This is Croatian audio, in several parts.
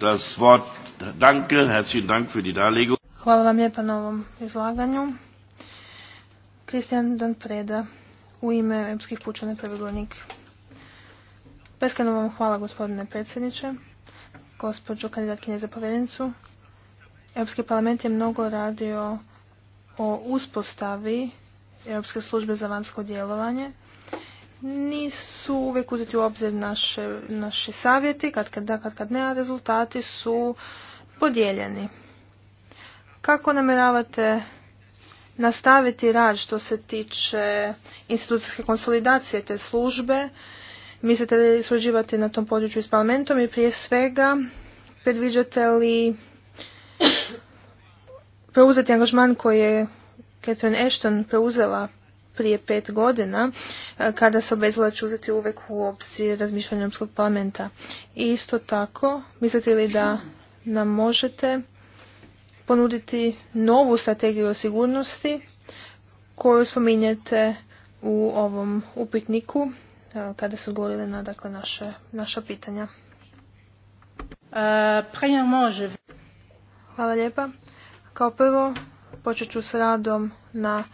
Danke, herzlichen Hvala vam lijepa na ovom izlaganju. Kristijan Dan Preda u ime Europskih pučana i Beskreno vam hvala gospodine predsjedniče, gospođo kandidatkinje za povjedenicu. Europski parlament je mnogo radio o uspostavi Europske službe za vanjsko djelovanje nisu uvijek uzeti u obzir naše, naši savjeti, kad kad, kad kad ne, a rezultati su podijeljeni. Kako namjeravate nastaviti rad što se tiče institucijske konsolidacije te službe? Mislite li surađivati na tom području s parlamentom i prije svega predviđate li preuzeti angažman koji je Catherine Ashton preuzela prije pet godina e, kada se obvezala ću uzeti uvek u opciji razmišljanja Europskog parlamenta. I isto tako, mislite li da nam možete ponuditi novu strategiju o sigurnosti koju spominjete u ovom upitniku e, kada su govorili na dakle, naše, naša pitanja. E, Hvala lijepa. Kao prvo počet ću s radom na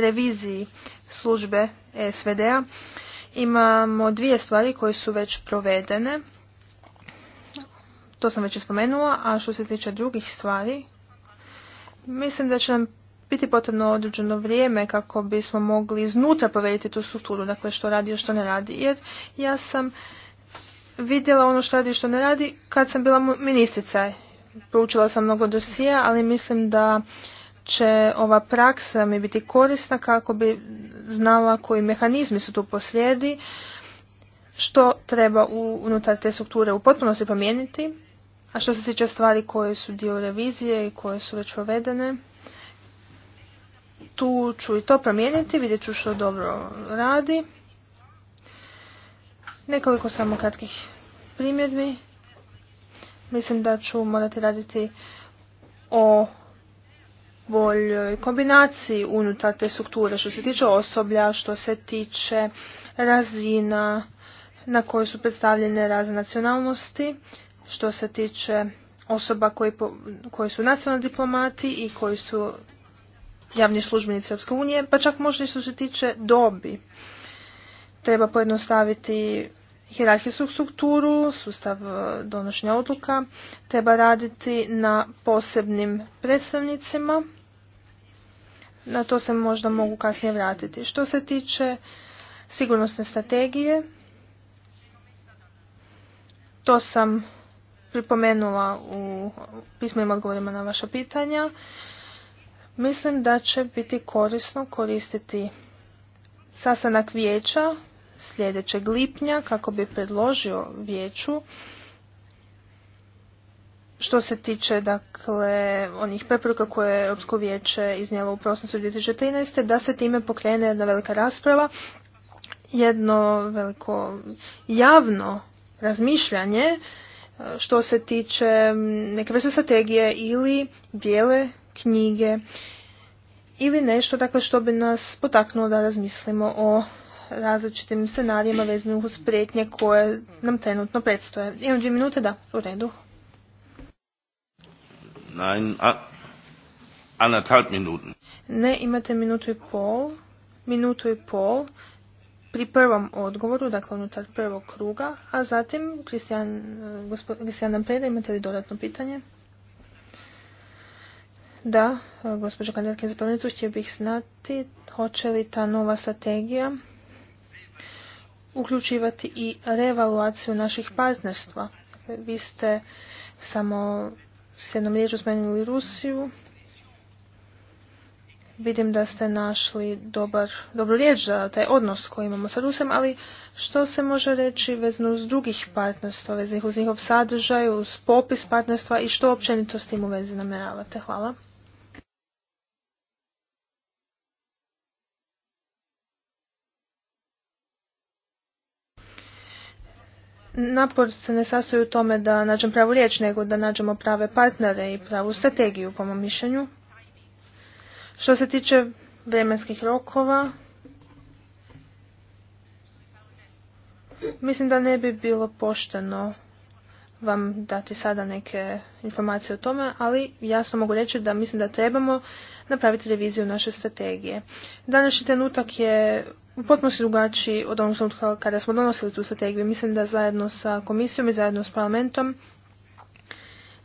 reviziji službe SVD-a imamo dvije stvari koje su već provedene. To sam već spomenula, a što se tiče drugih stvari, mislim da će nam biti potrebno određeno vrijeme kako bismo mogli iznutra povediti tu strukturu, dakle što radi i što ne radi. Jer ja sam vidjela ono što radi i što ne radi kad sam bila ministrica. Proučila sam mnogo dosija, ali mislim da će ova praksa mi biti korisna kako bi znala koji mehanizmi su tu poslijedi, što treba unutar te strukture u potpunosti promijeniti, a što se tiče stvari koje su dio revizije i koje su već provedene, tu ću i to promijeniti, vidjet ću što dobro radi. Nekoliko samo kratkih primjedbi. Mislim da ću morati raditi o boljoj kombinaciji unutar te strukture što se tiče osoblja, što se tiče razina na kojoj su predstavljene razne nacionalnosti, što se tiče osoba koji, su nacionalni diplomati i koji su javni službenici Europske unije, pa čak možda i što se tiče dobi. Treba pojednostaviti hjerarhijsku strukturu, sustav e, donošenja odluka, treba raditi na posebnim predstavnicima. Na to se možda mogu kasnije vratiti. Što se tiče sigurnosne strategije, to sam pripomenula u pismenim odgovorima na vaša pitanja. Mislim da će biti korisno koristiti sastanak vijeća sljedećeg lipnja kako bi predložio vijeću što se tiče dakle onih preporuka koje je Europsko vijeće iznijelo u prosincu 2013. da se time pokrene jedna velika rasprava, jedno veliko javno razmišljanje e, što se tiče neke vrste strategije ili bijele knjige ili nešto dakle što bi nas potaknulo da razmislimo o različitim scenarijima vezanim uz prijetnje koje nam trenutno predstoje. Imam dvije minute, da, u redu. Ne, imate minutu i pol. Minutu i pol pri prvom odgovoru, dakle unutar prvog kruga, a zatim Kristijan, e, nam Preda, imate li dodatno pitanje? Da, e, gospođo kandidatke za htio bih znati hoće li ta nova strategija uključivati i revaluaciju naših partnerstva. Vi ste samo s jednom riječu spomenuli Rusiju. Vidim da ste našli dobar, dobru riječ za taj odnos koji imamo sa Rusijom, ali što se može reći vezno uz drugih partnerstva, veznih uz njihov sadržaj, uz popis partnerstva i što općenito s tim u vezi namjeravate? Hvala. napor se ne sastoji u tome da nađem pravu riječ, nego da nađemo prave partnere i pravu strategiju, po mom mišljenju. Što se tiče vremenskih rokova, mislim da ne bi bilo pošteno vam dati sada neke informacije o tome, ali jasno mogu reći da mislim da trebamo napraviti reviziju naše strategije. Današnji trenutak je potpuno drugačiji od onog trenutka kada smo donosili tu strategiju. Mislim da zajedno sa komisijom i zajedno s parlamentom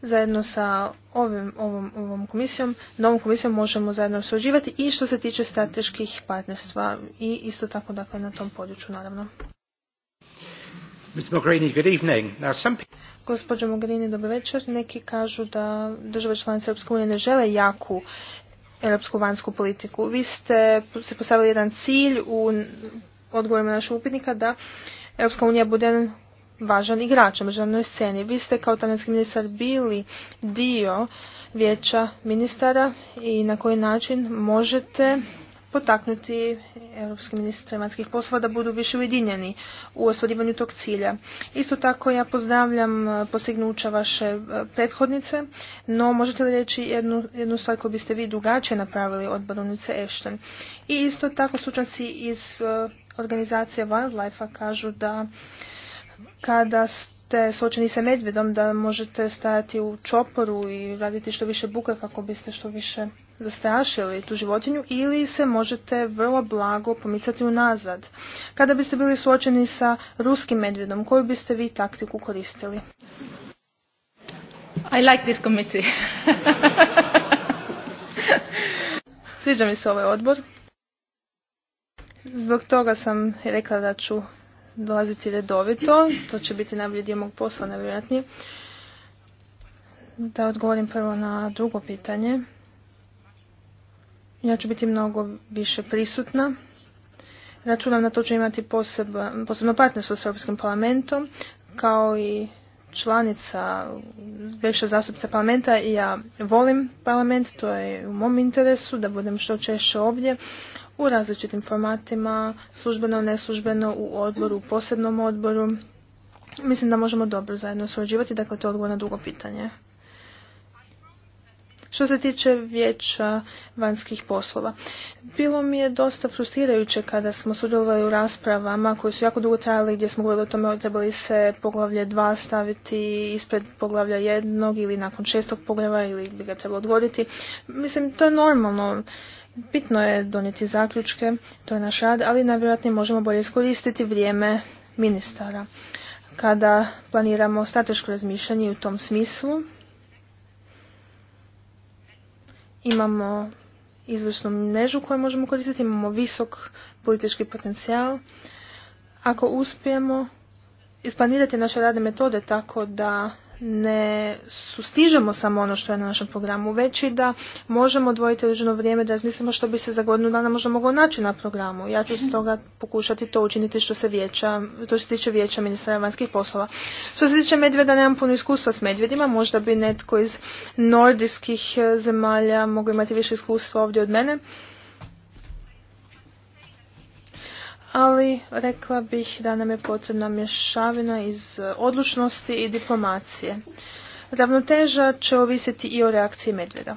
zajedno sa ovim, ovom, ovom komisijom, novom komisijom možemo zajedno surađivati i što se tiče strateških partnerstva i isto tako dakle na tom području naravno. Gospođo Mogherini, dobro večer. Neki kažu da države članice Europske unije ne žele jaku europsku vanjsku politiku. Vi ste se postavili jedan cilj u odgovorima našeg upitnika da Europska unija bude važan igrač na međunarodnoj sceni. Vi ste kao talijanski ministar bili dio vijeća ministara i na koji način možete potaknuti europske ministre vanjskih poslova da budu više ujedinjeni u ostvarivanju tog cilja. Isto tako ja pozdravljam e, postignuća vaše e, prethodnice, no možete li reći jednu, jednu stvar koju biste vi drugačije napravili od baronice Ešten. I isto tako sučanci iz e, organizacije wildlife kažu da kada ste suočeni sa medvedom, da možete stajati u čoporu i raditi što više buka kako biste što više zastrašili tu životinju ili se možete vrlo blago pomicati unazad. Kada biste bili suočeni sa ruskim medvjedom, koju biste vi taktiku koristili? I like this committee. Sviđa mi se ovaj odbor. Zbog toga sam rekla da ću dolaziti redovito. To će biti najbolji dio mog posla, nevjerojatnije. Da odgovorim prvo na drugo pitanje. Ja ću biti mnogo više prisutna. Računam na to ću imati posebno, posebno partnerstvo s Europskim parlamentom, kao i članica, više zastupnica parlamenta i ja volim parlament, to je u mom interesu da budem što češće ovdje u različitim formatima, službeno, neslužbeno, u odboru, u posebnom odboru. Mislim da možemo dobro zajedno surađivati, dakle to je odgovor na drugo pitanje. Što se tiče vijeća vanjskih poslova, bilo mi je dosta frustrirajuće kada smo sudjelovali u raspravama koje su jako dugo trajali gdje smo govorili o tome trebali se poglavlje 2 staviti ispred poglavlja jednog ili nakon šestog poglavlja ili bi ga trebalo odgoditi. Mislim, to je normalno. Bitno je donijeti zaključke, to je naš rad, ali najvjerojatnije možemo bolje iskoristiti vrijeme ministara kada planiramo strateško razmišljanje u tom smislu Imamo izvršnu mrežu koju možemo koristiti, imamo visok politički potencijal. Ako uspijemo isplanirati naše radne metode tako da ne sustižemo samo ono što je na našem programu, već i da možemo odvojiti određeno vrijeme da razmislimo što bi se za godinu dana možda moglo naći na programu. Ja ću stoga mhm. pokušati to učiniti što se vijeća, to što se tiče vijeća ministra vanjskih poslova. Što se tiče medvjeda, nemam puno iskustva s medvjedima, možda bi netko iz nordijskih eh, zemalja mogao imati više iskustva ovdje od mene. ali rekla bih da nam je potrebna mješavina iz odlučnosti i diplomacije. Ravnoteža će ovisiti i o reakciji medvjeda.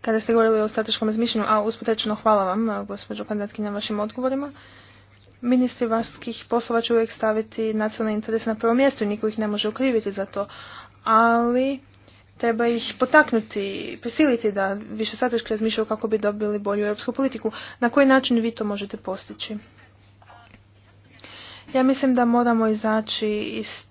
Kada ste govorili o strateškom razmišljanju, a uspotečno hvala vam, gospođo kandidatkinja, na vašim odgovorima ministri vanjskih poslova će uvijek staviti nacionalne interese na prvo mjesto i niko ih ne može ukriviti za to. Ali treba ih potaknuti, prisiliti da više strateški razmišljaju kako bi dobili bolju europsku politiku. Na koji način vi to možete postići? Ja mislim da moramo izaći iz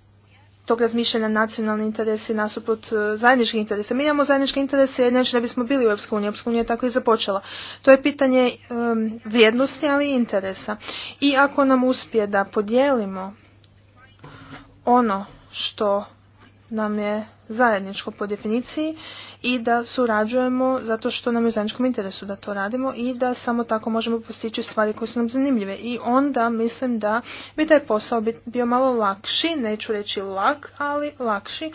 tog razmišljanja nacionalni interesi nasuprot e, zajedničkih interesa. Mi imamo zajedničke interese jer neće ne bismo bili u EU. EU je tako i započela. To je pitanje um, vrijednosti, ali i interesa. I ako nam uspije da podijelimo ono što nam je zajedničko po definiciji i da surađujemo zato što nam je u zajedničkom interesu da to radimo i da samo tako možemo postići stvari koje su nam zanimljive. I onda mislim da bi taj posao bio malo lakši, neću reći lak, ali lakši.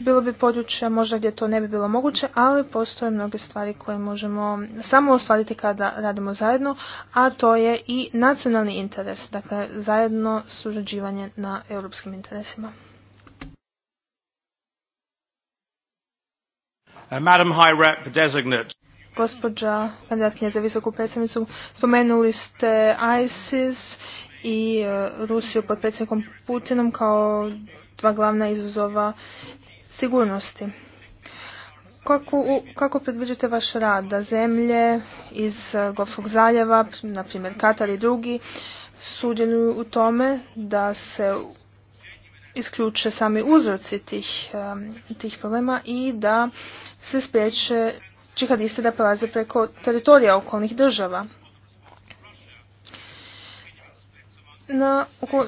Bilo bi područja možda gdje to ne bi bilo moguće, ali postoje mnoge stvari koje možemo samo ostvariti kada radimo zajedno, a to je i nacionalni interes, dakle zajedno surađivanje na europskim interesima. Uh, Madam High Rep Designate. Gospođa kandidatkinja za visoku predstavnicu, spomenuli ste ISIS i uh, Rusiju pod predsjednikom Putinom kao dva glavna izazova sigurnosti. Kako, kako predviđate vaš rad da zemlje iz uh, Golfskog zaljeva, na primjer Katar i drugi, sudjeluju u tome da se isključe sami uzroci tih, um, tih problema i da se spriječe džihadiste da prelaze preko teritorija okolnih država. Na,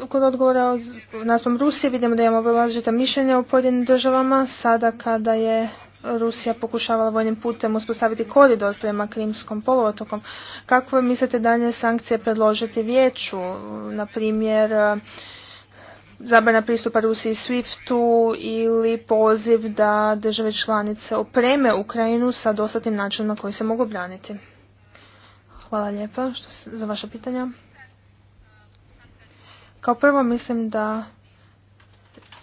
kod odgovora naspom Rusije vidimo da imamo različita mišljenja u pojedinim državama. Sada kada je Rusija pokušavala vojnim putem uspostaviti koridor prema Krimskom polovotokom, kako mislite dalje sankcije predložiti vijeću, na primjer zabrana pristupa Rusiji SWIFT-u ili poziv da države članice opreme Ukrajinu sa dostatnim načinima koji se mogu braniti. Hvala lijepa što za vaša pitanja. Kao prvo mislim da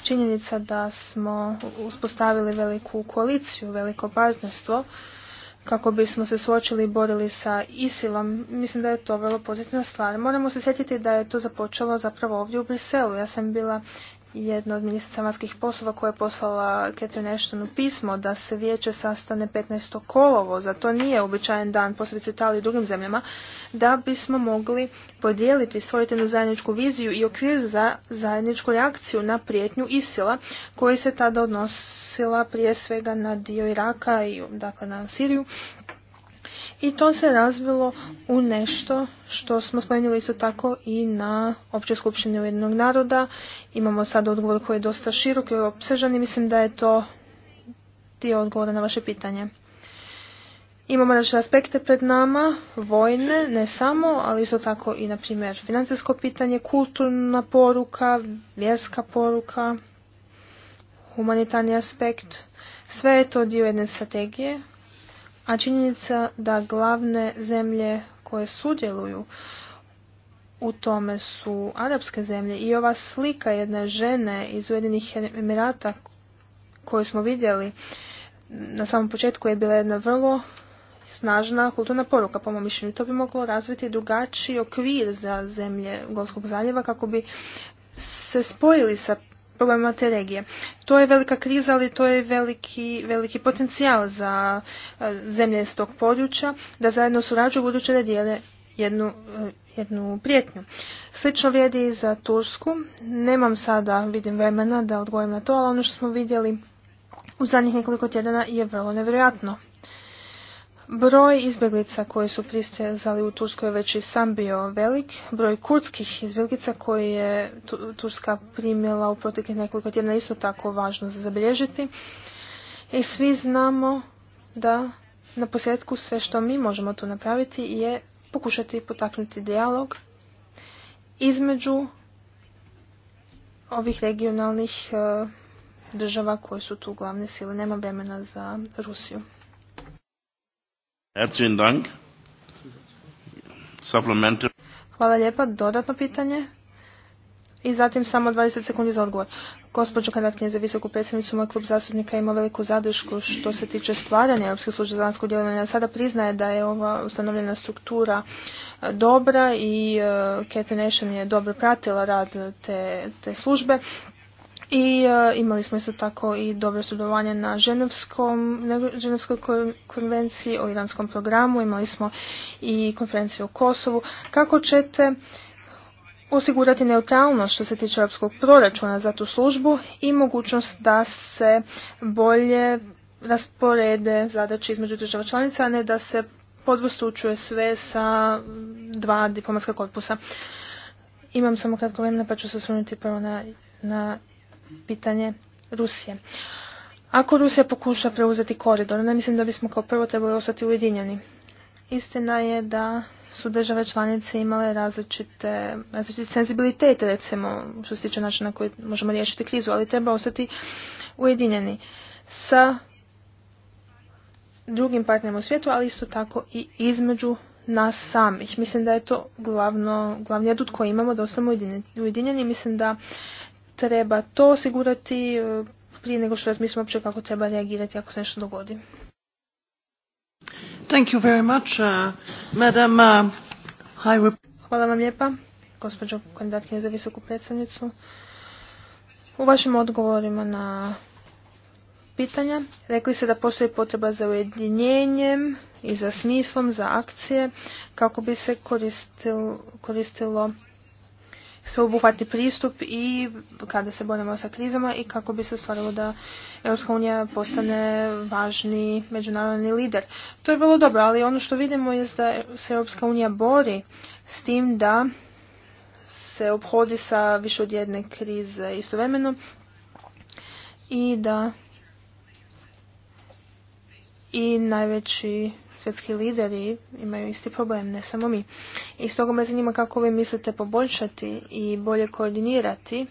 činjenica da smo uspostavili veliku koaliciju, veliko partnerstvo kako bismo se suočili i borili sa ISIL-om, Mislim da je to vrlo pozitivna stvar. Moramo se sjetiti da je to započelo zapravo ovdje u Briselu. Ja sam bila jedna od ministrica vanjskih poslova koja je poslala Catherine Ashton pismo da se vijeće sastane 15. kolovo, za to nije običajen dan, posebice Italiji i drugim zemljama, da bismo mogli podijeliti svoju zajedničku viziju i okvir za zajedničku reakciju na prijetnju Isila, koji se tada odnosila prije svega na dio Iraka i dakle na Siriju, i to se razvilo u nešto što smo spomenuli isto tako i na općoj skupštini Ujednog naroda. Imamo sad odgovor koji je dosta širok i opsežan i mislim da je to dio odgovora na vaše pitanje. Imamo naše aspekte pred nama, vojne, ne samo, ali isto tako i, na primjer, financijsko pitanje, kulturna poruka, vjerska poruka, humanitarni aspekt. Sve je to dio jedne strategije a činjenica da glavne zemlje koje sudjeluju u tome su arapske zemlje i ova slika jedne žene iz Ujedinih Emirata koju smo vidjeli na samom početku je bila jedna vrlo snažna kulturna poruka po mom mišljenju. To bi moglo razviti drugačiji okvir za zemlje Golskog zaljeva kako bi se spojili sa problema te regije. To je velika kriza, ali to je veliki, veliki potencijal za e, zemlje iz tog područja da zajedno surađuju buduće da dijele jednu, e, jednu prijetnju. Slično vrijedi i za Tursku. Nemam sada, vidim vremena da odgovorim na to, ali ono što smo vidjeli u zadnjih nekoliko tjedana je vrlo nevjerojatno. Broj izbjeglica koji su pristezali u Turskoj je već i sam bio velik. Broj kurdskih izbjeglica koje je Turska primjela u proteklih nekoliko tjedna isto tako važno za zabilježiti. I svi znamo da na posljedku sve što mi možemo tu napraviti je pokušati potaknuti dijalog između ovih regionalnih eh, država koje su tu glavne sile. Nema vremena za Rusiju. Herzlichen Dank. Hvala lijepa. Dodatno pitanje. I zatim samo 20 sekundi za odgovor. Gospođo kandidatkinje za visoku predstavnicu, moj klub zastupnika ima veliku zadršku što se tiče stvaranja Europske službe za vanjsko djelovanje. Sada priznaje da je ova ustanovljena struktura e, dobra i e, Cat Nation je dobro pratila rad te, te službe. I e, imali smo isto tako i dobro sudovanje na Ženevskom, Ženevskoj konvenciji o iranskom programu, imali smo i konferenciju u Kosovu. Kako ćete osigurati neutralnost što se tiče europskog proračuna za tu službu i mogućnost da se bolje rasporede zadaće između država članica, a ne da se podvostučuje sve sa dva diplomatska korpusa. Imam samo kratko vremena pa ću se osvrnuti prvo na, na pitanje Rusije. Ako Rusija pokuša preuzeti koridor, ne mislim da bismo kao prvo trebali ostati ujedinjeni. Istina je da su države članice imale različite, različite senzibilitete, recimo, što se tiče načina na koji možemo riješiti krizu, ali treba ostati ujedinjeni sa drugim partnerima u svijetu, ali isto tako i između nas samih. Mislim da je to glavno, glavni adut koji imamo, da ostamo ujedinjeni. Mislim da treba to osigurati e, prije nego što razmislimo uopće kako treba reagirati ako se nešto dogodi. Thank you very much, uh, madam, uh, Hvala vam lijepa, gospođo kandidatkinja za visoku predstavnicu. U vašim odgovorima na pitanja rekli ste da postoji potreba za ujedinjenjem i za smislom, za akcije, kako bi se koristilo sveobuhvatni pristup i kada se borimo sa krizama i kako bi se ostvarilo da EU postane važni međunarodni lider. To je bilo dobro, ali ono što vidimo je da se Europska unija bori s tim da se obhodi sa više od jedne krize istovremeno i da i najveći svjetski lideri imaju isti problem, ne samo mi. I stoga me zanima kako vi mislite poboljšati i bolje koordinirati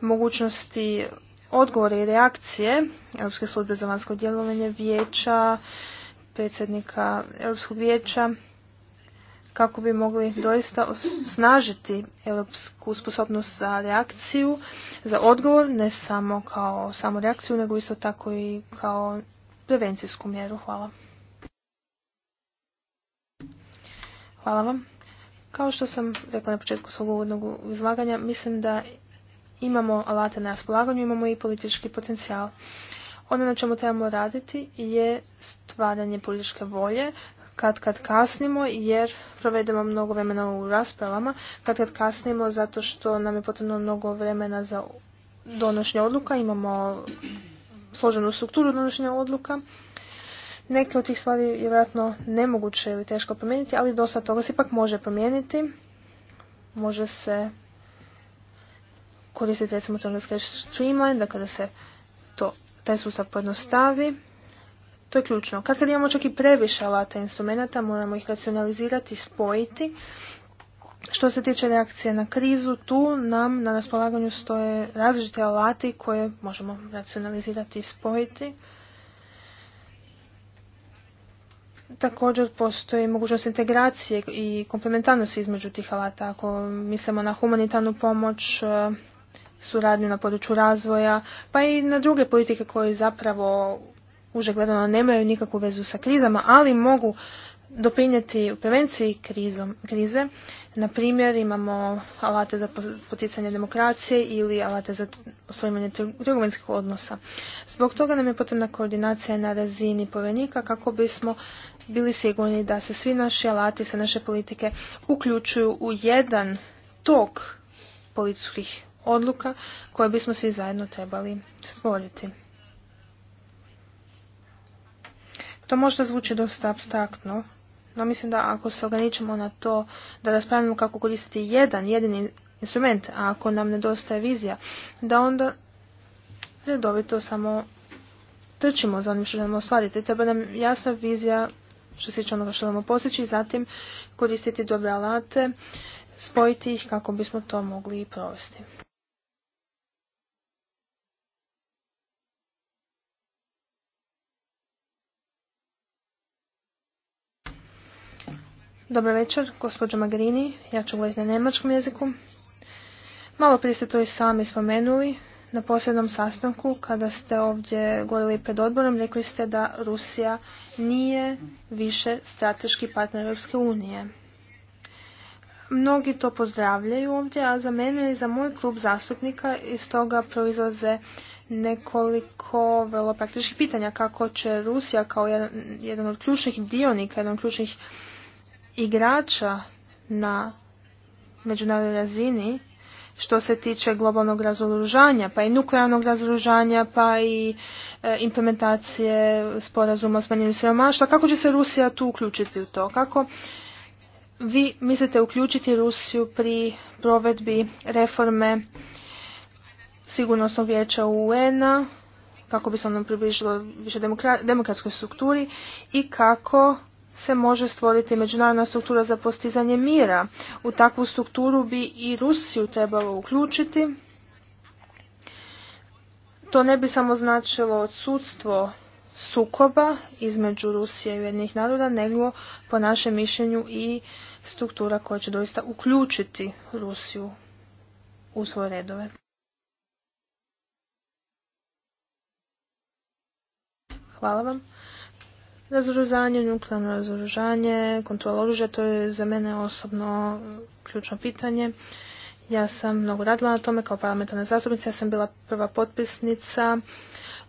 mogućnosti odgovore i reakcije Europske službe za vanjsko djelovanje, vijeća, predsjednika Europskog vijeća, kako bi mogli doista osnažiti europsku sposobnost za reakciju, za odgovor, ne samo kao samo reakciju, nego isto tako i kao prevencijsku mjeru. Hvala. Hvala vam. Kao što sam rekla na početku svog uvodnog izlaganja, mislim da imamo alate na raspolaganju, imamo i politički potencijal. Ono na čemu trebamo raditi je stvaranje političke volje, kad kad kasnimo jer provedemo mnogo vremena u raspravama, kad kad kasnimo zato što nam je potrebno mnogo vremena za donošenje odluka, imamo složenu strukturu donošenja odluka Neke od tih stvari je vjerojatno nemoguće ili teško promijeniti, ali dosta toga se ipak može promijeniti. Može se koristiti recimo to engleski streamline, da kada se to, taj sustav pojednostavi, to je ključno. Kad kad imamo čak i previše alata instrumenta, moramo ih racionalizirati, i spojiti. Što se tiče reakcije na krizu, tu nam na raspolaganju stoje različite alati koje možemo racionalizirati i spojiti. Također postoji mogućnost integracije i komplementarnosti između tih alata. Ako mislimo na humanitarnu pomoć, e, suradnju na području razvoja, pa i na druge politike koje zapravo uže gledano nemaju nikakvu vezu sa krizama, ali mogu doprinijeti u prevenciji krizom, krize. Na primjer imamo alate za poticanje demokracije ili alate za osvojimanje trgovinskih odnosa. Zbog toga nam je potrebna koordinacija na razini povjerenika kako bismo bili sigurni da se svi naši alati, sve naše politike uključuju u jedan tok političkih odluka koje bismo svi zajedno trebali stvoriti. To možda zvuči dosta abstraktno, no mislim da ako se ograničimo na to da raspravimo kako koristiti jedan jedini instrument, a ako nam nedostaje vizija, da onda redovito samo trčimo za onim što želimo ostvariti. Treba nam jasna vizija što se tiče onoga što želimo postići i zatim koristiti dobre alate, spojiti ih kako bismo to mogli i provesti. Dobar večer, gospođo Magrini. Ja ću govoriti na nemačkom jeziku. Malo prije ste to i sami spomenuli. Na posljednom sastanku, kada ste ovdje govorili pred odborom, rekli ste da Rusija nije više strateški partner Europske unije. Mnogi to pozdravljaju ovdje, a za mene i za moj klub zastupnika iz toga proizlaze nekoliko vrlo praktičnih pitanja kako će Rusija kao jedan od ključnih dionika, jedan od ključnih igrača na međunarodnoj razini što se tiče globalnog razoružanja, pa i nuklearnog razoružanja, pa i e, implementacije sporazuma o smanjenju siromaštva. Kako će se Rusija tu uključiti u to? Kako vi mislite uključiti Rusiju pri provedbi reforme sigurnosnog vijeća UN-a, kako bi se ono približilo više demokratskoj strukturi i kako se može stvoriti međunarodna struktura za postizanje mira. U takvu strukturu bi i Rusiju trebalo uključiti. To ne bi samo značilo odsudstvo sukoba između Rusije i jednih naroda, nego po našem mišljenju i struktura koja će doista uključiti Rusiju u svoje redove. Hvala vam. Razoružanje, nuklearno razoružanje, kontrola oružja, to je za mene osobno ključno pitanje. Ja sam mnogo radila na tome kao parlamentarna zastupnica. Ja sam bila prva potpisnica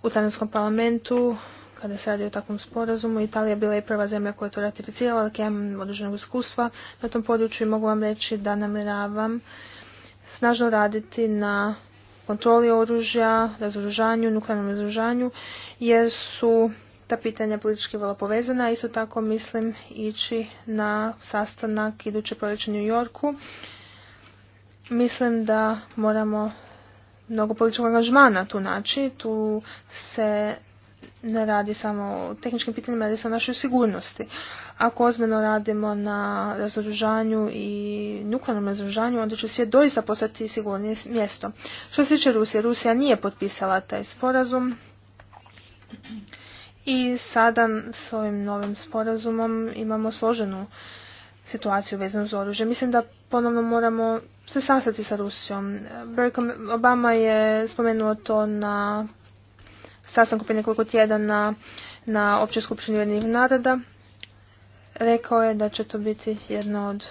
u talijanskom parlamentu kada se radi o takvom sporazumu. Italija je bila i prva zemlja koja je to ratificirala, ali ja imam određenog iskustva na tom području i mogu vam reći da namjeravam snažno raditi na kontroli oružja, razoružanju, nuklearnom razoružanju, jer su ta pitanja politički vrlo povezana. Isto tako mislim ići na sastanak iduće proljeće New Yorku. Mislim da moramo mnogo političkog angažmana tu naći. Tu se ne radi samo o tehničkim pitanjima, radi se o našoj sigurnosti. Ako ozbiljno radimo na razoružanju i nuklearnom razoružanju, onda će svijet doista postati sigurnije mjesto. Što se tiče Rusije, Rusija nije potpisala taj sporazum i sada s ovim novim sporazumom imamo složenu situaciju vezanu za oružje. Mislim da ponovno moramo se sastati sa Rusijom. Barack Obama je spomenuo to na sastanku prije nekoliko tjedana na Općoj skupštini Ujedinjenih naroda. Rekao je da će to biti jedno od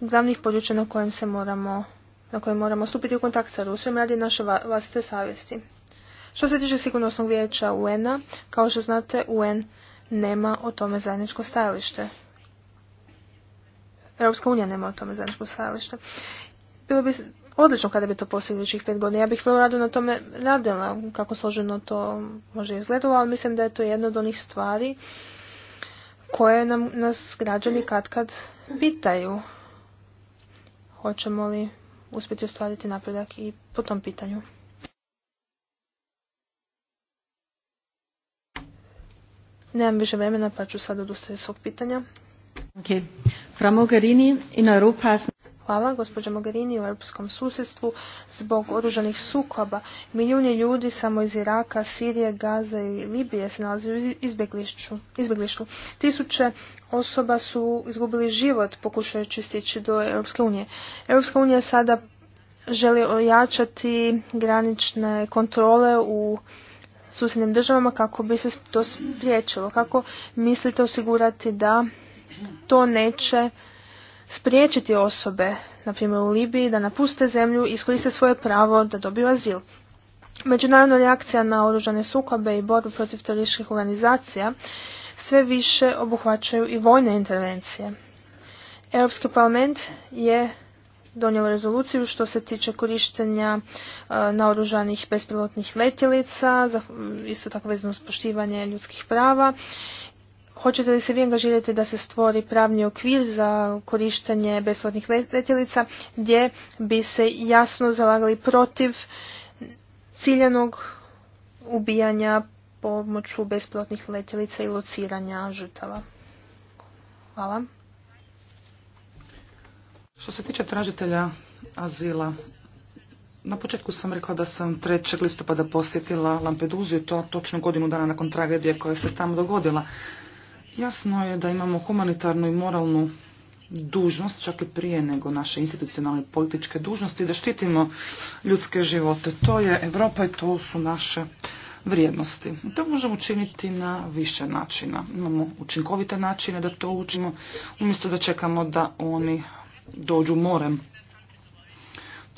glavnih područja na kojem se moramo na kojem moramo stupiti u kontakt sa Rusijom radi naše vlastite savjesti. Što se tiče sigurnosnog vijeća UN-a, kao što znate, UN nema o tome zajedničko stajalište. Europska unija nema o tome zajedničko stajalište. Bilo bi odlično kada bi to posljednjih pet godina. Ja bih vrlo rado na tome radila, kako složeno to može izgledalo, ali mislim da je to jedna od onih stvari koje nam, nas građani kad kad pitaju. Hoćemo li uspjeti ostvariti napredak i po tom pitanju. Nemam više vremena pa ću sad odustati svog pitanja. in Europa Hvala, gospođa Mogherini, u europskom susjedstvu zbog oružanih sukoba. Milijuni ljudi samo iz Iraka, Sirije, Gaza i Libije se nalaze u izbjeglištu. Tisuće osoba su izgubili život pokušajući stići do Europske unije. Europska unija sada želi ojačati granične kontrole u susjednim državama kako bi se to spriječilo? Kako mislite osigurati da to neće spriječiti osobe, na primjer u Libiji, da napuste zemlju i iskoriste svoje pravo da dobiju azil? Međunarodna reakcija na oružane sukobe i borbu protiv terorističkih organizacija sve više obuhvaćaju i vojne intervencije. Europski parlament je donijelo rezoluciju što se tiče korištenja e, naoružanih bespilotnih letjelica, isto tako vezano uz poštivanje ljudskih prava. Hoćete li se vi angažirati da se stvori pravni okvir za korištenje besplatnih letjelica gdje bi se jasno zalagali protiv ciljanog ubijanja pomoću besplatnih letjelica i lociranja žrtava? Hvala. Što se tiče tražitelja azila, na početku sam rekla da sam 3. listopada posjetila Lampeduziju, i to točno godinu dana nakon tragedije koja se tamo dogodila. Jasno je da imamo humanitarnu i moralnu dužnost, čak i prije nego naše institucionalne i političke dužnosti, da štitimo ljudske živote. To je Europa i to su naše vrijednosti. To možemo učiniti na više načina. Imamo učinkovite načine da to učimo, umjesto da čekamo da oni dođu morem.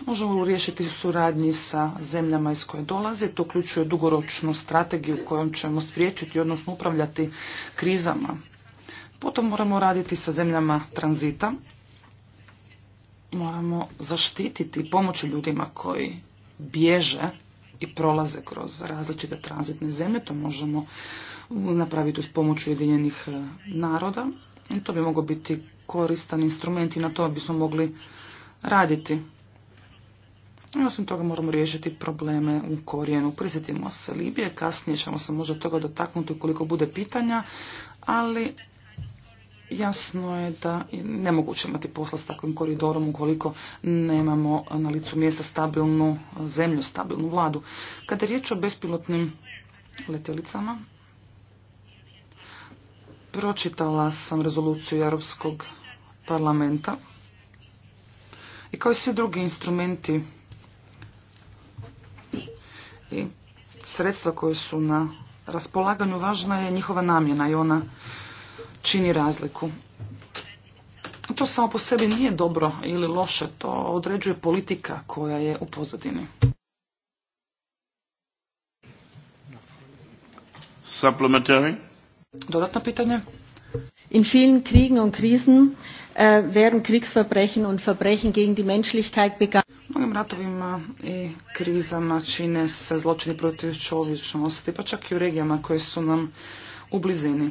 Možemo riješiti suradnji sa zemljama iz koje dolaze. To uključuje dugoročnu strategiju kojom ćemo spriječiti, odnosno upravljati krizama. Potom moramo raditi sa zemljama tranzita. Moramo zaštititi i pomoći ljudima koji bježe i prolaze kroz različite tranzitne zemlje. To možemo napraviti uz pomoć Ujedinjenih naroda. I to bi moglo biti koristan instrument i na to bismo mogli raditi. I osim toga moramo riješiti probleme u korijenu. Prisjetimo se Libije, kasnije ćemo se možda toga dotaknuti koliko bude pitanja, ali jasno je da nemoguće imati posla s takvim koridorom ukoliko nemamo na licu mjesta stabilnu zemlju, stabilnu vladu. Kada je riječ o bespilotnim letjelicama, pročitala sam rezoluciju Europskog parlamenta i kao i svi drugi instrumenti i sredstva koje su na raspolaganju važna je njihova namjena i ona čini razliku. To samo po sebi nije dobro ili loše, to određuje politika koja je u pozadini. Dodatno pitanje? In vielen Kriegen und Krisen Äh, werden Kriegsverbrechen und Verbrechen gegen die Menschlichkeit begangen. Mnogim ratovima i krizama čine se zločini protiv čovječnosti, pa čak i u regijama koje su nam u blizini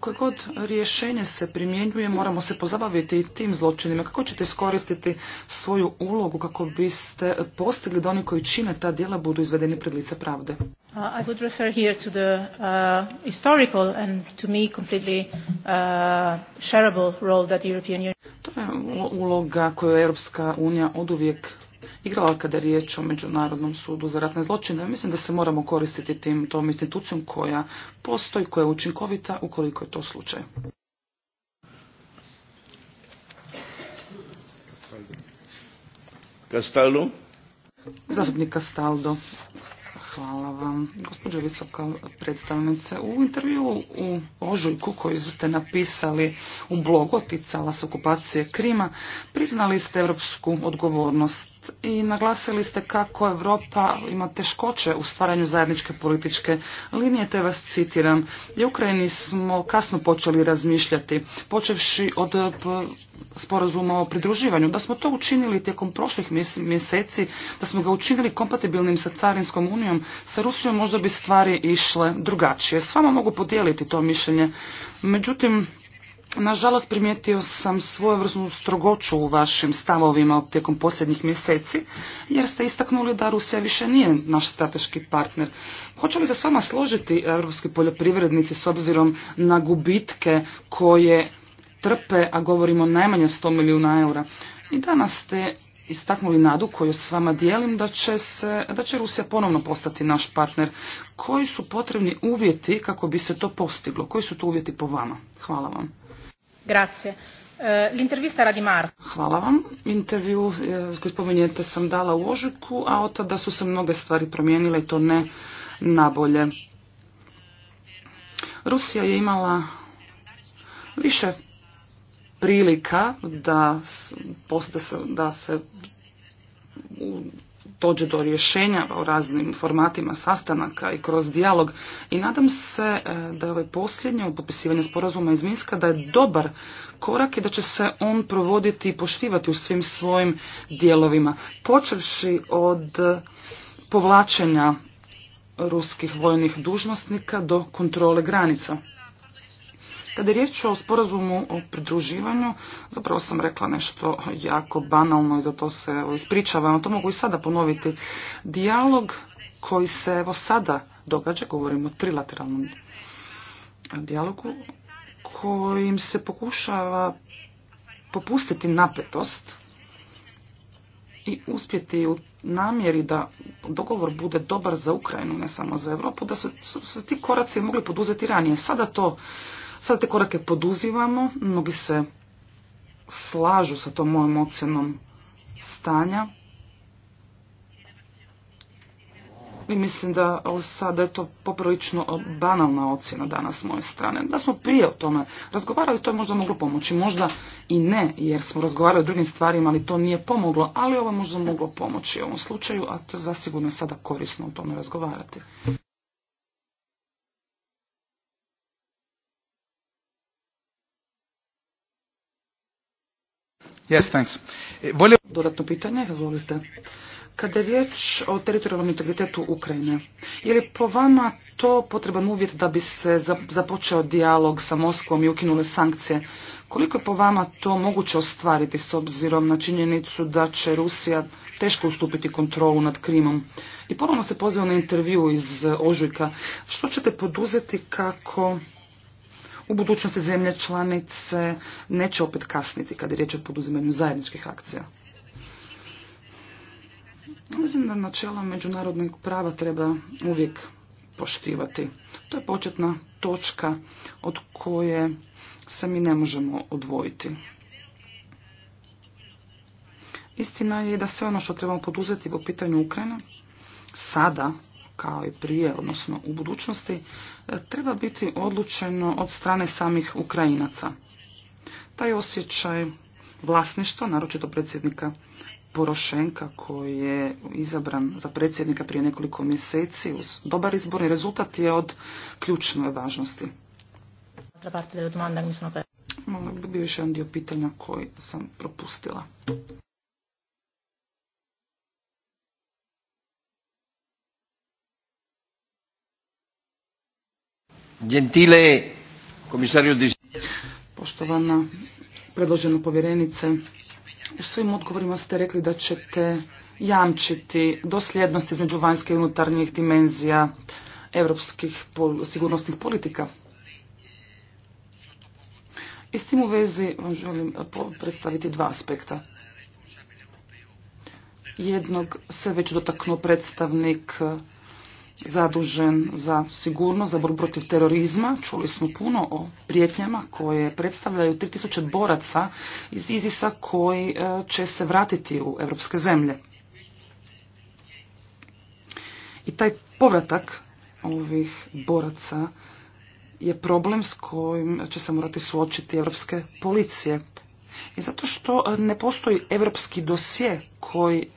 koje god rješenje se primjenjuje, moramo se pozabaviti i tim zločinima. Kako ćete iskoristiti svoju ulogu kako biste postigli da oni koji čine ta djela budu izvedeni pred lice pravde? Uh, I would refer here to the uh, historical and to me completely uh, shareable role that the European Union... je uloga koju je Europska unija oduvijek igrala kada je riječ o Međunarodnom sudu za ratne zločine. Mislim da se moramo koristiti tim, tom institucijom koja postoji, koja je učinkovita ukoliko je to slučaj. Kastaldo? Zastupnik Kastaldo. Hvala vam. Gospođo visoka predstavnice, u intervju u Ožujku koju ste napisali u blogu oticala okupacije Krima, priznali ste evropsku odgovornost i naglasili ste kako Europa ima teškoće u stvaranju zajedničke političke linije, te vas citiram. I Ukrajini smo kasno počeli razmišljati, počevši od eh, sporazuma o pridruživanju, da smo to učinili tijekom prošlih mjeseci, da smo ga učinili kompatibilnim sa Carinskom unijom, sa Rusijom možda bi stvari išle drugačije. S vama mogu podijeliti to mišljenje. Međutim, Nažalost primijetio sam svojevrsnu strogoću u vašim stavovima tijekom posljednjih mjeseci, jer ste istaknuli da Rusija više nije naš strateški partner. Hoće li se s vama složiti europski poljoprivrednici s obzirom na gubitke koje trpe, a govorimo najmanje 100 milijuna eura? I danas ste istaknuli nadu koju s vama dijelim da će, se, da će Rusija ponovno postati naš partner. Koji su potrebni uvjeti kako bi se to postiglo? Koji su to uvjeti po vama? Hvala vam. Grazie. Eh, l'intervista Hvala vam. Intervju eh, koji spominjete sam dala u ožujku, a od tada su se mnoge stvari promijenile i to ne nabolje. Rusija je imala više prilika da, da se, da se dođe do rješenja o raznim formatima sastanaka i kroz dijalog. I nadam se e, da je ovaj posljednje potpisivanje sporazuma iz Minska da je dobar korak i da će se on provoditi i poštivati u svim svojim dijelovima. Počevši od povlačenja ruskih vojnih dužnosnika do kontrole granica. Kada je riječ o sporazumu o pridruživanju, zapravo sam rekla nešto jako banalno i zato se ispričavam, to mogu i sada ponoviti. Dijalog koji se evo sada događa, govorimo o trilateralnom dijalogu, kojim se pokušava popustiti napetost i uspjeti u namjeri da dogovor bude dobar za Ukrajinu, ne samo za Europu, da su, se ti koraci mogli poduzeti ranije. Sada to Sada te korake poduzivamo, mnogi se slažu sa tom mojom ocjenom stanja. I mislim da sada je to poprilično banalna ocjena danas s moje strane. Da smo prije o tome razgovarali, to je možda moglo pomoći. Možda i ne, jer smo razgovarali o drugim stvarima, ali to nije pomoglo. Ali ovo možda moglo pomoći u ovom slučaju, a to je zasigurno sada korisno o tome razgovarati. Yes, thanks. E, Dodatno pitanje, izvolite. Kada je riječ o teritorijalnom integritetu Ukrajine, je li po vama to potreban uvjet da bi se započeo dijalog sa Moskvom i ukinule sankcije? Koliko je po vama to moguće ostvariti s obzirom na činjenicu da će Rusija teško ustupiti kontrolu nad Krimom? I ponovno se pozivam na intervju iz Ožujka. Što ćete poduzeti kako u budućnosti zemlje članice neće opet kasniti kada je riječ o poduzimanju zajedničkih akcija. Mislim da načela međunarodnog prava treba uvijek poštivati. To je početna točka od koje se mi ne možemo odvojiti. Istina je da sve ono što trebamo poduzeti po pitanju Ukrajine sada kao i prije, odnosno u budućnosti, e, treba biti odlučeno od strane samih Ukrajinaca. Taj osjećaj vlasništva, naročito predsjednika Porošenka koji je izabran za predsjednika prije nekoliko mjeseci uz dobar izborni rezultat je od ključne važnosti. Mogu bi bio još jedan dio pitanja koji sam propustila. Gentile komisario Poštovana predložena povjerenice, u svojim odgovorima ste rekli da ćete jamčiti dosljednost između vanjske i unutarnjih dimenzija europskih sigurnosnih politika. I s tim u vezi vam želim eh, predstaviti dva aspekta. Jednog se već dotaknuo predstavnik eh, zadužen za sigurnost, za borbu protiv terorizma. Čuli smo puno o prijetnjama koje predstavljaju 3000 boraca iz Izisa koji e, će se vratiti u evropske zemlje. I taj povratak ovih boraca je problem s kojim će se morati suočiti evropske policije. I zato što ne postoji evropski dosje koji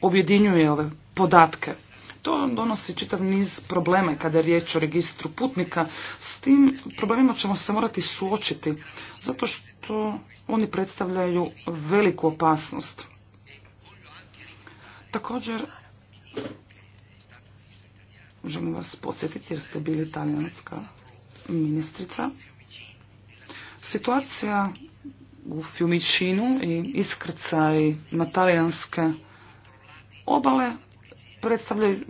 objedinjuje ove podatke. To donosi čitav niz problema kada je riječ o registru putnika. S tim problemima ćemo se morati suočiti, zato što oni predstavljaju veliku opasnost. Također, želim vas podsjetiti jer ste bili italijanska ministrica. Situacija u Fiumicinu i iskrcaj na talijanske obale predstavljaju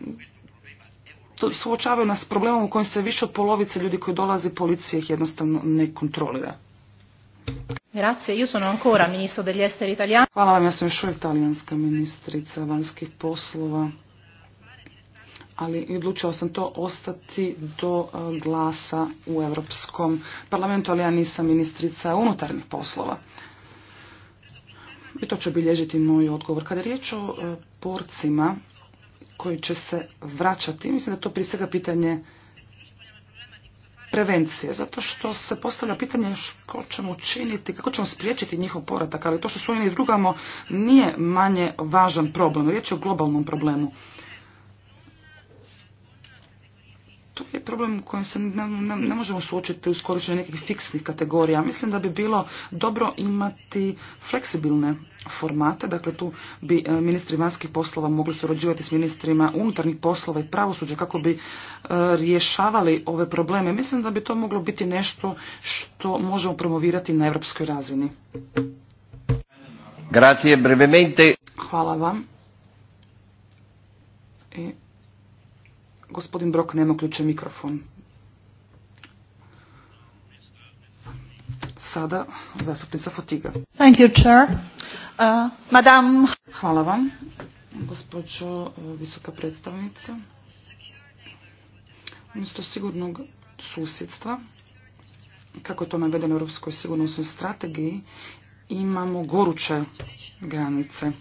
suočavaju nas s problemom u kojem se više od polovice ljudi koji dolazi policije ih jednostavno ne kontrolira. Grazie, io sono ancora ministro degli esteri Hvala vam, ja sam još uvijek talijanska ministrica vanjskih poslova, ali odlučila sam to ostati do e, glasa u Europskom parlamentu, ali ja nisam ministrica unutarnjih poslova. I to će obilježiti moj odgovor. Kada je riječ o e, porcima, koji će se vraćati. Mislim da to prije svega pitanje prevencije, zato što se postavlja pitanje što ćemo učiniti, kako ćemo spriječiti njihov povratak, ali to što su oni drugamo nije manje važan problem, riječ je o globalnom problemu to je problem u kojem se ne, možemo suočiti uz nekih fiksnih kategorija. Mislim da bi bilo dobro imati fleksibilne formate, dakle tu bi e, ministri vanjskih poslova mogli surađivati s ministrima unutarnjih poslova i pravosuđa kako bi e, rješavali ove probleme. Mislim da bi to moglo biti nešto što možemo promovirati na europskoj razini. Grazie brevemente. Hvala vam. Gospodin Brok nema ključe mikrofon. Sada zastupnica Fotiga. Thank you, chair. Uh, Hvala vam, gospođo uh, visoka predstavnica. Umjesto sigurnog susjedstva, kako je to navedeno u Europskoj sigurnosnoj strategiji, imamo goruće granice.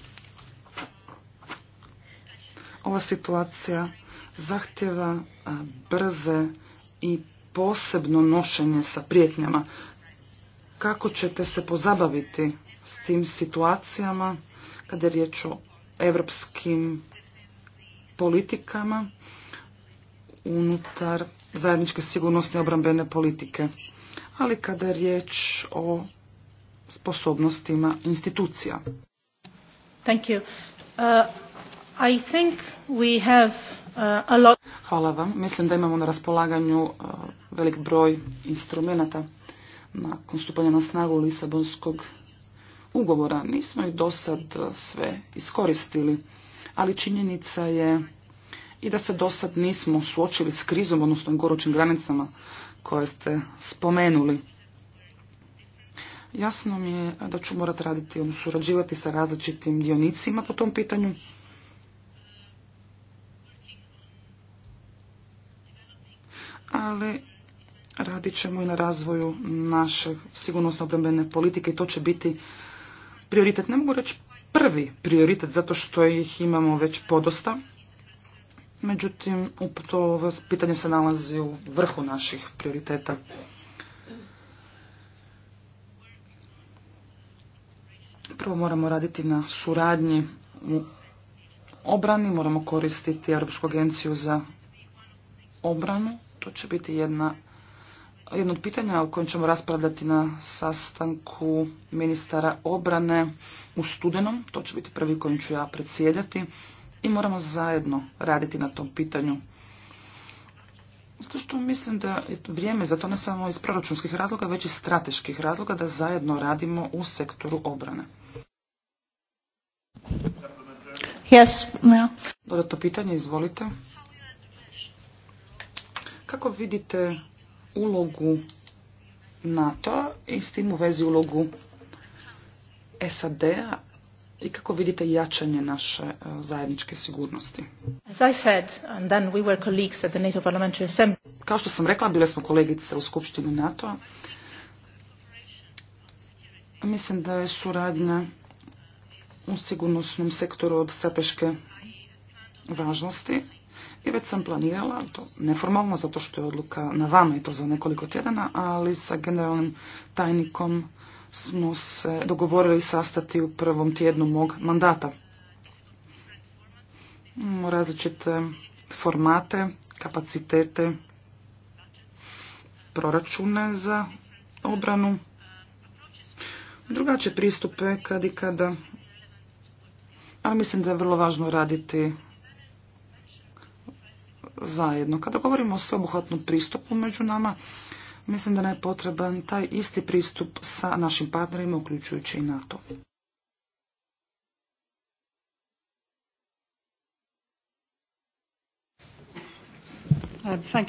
Ova situacija zahtjeva e, brze i posebno nošenje sa prijetnjama. Kako ćete se pozabaviti s tim situacijama kada je riječ o evropskim politikama unutar zajedničke sigurnosne obrambene politike, ali kada je riječ o sposobnostima institucija. Thank you. Uh, i think uh, Hvala vam. Mislim da imamo na raspolaganju uh, velik broj instrumenata nakon stupanja na snagu Lisabonskog ugovora. Nismo ih do sad uh, sve iskoristili, ali činjenica je i da se do sad nismo suočili s krizom, odnosno goročim granicama koje ste spomenuli. Jasno mi je da ću morati raditi, surađivati sa različitim dionicima po tom pitanju. ali radit ćemo i na razvoju naše sigurnosno obrambene politike i to će biti prioritet. Ne mogu reći prvi prioritet zato što ih imamo već podosta. Međutim, to pitanje se nalazi u vrhu naših prioriteta. Prvo moramo raditi na suradnji u obrani, moramo koristiti Europsku agenciju za obranu to će biti jedno od pitanja o kojem ćemo raspravljati na sastanku ministara obrane u studenom. To će biti prvi kojim ću ja predsjedati i moramo zajedno raditi na tom pitanju. Zato što mislim da je vrijeme za to ne samo iz proračunskih razloga, već i strateških razloga da zajedno radimo u sektoru obrane. Yes, Dodatno pitanje, izvolite. Kako vidite ulogu NATO i s tim u vezi ulogu SAD-a i kako vidite jačanje naše e, zajedničke sigurnosti. Kao što sam rekla, bile smo kolegice u Skupštini nato Mislim da je suradnja u sigurnosnom sektoru od strateške važnosti. I već sam planirala, to neformalno, zato što je odluka na vama i to za nekoliko tjedana, ali sa generalnim tajnikom smo se dogovorili sastati u prvom tjednu mog mandata. Imamo različite formate, kapacitete, proračune za obranu, drugačije pristupe kad i kada, ali mislim da je vrlo važno raditi zajedno. Kada govorimo o sveobuhvatnom pristupu među nama, mislim da nam je potreban taj isti pristup sa našim partnerima, uključujući i NATO. Uh, thank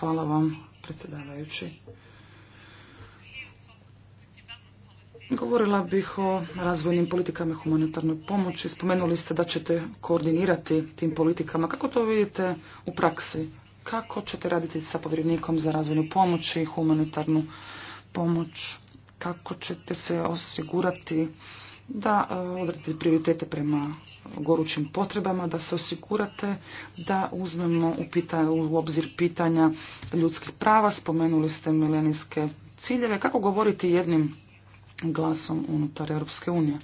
hvala vam predsjedavajući. Govorila bih o razvojnim politikama i humanitarnoj pomoći. Spomenuli ste da ćete koordinirati tim politikama. Kako to vidite u praksi? Kako ćete raditi sa povjerenikom za razvojnu pomoć i humanitarnu pomoć? Kako ćete se osigurati da e, odredite prioritete prema gorućim potrebama, da se osigurate da uzmemo u, u obzir pitanja ljudskih prava, spomenuli ste milenijske ciljeve, kako govoriti jednim glasom unutar Europske unije.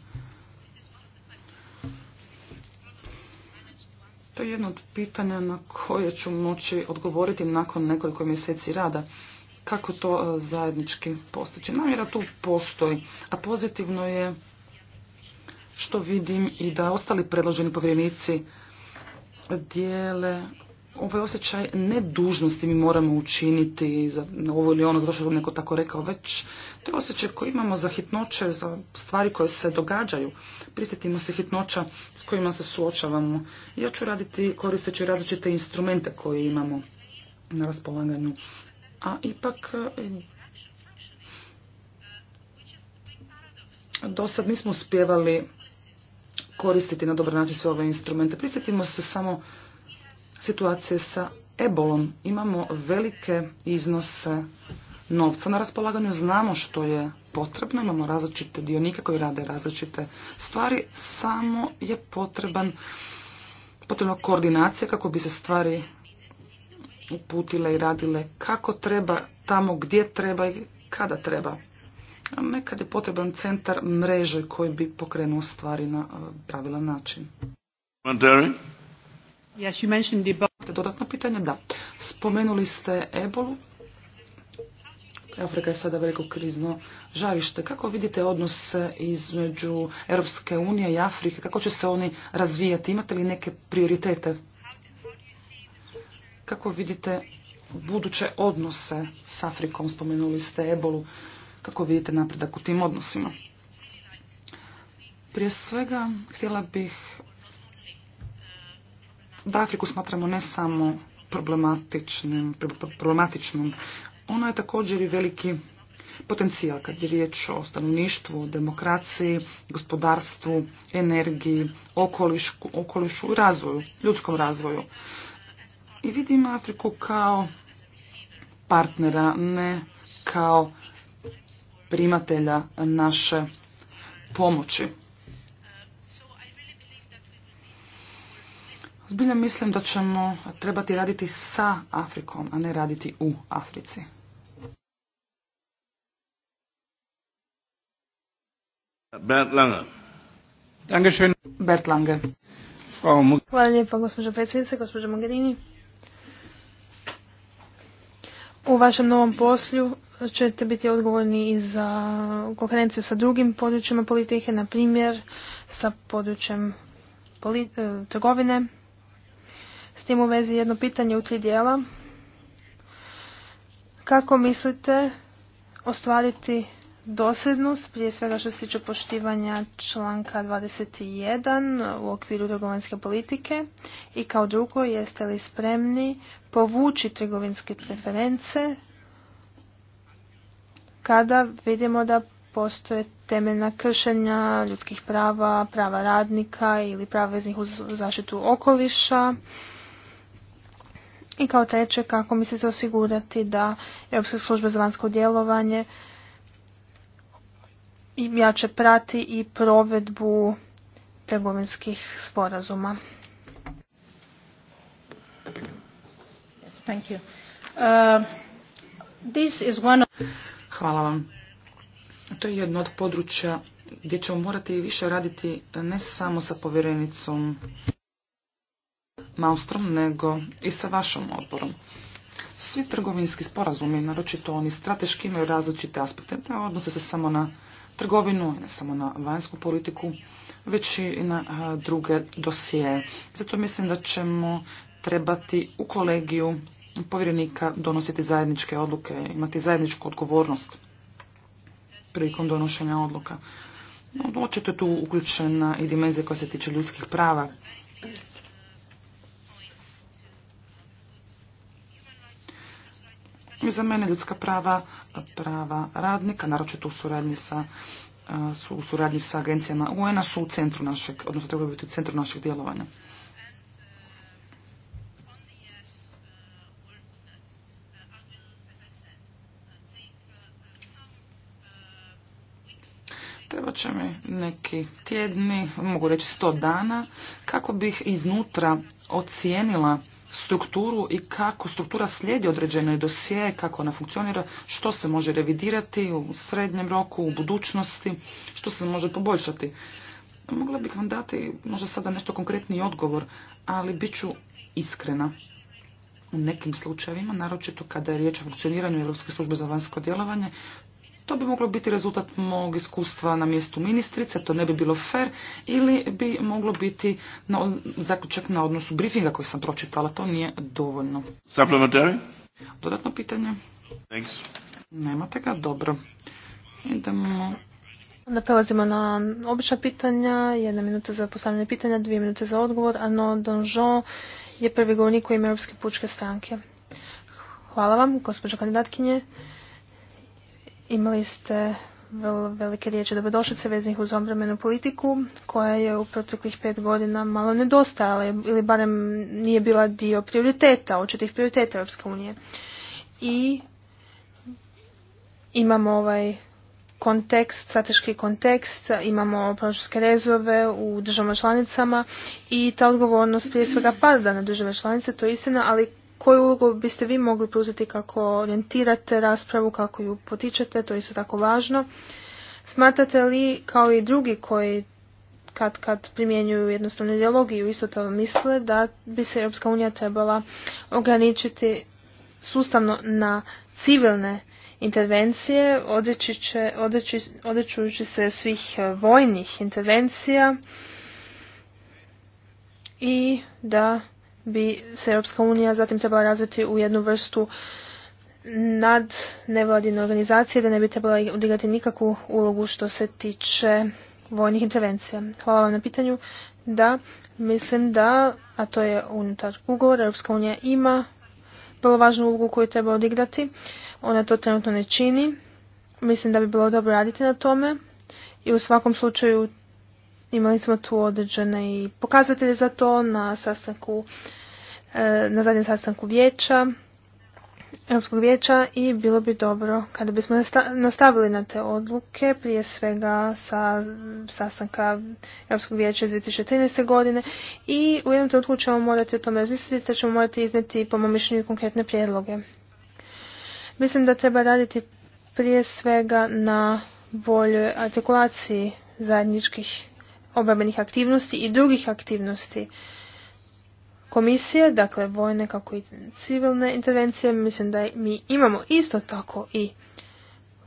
To je jedno od pitanja na koje ću moći odgovoriti nakon nekoliko mjeseci rada. Kako to e, zajednički postići? Namjera tu postoji, a pozitivno je što vidim i da ostali predloženi povjerenici dijele ovaj osjećaj dužnosti mi moramo učiniti za ovo ili ono, zašto što neko tako rekao, već to je osjećaj koji imamo za hitnoće, za stvari koje se događaju. Prisjetimo se hitnoća s kojima se suočavamo. Ja ću raditi koristeći različite instrumente koje imamo na raspolaganju. A ipak eh, do sad nismo uspjevali koristiti na dobar način sve ove instrumente. Prisjetimo se samo situacije sa ebolom. Imamo velike iznose novca na raspolaganju, znamo što je potrebno, imamo različite dionike koji rade različite stvari, samo je potreban potrebna koordinacija kako bi se stvari uputile i radile kako treba, tamo gdje treba i kada treba. nekad je potreban centar mreže koji bi pokrenuo stvari na eh, pravilan način. Dodatno pitanje, da. Spomenuli ste ebolu. Afrika je sada veliko krizno žarište. Kako vidite odnose između Europske unije i Afrike? Kako će se oni razvijati? Imate li neke prioritete? Kako vidite buduće odnose s Afrikom? Spomenuli ste ebolu. Kako vidite napredak u tim odnosima? Prije svega htjela bih da Afriku smatramo ne samo problematičnim, problematičnom, ona je također i veliki potencijal kad je riječ o stanovništvu, demokraciji, gospodarstvu, energiji, okolišu i razvoju, ljudskom razvoju. I vidim Afriku kao partnera, ne kao primatelja naše pomoći. Zbiljno mislim da ćemo trebati raditi sa Afrikom, a ne raditi u Africi. Bert Lange. Lange. Hvala lijepo, gospođo predsjednice, gospođo Mogherini. U vašem novom poslju ćete biti odgovorni i za konkurenciju sa drugim područjima politike, na primjer sa područjem eh, trgovine s tim u vezi jedno pitanje u tri dijela. Kako mislite ostvariti dosljednost, prije svega što se tiče poštivanja članka 21 u okviru trgovinske politike i kao drugo jeste li spremni povući trgovinske preference kada vidimo da postoje temeljna kršenja ljudskih prava, prava radnika ili prava veznih uz zaštitu okoliša i kao treće, kako mislite osigurati da Europske službe za vanjsko djelovanje jače prati i provedbu trgovinskih sporazuma? Uh, Hvala vam. To je jedno od područja gdje ćemo morati više raditi ne samo sa povjerenicom Maustrom, nego i sa vašom odborom. Svi trgovinski sporazumi, naročito oni strateški, imaju različite aspekte. Ne odnose se samo na trgovinu, ne samo na vanjsku politiku, već i na druge dosije. Zato mislim da ćemo trebati u kolegiju povjerenika donositi zajedničke odluke, imati zajedničku odgovornost prilikom donošenja odluka. očito je tu uključena i dimenzija koja se tiče ljudskih prava. Za mene ljudska prava, prava radnika, naročito u suradnji sa su u suradnji sa agencijama UN-a su u centru našeg, odnosno trebaju biti u centru našeg djelovanja. Treba će mi neki tjedni, mogu reći sto dana, kako bih iznutra ocijenila strukturu i kako struktura slijedi određene dosije, kako ona funkcionira, što se može revidirati u srednjem roku, u budućnosti, što se može poboljšati. Mogla bih vam dati možda sada nešto konkretniji odgovor, ali bit ću iskrena. U nekim slučajevima, naročito kada je riječ o funkcioniranju Europske službe za vanjsko djelovanje, to bi moglo biti rezultat mog iskustva na mjestu ministrice, to ne bi bilo fair, ili bi moglo biti na, zaključak na odnosu briefinga koji sam pročitala, to nije dovoljno. Supplementary? Dodatno pitanje? Thanks. Nemate ga, dobro. Idemo Onda prelazimo na obična pitanja, jedna minuta za postavljanje pitanja, dvije minute za odgovor. Ano Donjon je prvi govornik u ime Europske pučke stranke. Hvala vam, gospođo kandidatkinje. Imali ste velike riječi dobrodošlice veznih uz obrambenu politiku koja je u proteklih pet godina malo nedostajala ili barem nije bila dio prioriteta, očitih prioriteta Europske unije. I imamo ovaj kontekst, strateški kontekst, imamo proračunske rezove u državama članicama i ta odgovornost prije svega pada na države članice, to je istina, ali koju ulogu biste vi mogli preuzeti kako orijentirate raspravu, kako ju potičete, to je isto tako važno. Smatrate li kao i drugi koji kad kad primjenjuju jednostavnu ideologiju isto to misle da bi se Europska unija trebala ograničiti sustavno na civilne intervencije odrećujući se svih e, vojnih intervencija i da bi se Europska unija zatim trebala razviti u jednu vrstu nad nevladine organizacije, da ne bi trebala odigrati nikakvu ulogu što se tiče vojnih intervencija. Hvala vam na pitanju. Da, mislim da, a to je unutar ugovor, Europska unija ima vrlo važnu ulogu koju treba odigrati. Ona to trenutno ne čini. Mislim da bi bilo dobro raditi na tome i u svakom slučaju imali smo tu određene i pokazatelje za to na sastanku E, na zadnjem sastanku vijeća, Europskog vijeća i bilo bi dobro kada bismo nastavili na te odluke, prije svega sa sastanka Europskog vijeća iz 2013. godine i u jednom trenutku ćemo morati o tome razmisliti te ćemo morati izneti po mom mišljenju konkretne prijedloge. Mislim da treba raditi prije svega na boljoj artikulaciji zajedničkih obrambenih aktivnosti i drugih aktivnosti komisije, dakle vojne kako i civilne intervencije. Mislim da mi imamo isto tako i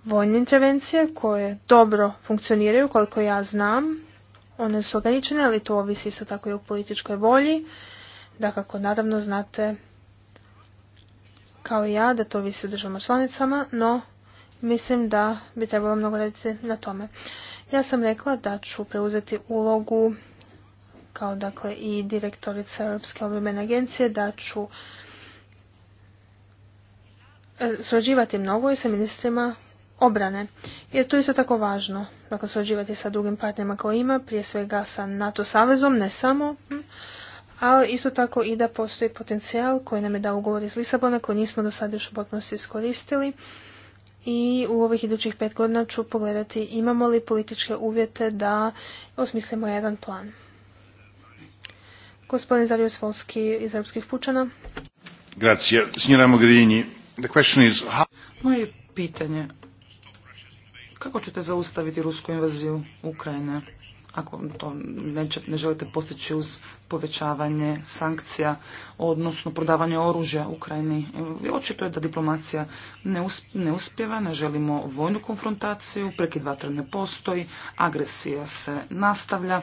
vojne intervencije koje dobro funkcioniraju koliko ja znam. One su ograničene, ali to ovisi isto tako i u političkoj volji. Da kako nadavno znate kao i ja da to ovisi o državama članicama, no mislim da bi trebalo mnogo raditi na tome. Ja sam rekla da ću preuzeti ulogu kao dakle i direktorica Europske obrambene agencije da ću e, surađivati mnogo i sa ministrima obrane. Jer to je isto tako važno, dakle surađivati sa drugim partnerima koji ima, prije svega sa NATO savezom, ne samo, ali isto tako i da postoji potencijal koji nam je dao ugovor iz Lisabona koji nismo do sada još u potpunosti iskoristili. I u ovih idućih pet godina ću pogledati imamo li političke uvjete da osmislimo jedan plan. Gospodin iz Europskih pučana. Grazie. Moje pitanje kako ćete zaustaviti rusku invaziju Ukrajine ako to ne želite postići uz povećavanje sankcija, odnosno prodavanje oružja Ukrajini. Očito je da diplomacija ne uspjeva, ne želimo vojnu konfrontaciju, prekid vatra ne postoji, agresija se nastavlja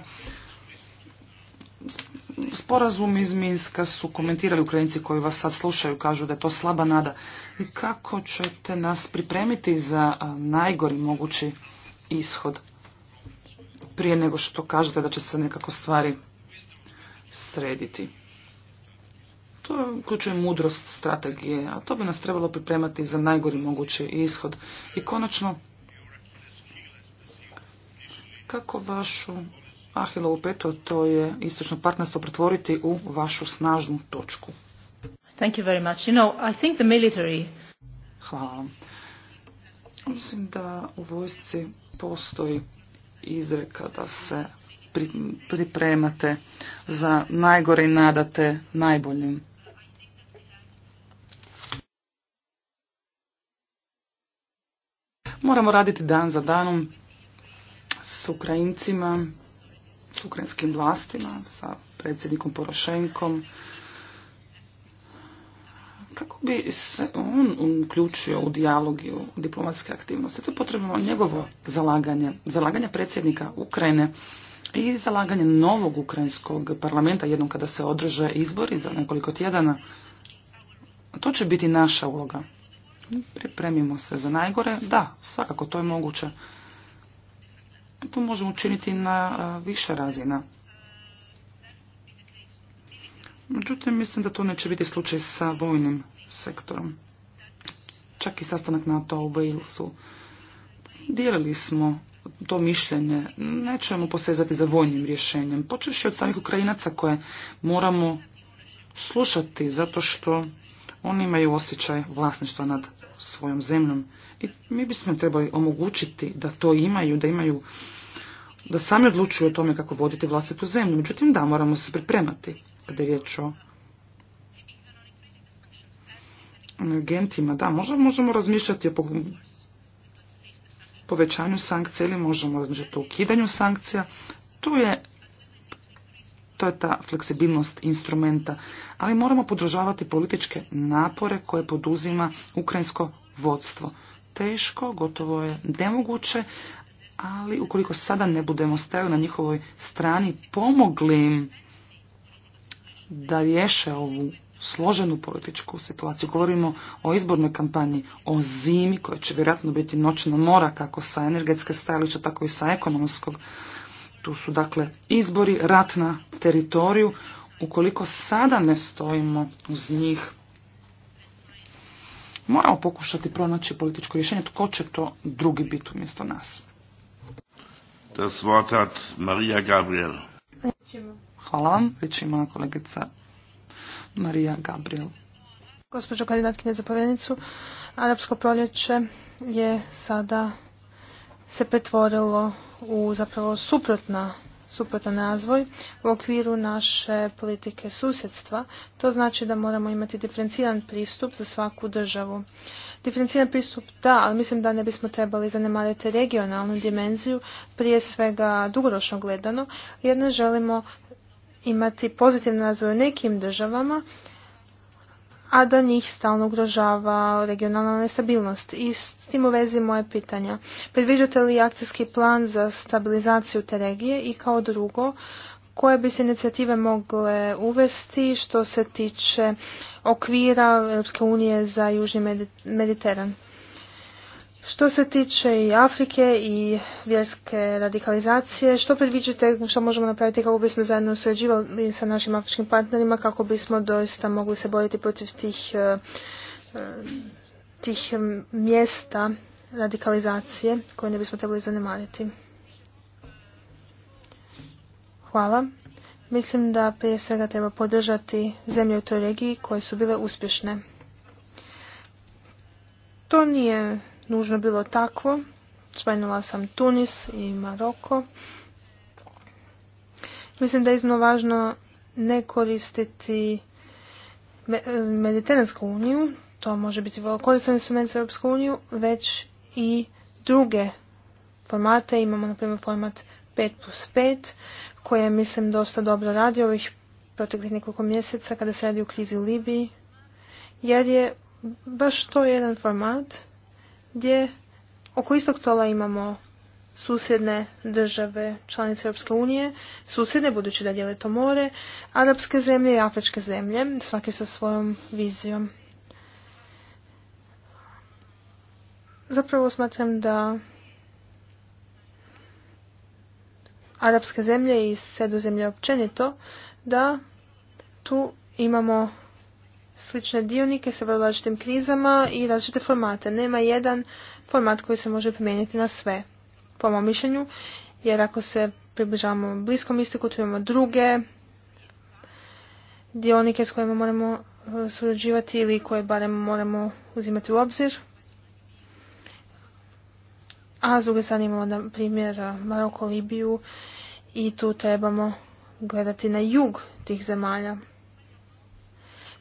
sporazum iz Minska su komentirali Ukrajinci koji vas sad slušaju, kažu da je to slaba nada. I kako ćete nas pripremiti za najgori mogući ishod prije nego što kažete da će se nekako stvari srediti? To uključuje mudrost strategije, a to bi nas trebalo pripremati za najgori mogući ishod. I konačno, kako vašu Ahilovu peto, to je istočno partnerstvo pretvoriti u vašu snažnu točku. Thank you very much. You know, I think the military... Hvala Mislim da u vojsci postoji izreka da se pripremate za najgore i nadate najboljim. Moramo raditi dan za danom s Ukrajincima, ukrajinskim vlastima, sa predsjednikom Porošenkom, kako bi se on uključio u dijalog i u diplomatske aktivnosti. To je potrebno njegovo zalaganje, zalaganje predsjednika Ukrajine i zalaganje novog ukrajinskog parlamenta jednom kada se održe izbori za nekoliko tjedana. To će biti naša uloga. Pripremimo se za najgore. Da, svakako to je moguće. To možemo učiniti na više razina. Međutim, mislim da to neće biti slučaj sa vojnim sektorom. Čak i sastanak NATO u Walesu. Dijelili smo to mišljenje. Nećemo posezati za vojnim rješenjem. Počeši od samih Ukrajinaca koje moramo slušati zato što oni imaju osjećaj vlasništva nad svojom zemljom. I mi bismo trebali omogućiti da to imaju, da imaju da sami odlučuju o tome kako voditi vlastitu zemlju. Međutim, da, moramo se pripremati kada je riječ o energentima. Da, možda možemo razmišljati o povećanju sankcija ili možemo razmišljati o ukidanju sankcija. Tu je to je ta fleksibilnost instrumenta. Ali moramo podržavati političke napore koje poduzima ukrajinsko vodstvo. Teško, gotovo je nemoguće, ali ukoliko sada ne budemo stajali na njihovoj strani, pomogli im da riješe ovu složenu političku situaciju. Govorimo o izbornoj kampanji, o zimi koja će vjerojatno biti noćna mora kako sa energetske stajališta, tako i sa ekonomskog su dakle izbori, rat na teritoriju. Ukoliko sada ne stojimo uz njih, moramo pokušati pronaći političko rješenje. Tko će to drugi biti umjesto nas? Das Wort Hvala vam. ima kolegica Marija Gabriel. Gospođo kandidatkinje za povjednicu, Arabsko proljeće je sada se pretvorilo u zapravo suprotna suprotan razvoj u okviru naše politike susjedstva. To znači da moramo imati diferenciran pristup za svaku državu. Diferenciran pristup da, ali mislim da ne bismo trebali zanemariti regionalnu dimenziju, prije svega dugoročno gledano, jer ne želimo imati pozitivan razvoj u nekim državama, a da njih stalno ugrožava regionalna nestabilnost. I s tim u vezi moje pitanja. Predviđate li akcijski plan za stabilizaciju te regije i kao drugo, koje bi se inicijative mogle uvesti što se tiče okvira Europske unije za Južni Mediteran? Što se tiče i Afrike i vjerske radikalizacije, što predviđate, što možemo napraviti kako bismo zajedno usređivali sa našim afričkim partnerima, kako bismo doista mogli se boriti protiv tih, eh, eh, tih mjesta radikalizacije koje ne bismo trebali zanemariti? Hvala. Mislim da prije svega treba podržati zemlje u toj regiji koje su bile uspješne. To nije nužno bilo takvo. Spomenula sam Tunis i Maroko. Mislim da je iznimno važno ne koristiti e, Mediteransku uniju, to može biti vrlo koristan instrument za Europsku uniju, već i druge formate. Imamo, na primjer, format 5 plus 5, koji mislim, dosta dobro radi ovih proteklih nekoliko mjeseca kada se radi o krizi u Libiji, jer je baš to jedan format gdje oko istog tola imamo susjedne države članice Europske unije, susjedne budući da dijele to more, arapske zemlje i afričke zemlje, svaki sa svojom vizijom. Zapravo smatram da arapske zemlje i sredozemlje općenito, da tu imamo slične dionike sa vrlo različitim krizama i različite formate. Nema jedan format koji se može primijeniti na sve, po mom mišljenju, jer ako se približavamo bliskom istoku, tu imamo druge dionike s kojima moramo uh, surađivati ili koje barem moramo uzimati u obzir. A s druge strane imamo, primjer, uh, Maroko, Libiju i tu trebamo gledati na jug tih zemalja.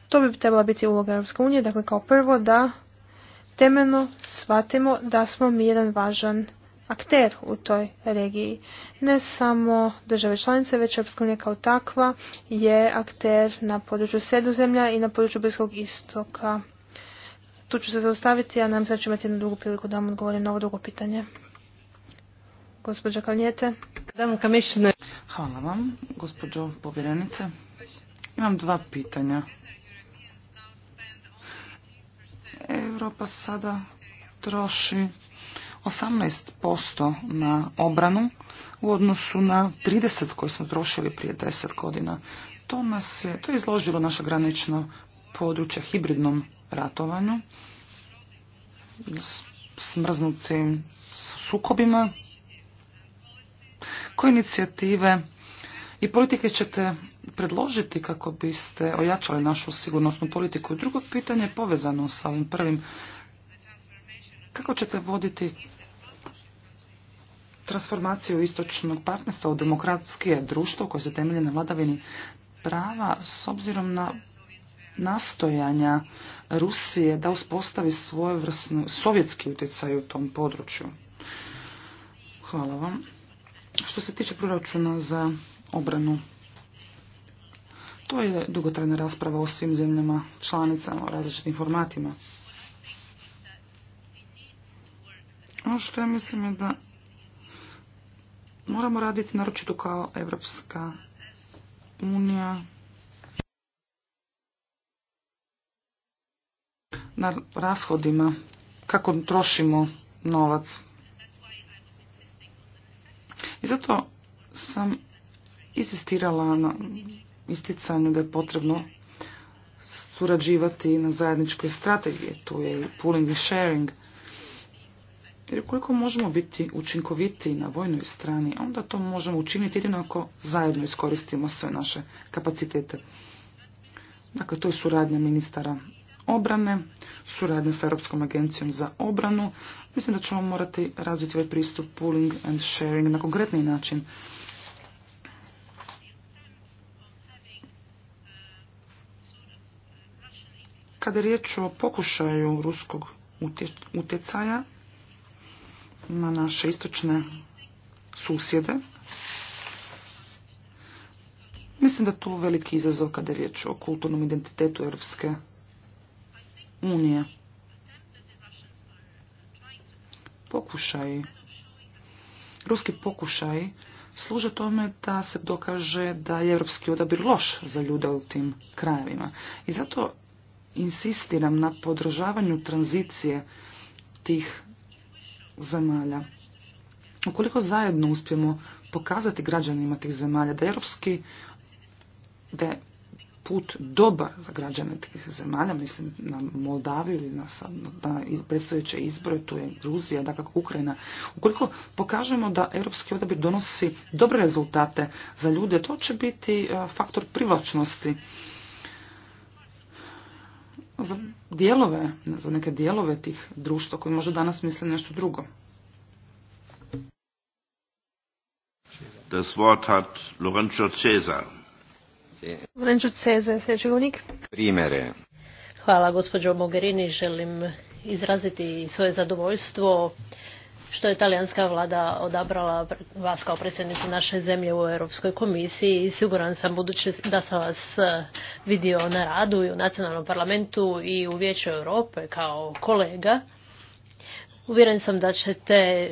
To bi trebala biti uloga Europske unije, dakle kao prvo da temeljno shvatimo da smo mi jedan važan akter u toj regiji. Ne samo države članice, već Europska unija kao takva je akter na području sredozemlja i na području Bliskog istoka. Tu ću se zaustaviti, a nam sad ću imati jednu drugu priliku da vam odgovorim na ovo drugo pitanje. Gospođa Kalnijete. Hvala vam, gospođo povjerenice. Imam dva pitanja. Europa sada troši 18% na obranu u odnosu na 30 koje smo trošili prije 10 godina. To, nas je, to je izložilo naše granično područje hibridnom ratovanju, smrznutim sukobima. Koje inicijative i politike ćete predložiti kako biste ojačali našu sigurnosnu politiku? drugo pitanje je povezano sa ovim prvim. Kako ćete voditi transformaciju istočnog partnerstva u demokratske društvo koje se temelje na vladavini prava s obzirom na nastojanja Rusije da uspostavi svojevrsnu sovjetski utjecaj u tom području. Hvala vam. Što se tiče proračuna za obranu to je dugotrajna rasprava o svim zemljama članicama, o različitim formatima. Ono što ja mislim je da moramo raditi naročito kao Evropska unija na rashodima kako trošimo novac. I zato sam insistirala na isticanju da je potrebno surađivati na zajedničkoj strategiji, tu je i pooling i sharing. Jer koliko možemo biti učinkoviti na vojnoj strani, onda to možemo učiniti jedino ako zajedno iskoristimo sve naše kapacitete. Dakle, to je suradnja ministara obrane, suradnja sa Europskom agencijom za obranu. Mislim da ćemo morati razviti ovaj pristup pooling and sharing na konkretni način. Kada je riječ o pokušaju ruskog utjecaja na naše istočne susjede, mislim da tu veliki izazov kada je riječ o kulturnom identitetu Europske unije. Pokušaj, ruski pokušaj služe tome da se dokaže da je evropski odabir loš za ljude u tim krajevima. I zato insistiram na podržavanju tranzicije tih zemalja. Ukoliko zajedno uspijemo pokazati građanima tih zemalja da je europski da je put dobar za građane tih zemalja, mislim na Moldaviju ili na, na predstojeće izbore, tu je Gruzija, da kako Ukrajina. Ukoliko pokažemo da europski odabir donosi dobre rezultate za ljude, to će biti faktor privlačnosti za dijelove, za neke dijelove tih društva koji možda danas misle nešto drugo. Das Wort hat Lorenzo Cesar. Lorenzo Cesar, Primere. Hvala gospođo Mogherini, želim izraziti svoje zadovoljstvo što je talijanska vlada odabrala vas kao predsjednicu naše zemlje u Europskoj komisiji i siguran sam budući da sam vas e, vidio na radu i u nacionalnom parlamentu i u Vijeću Europe kao kolega. Uvjeren sam da ćete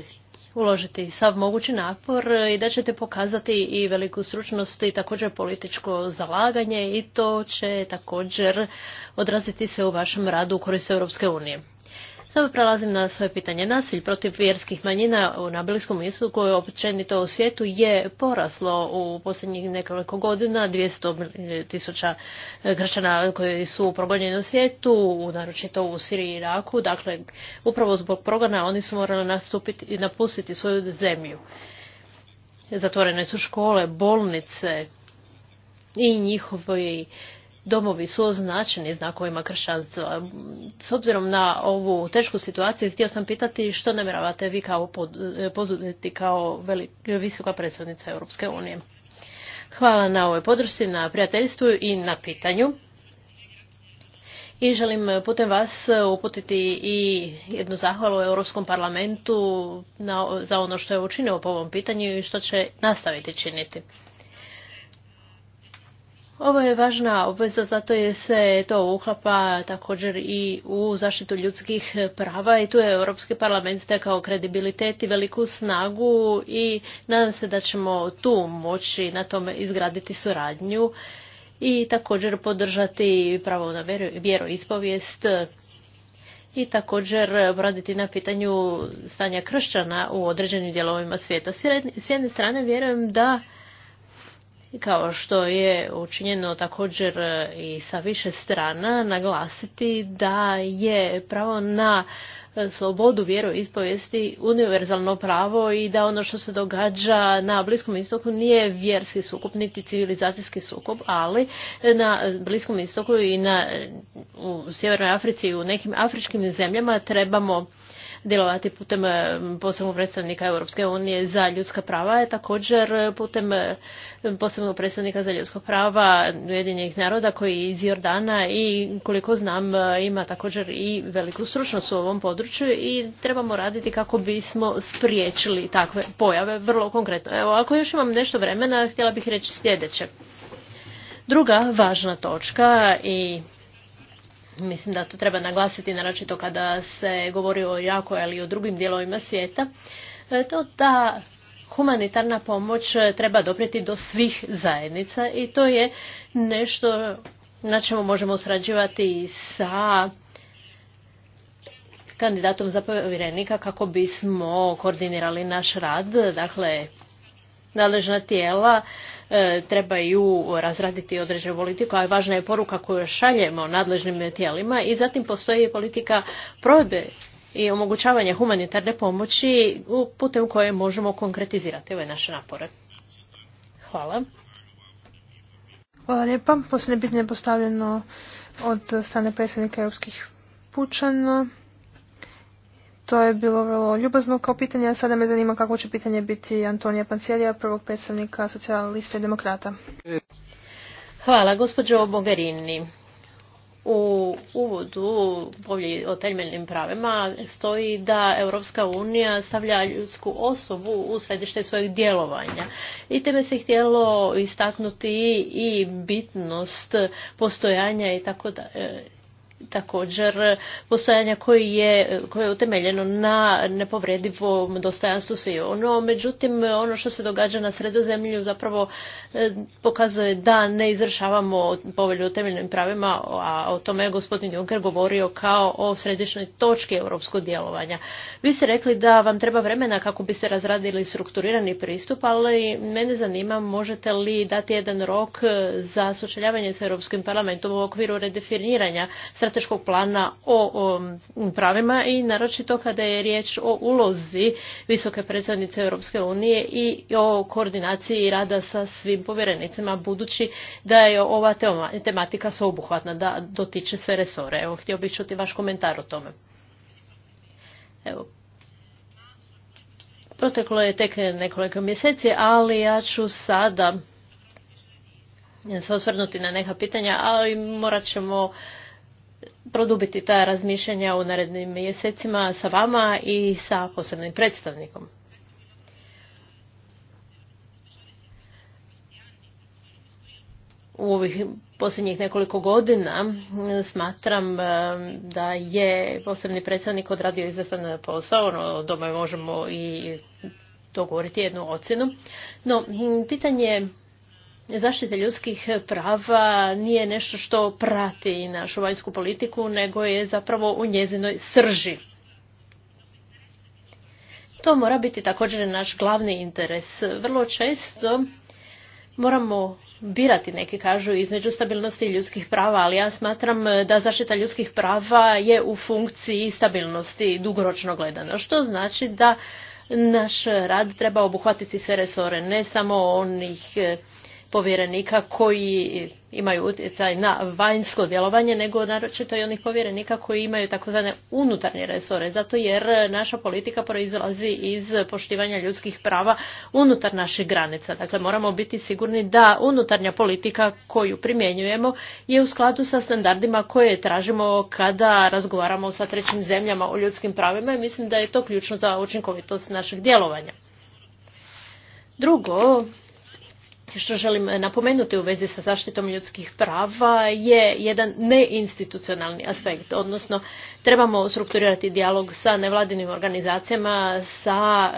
uložiti sav mogući napor i da ćete pokazati i veliku stručnost i također političko zalaganje i to će također odraziti se u vašem radu u korist Europske unije. Sada prelazim na svoje pitanje. Nasilj protiv vjerskih manjina na Bliskom istoku koje općenito u svijetu je poraslo u posljednjih nekoliko godina. 200 tisuća kršćana koji su progonjeni u svijetu, naročito u Siriji i Iraku. Dakle, upravo zbog progona oni su morali nastupiti i napustiti svoju zemlju. Zatvorene su škole, bolnice i njihovi domovi su označeni znakovima kršćanstva. S obzirom na ovu tešku situaciju, htio sam pitati što namjeravate vi kao eh, poduzeti kao visoka predsjednica Europske unije. Hvala na ovoj podršci, na prijateljstvu i na pitanju. I želim eh, putem vas eh, uputiti i jednu zahvalu Europskom parlamentu za ono što je učinio po ovom pitanju i što će nastaviti činiti. Ovo je važna obveza zato je se to uhlapa također i u zaštitu ljudskih prava i tu je Europski parlament stekao kredibilitet i veliku snagu i nadam se da ćemo tu moći na tome izgraditi suradnju i također podržati pravo na vjeroispovijest i također raditi na pitanju stanja kršćana u određenim dijelovima svijeta. S jedne strane vjerujem da kao što je učinjeno također e, i sa više strana, naglasiti da je pravo na e, slobodu vjeroispovijesti univerzalno pravo i da ono što se događa na Bliskom istoku nije vjerski sukob niti civilizacijski sukob, ali na Bliskom istoku i na, u Sjevernoj Africi i u nekim afričkim zemljama trebamo djelovati putem e, posebnog predstavnika Europske unije za ljudska prava je također putem e, posebnog predstavnika za ljudska prava Ujedinjenih naroda koji je iz Jordana i koliko znam e, ima također i veliku stručnost u ovom području i trebamo raditi kako bismo spriječili takve pojave vrlo konkretno. Evo, ako još imam nešto vremena, htjela bih reći sljedeće. Druga važna točka i Mislim da to treba naglasiti, naročito kada se govori o jako, ali i o drugim dijelovima svijeta, e, to da humanitarna pomoć treba doprijeti do svih zajednica i to je nešto na čemu možemo srađivati sa kandidatom za povjerenika kako bismo koordinirali naš rad, dakle nadležna tijela E, trebaju razraditi određenu politiku, a važna je poruka koju šaljemo nadležnim tijelima i zatim postoji politika provedbe i omogućavanja humanitarne pomoći putem koje možemo konkretizirati ove naše napore. Hvala. Hvala lijepa. postavljeno od strane predsjednika europskih pučana. To je bilo vrlo ljubazno kao pitanje, sada me zanima kako će pitanje biti Antonija Pancijelija, prvog predstavnika socijalista i demokrata. Hvala, gospođo Bogerini. U uvodu povlji o temeljnim pravima stoji da Europska unija stavlja ljudsku osobu u središte svojeg djelovanja. I teme se htjelo istaknuti i bitnost postojanja i tako da, također postojanja koji je, koje je utemeljeno na nepovredivom dostojanstvu svi ono. Međutim, ono što se događa na sredozemlju zapravo e, pokazuje da ne izvršavamo povelju o temeljnim pravima, a o tome je gospodin Juncker govorio kao o središnjoj točki europskog djelovanja. Vi ste rekli da vam treba vremena kako bi se razradili strukturirani pristup, ali mene zanima možete li dati jedan rok za sučeljavanje s Europskim parlamentom u okviru redefiniranja strategije strateškog plana o, pravima i naročito kada je riječ o ulozi visoke predstavnice Europske unije i o koordinaciji rada sa svim povjerenicima budući da je ova tematika sveobuhvatna da dotiče sve resore. Evo, htio bih čuti vaš komentar o tome. Evo, Proteklo je tek nekoliko mjeseci, ali ja ću sada se osvrnuti na neka pitanja, ali morat ćemo produbiti ta razmišljanja u narednim mjesecima sa vama i sa posebnim predstavnikom. U ovih posljednjih nekoliko godina smatram eh, da je posebni predstavnik odradio izvestan posao, no doma možemo i dogovoriti jednu ocjenu. No, pitanje zaštite ljudskih prava nije nešto što prati našu vanjsku politiku, nego je zapravo u njezinoj srži. To mora biti također naš glavni interes. Vrlo često moramo birati, neki kažu, između stabilnosti i ljudskih prava, ali ja smatram da zaštita ljudskih prava je u funkciji stabilnosti dugoročno gledano, što znači da naš rad treba obuhvatiti sve resore, ne samo onih eh, povjerenika koji imaju utjecaj na vanjsko djelovanje, nego naročito i onih povjerenika koji imaju takozvane unutarnje resore, zato jer naša politika proizlazi iz poštivanja ljudskih prava unutar naših granica. Dakle, moramo biti sigurni da unutarnja politika koju primjenjujemo je u skladu sa standardima koje tražimo kada razgovaramo sa trećim zemljama o ljudskim pravima i mislim da je to ključno za učinkovitost našeg djelovanja. Drugo, ono što želim napomenuti u vezi sa zaštitom ljudskih prava je jedan neinstitucionalni aspekt, odnosno trebamo strukturirati dijalog sa nevladinim organizacijama, sa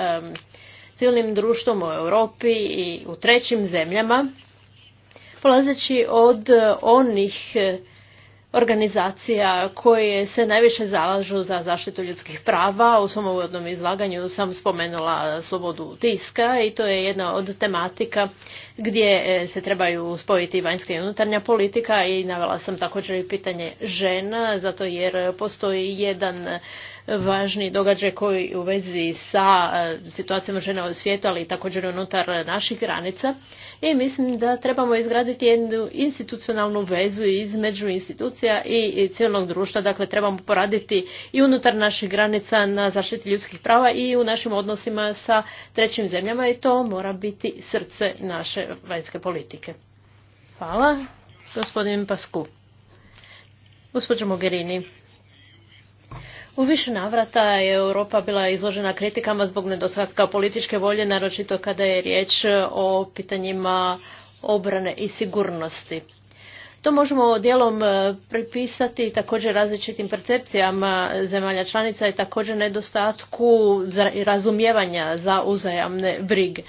civilnim društvom u Europi i u trećim zemljama, polazeći od onih organizacija koje se najviše zalažu za zaštitu ljudskih prava. U svom uvodnom izlaganju sam spomenula slobodu tiska i to je jedna od tematika gdje e, se trebaju spojiti vanjska i unutarnja politika i navela sam također i pitanje žena zato jer postoji jedan važni događaj koji u vezi sa e, situacijom žena u svijetu, ali i također unutar naših granica. I mislim da trebamo izgraditi jednu institucionalnu vezu između institucija i civilnog društva. Dakle, trebamo poraditi i unutar naših granica na zaštiti ljudskih prava i u našim odnosima sa trećim zemljama i to mora biti srce naše vanjske politike. Hvala. Gospodin Pasku. Gospođo Mogherini, u više navrata je Europa bila izložena kritikama zbog nedostatka političke volje, naročito kada je riječ o pitanjima obrane i sigurnosti. To možemo dijelom e, pripisati također različitim percepcijama zemalja članica i također nedostatku razumijevanja za uzajamne brige.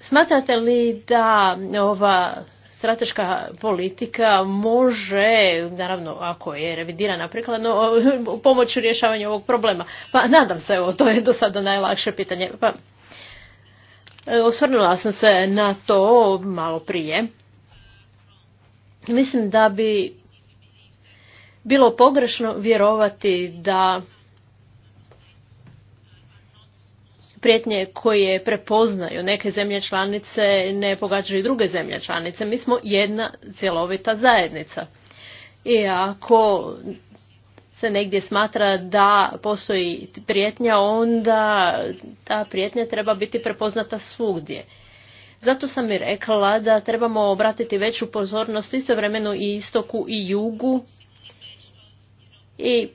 Smatrate li da ova strateška politika može, naravno ako je revidirana prikladno, pomoći u rješavanju ovog problema? Pa nadam se, evo, to je do sada najlakše pitanje. Pa, e, osvrnula sam se na to malo prije. Mislim da bi bilo pogrešno vjerovati da prijetnje koje prepoznaju neke zemlje članice ne pogađaju druge zemlje članice. Mi smo jedna cjelovita zajednica. I ako se negdje smatra da postoji prijetnja, onda ta prijetnja treba biti prepoznata svugdje. Zato sam i rekla da trebamo obratiti veću pozornost istovremeno i istoku i jugu i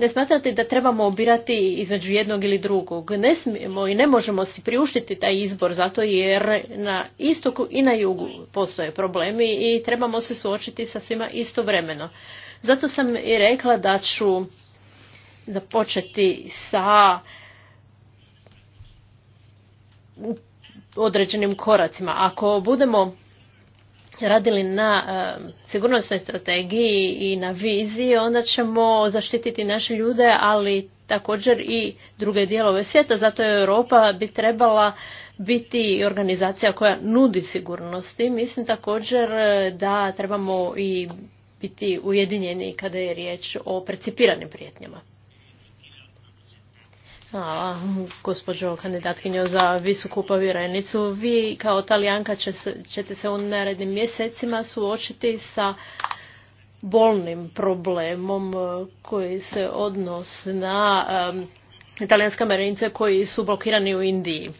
ne smatrate da trebamo obirati između jednog ili drugog. Ne smijemo i ne možemo si priuštiti taj izbor zato jer na istoku i na jugu postoje problemi i trebamo se suočiti sa svima istovremeno. Zato sam i rekla da ću započeti sa određenim koracima. Ako budemo radili na e, sigurnosnoj strategiji i na viziji, onda ćemo zaštititi naše ljude, ali također i druge dijelove svijeta. Zato je Europa bi trebala biti organizacija koja nudi sigurnosti. Mislim također e, da trebamo i biti ujedinjeni kada je riječ o precipiranim prijetnjama. Hvala, gospođo kandidatkinjo za visoku povjerenicu. Vi kao talijanka ćete se u narednim mjesecima suočiti sa bolnim problemom e, koji se odnosi na talijanske marinice koji su blokirani u Indiji.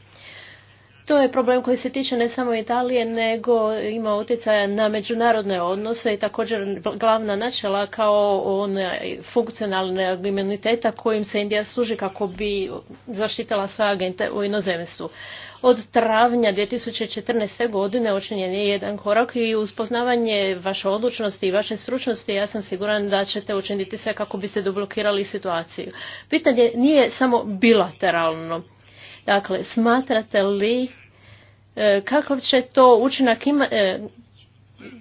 To je problem koji se tiče ne samo Italije, nego ima utjecaja na međunarodne odnose i također glavna načela kao one funkcionalne imuniteta kojim se Indija služi kako bi zaštitila svoje agente u inozemstvu. Od travnja 2014. godine učinjen je jedan korak i uz poznavanje vaše odlučnosti i vaše stručnosti ja sam siguran da ćete učiniti sve kako biste doblokirali situaciju. Pitanje nije samo bilateralno. Dakle, smatrate li E, kakav će to učinak ima, e,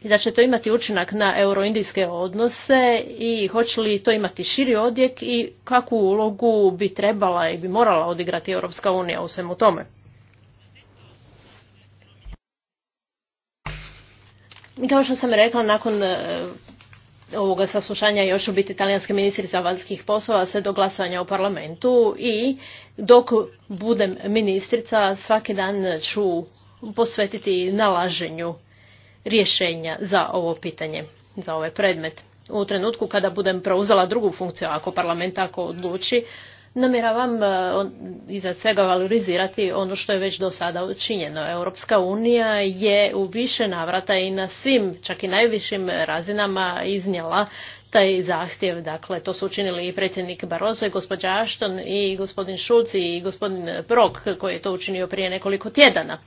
da će to imati učinak na euroindijske odnose i hoće li to imati širi odjek i kakvu ulogu bi trebala i bi morala odigrati Europska unija u svemu tome. Kao što sam rekla, nakon e, ovoga saslušanja još u biti talijanske ministrica vanjskih poslova sve do glasanja u parlamentu i dok budem ministrica svaki dan ću posvetiti nalaženju rješenja za ovo pitanje, za ovaj predmet. U trenutku kada budem preuzela drugu funkciju, ako parlament tako odluči, namjeravam e, iza svega valorizirati ono što je već do sada učinjeno. Europska unija je u više navrata i na svim, čak i najvišim razinama iznijela taj zahtjev. Dakle, to su učinili i predsjednik Barroso i gospođa Ashton i gospodin Šulci i gospodin Brok koji je to učinio prije nekoliko tjedana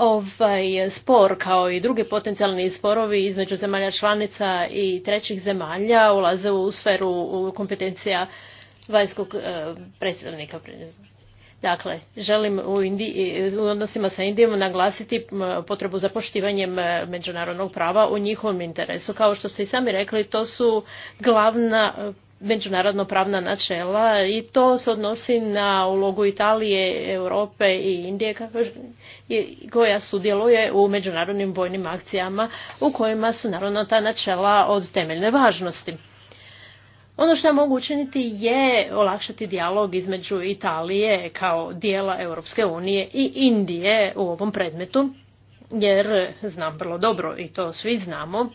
ovaj spor kao i drugi potencijalni sporovi između zemalja članica i trećih zemalja ulaze u sferu kompetencija vanjskog eh, predstavnika. Dakle, želim u, u odnosima sa Indijom naglasiti potrebu za poštivanjem eh, međunarodnog prava u njihovom interesu. Kao što ste i sami rekli, to su glavna međunarodno pravna načela i to se odnosi na ulogu Italije, Europe i Indije koja sudjeluje u međunarodnim vojnim akcijama u kojima su naravno ta načela od temeljne važnosti. Ono što mogu učiniti je olakšati dijalog između Italije kao dijela Europske unije i Indije u ovom predmetu, jer znam vrlo dobro i to svi znamo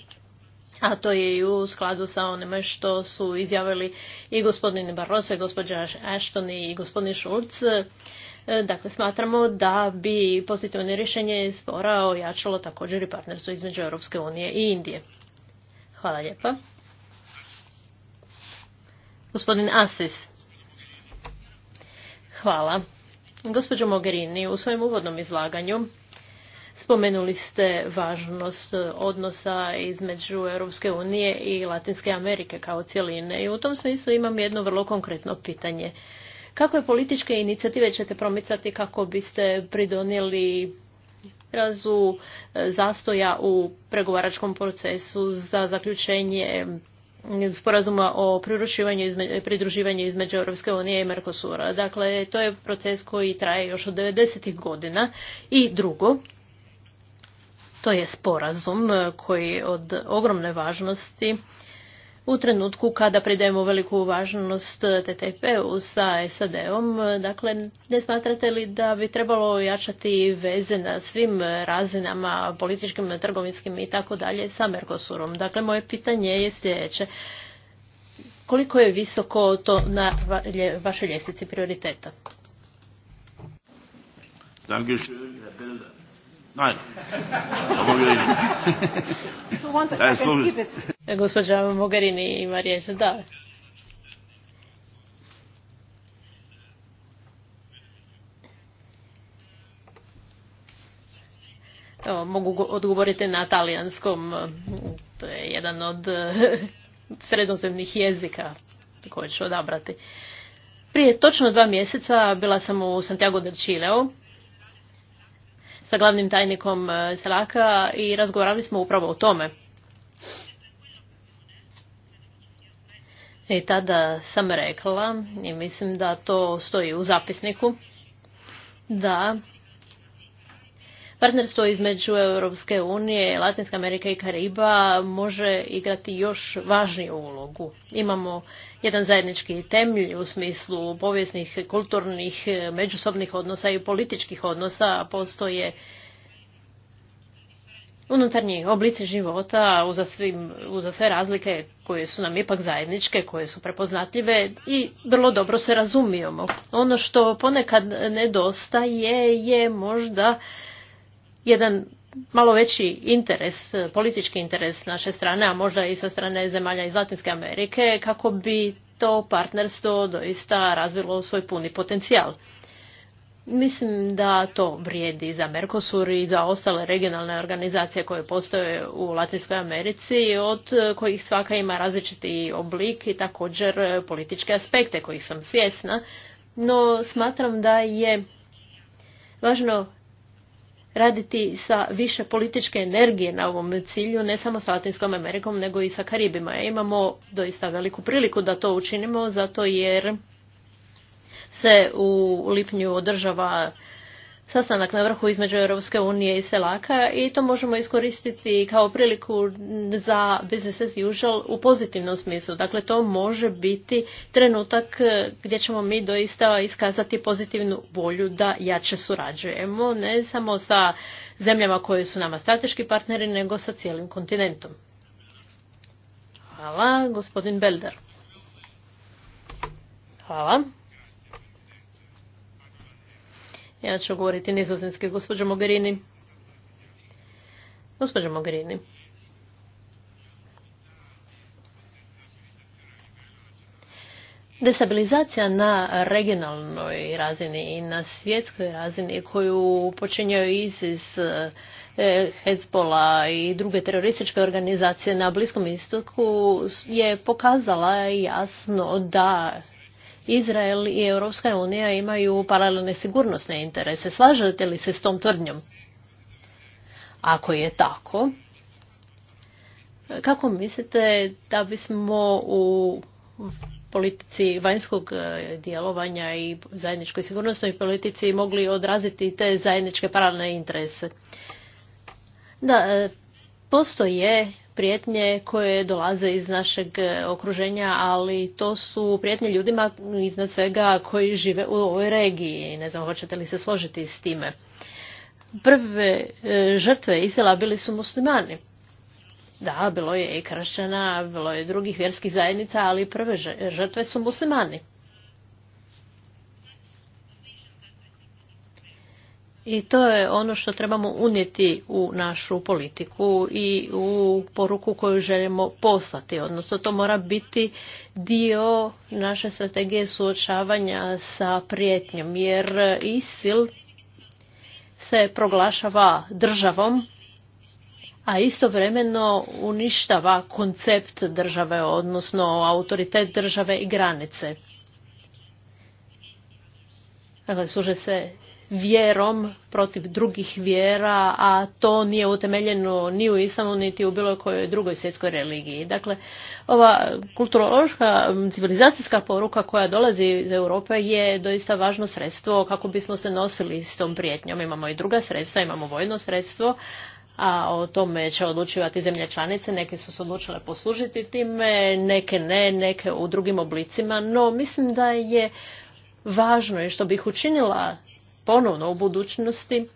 a to je i u skladu sa onime što su izjavili i gospodin Barroso i gospođa Ashton i gospodin Schulz. E, dakle, smatramo da bi pozitivno rješenje spora ojačalo također i partnerstvo između Europske unije i Indije. Hvala lijepa. Gospodin Asis. Hvala. Gospođo Mogherini, u svojem uvodnom izlaganju Spomenuli ste važnost e, odnosa između Europske unije i Latinske Amerike kao cjeline i u tom smislu imam jedno vrlo konkretno pitanje. Kakve političke inicijative ćete promicati kako biste pridonijeli razu e, zastoja u pregovaračkom procesu za zaključenje e, sporazuma o pridruživanju između Europske unije i Mercosura. Dakle, to je proces koji traje još od 90. godina. I drugo, to je sporazum e, koji je od ogromne važnosti u trenutku kada pridajemo veliku važnost ttp u sa SAD-om. Dakle, ne smatrate li da bi trebalo jačati veze na svim razinama, političkim, trgovinskim i tako dalje sa Mercosurom? Dakle, moje pitanje je sljedeće. Koliko je visoko to na vašoj ljestvici prioriteta? Dankeschön, Herr Nein. E, gospođa Mogherini ima riječ, da. Evo, mogu odgovoriti na talijanskom, to je jedan od e, sredozemnih jezika koje ću odabrati. Prije točno dva mjeseca bila sam u Santiago del Chileu, sa glavnim tajnikom e, Selaka i razgovarali smo upravo o tome. I tada sam rekla, i mislim da to stoji u zapisniku, da partnerstvo između Europske unije, Latinske Amerike i Kariba može igrati još važniju ulogu. Imamo jedan zajednički temelj u smislu povijesnih, kulturnih, e, međusobnih odnosa i političkih odnosa, postoje unutarnji oblici života uza sve razlike koje su nam ipak zajedničke, koje su prepoznatljive i vrlo dobro se razumijemo. Ono što ponekad nedostaje je možda jedan malo veći interes, politički interes naše strane, a možda i sa strane zemalja iz Latinske Amerike, kako bi to partnerstvo doista razvilo svoj puni potencijal. Mislim da to vrijedi za Mercosur i za ostale regionalne organizacije koje postoje u Latinskoj Americi, od kojih svaka ima različiti oblik i također političke aspekte kojih sam svjesna, no smatram da je važno raditi sa više političke energije na ovom cilju, ne samo sa Latinskom Amerikom, nego i sa Karibima. Imamo doista veliku priliku da to učinimo, zato jer se u lipnju održava sastanak na vrhu između Europske unije i Selaka i to možemo iskoristiti kao priliku za business as usual u pozitivnom smislu. Dakle, to može biti trenutak gdje ćemo mi doista iskazati pozitivnu volju da jače surađujemo, ne samo sa zemljama koje su nama strateški partneri, nego sa cijelim kontinentom. Hvala, gospodin Belder. Hvala. Ja ću govoriti nizozemski, gospođo Mogherini. Gospođo Mogherini. Destabilizacija na regionalnoj razini i na svjetskoj razini koju počinjaju ISIS, e, Hezbola i druge terorističke organizacije na Bliskom istoku je pokazala jasno da Izrael i Europska unija imaju paralelne sigurnosne interese. Slažete li se s tom tvrdnjom? Ako je tako, kako mislite da bismo u politici vanjskog e, djelovanja i zajedničkoj sigurnosnoj politici mogli odraziti te zajedničke paralelne interese? Da, e, postoje prijetnje koje dolaze iz našeg e, okruženja, ali to su prijetnje ljudima iznad svega koji žive u ovoj regiji. Ne znam, hoćete li se složiti s time. Prve e, žrtve Isela bili su muslimani. Da, bilo je i kršćana, bilo je drugih vjerskih zajednica, ali prve žrtve su muslimani. I to je ono što trebamo unijeti u našu politiku i u poruku koju želimo poslati. Odnosno to mora biti dio naše strategije suočavanja sa prijetnjom jer ISIL se proglašava državom a istovremeno uništava koncept države, odnosno autoritet države i granice. Dakle, služe se vjerom protiv drugih vjera, a to nije utemeljeno ni u islamu niti u bilo kojoj drugoj svjetskoj religiji. Dakle, ova kulturološka civilizacijska poruka koja dolazi iz Europe je doista važno sredstvo kako bismo se nosili s tom prijetnjom. Imamo i druga sredstva, imamo vojno sredstvo, a o tome će odlučivati zemlje članice. Neke su se odlučile poslužiti time, neke ne, neke u drugim oblicima, no mislim da je važno i što bih učinila ponovno u budućnosti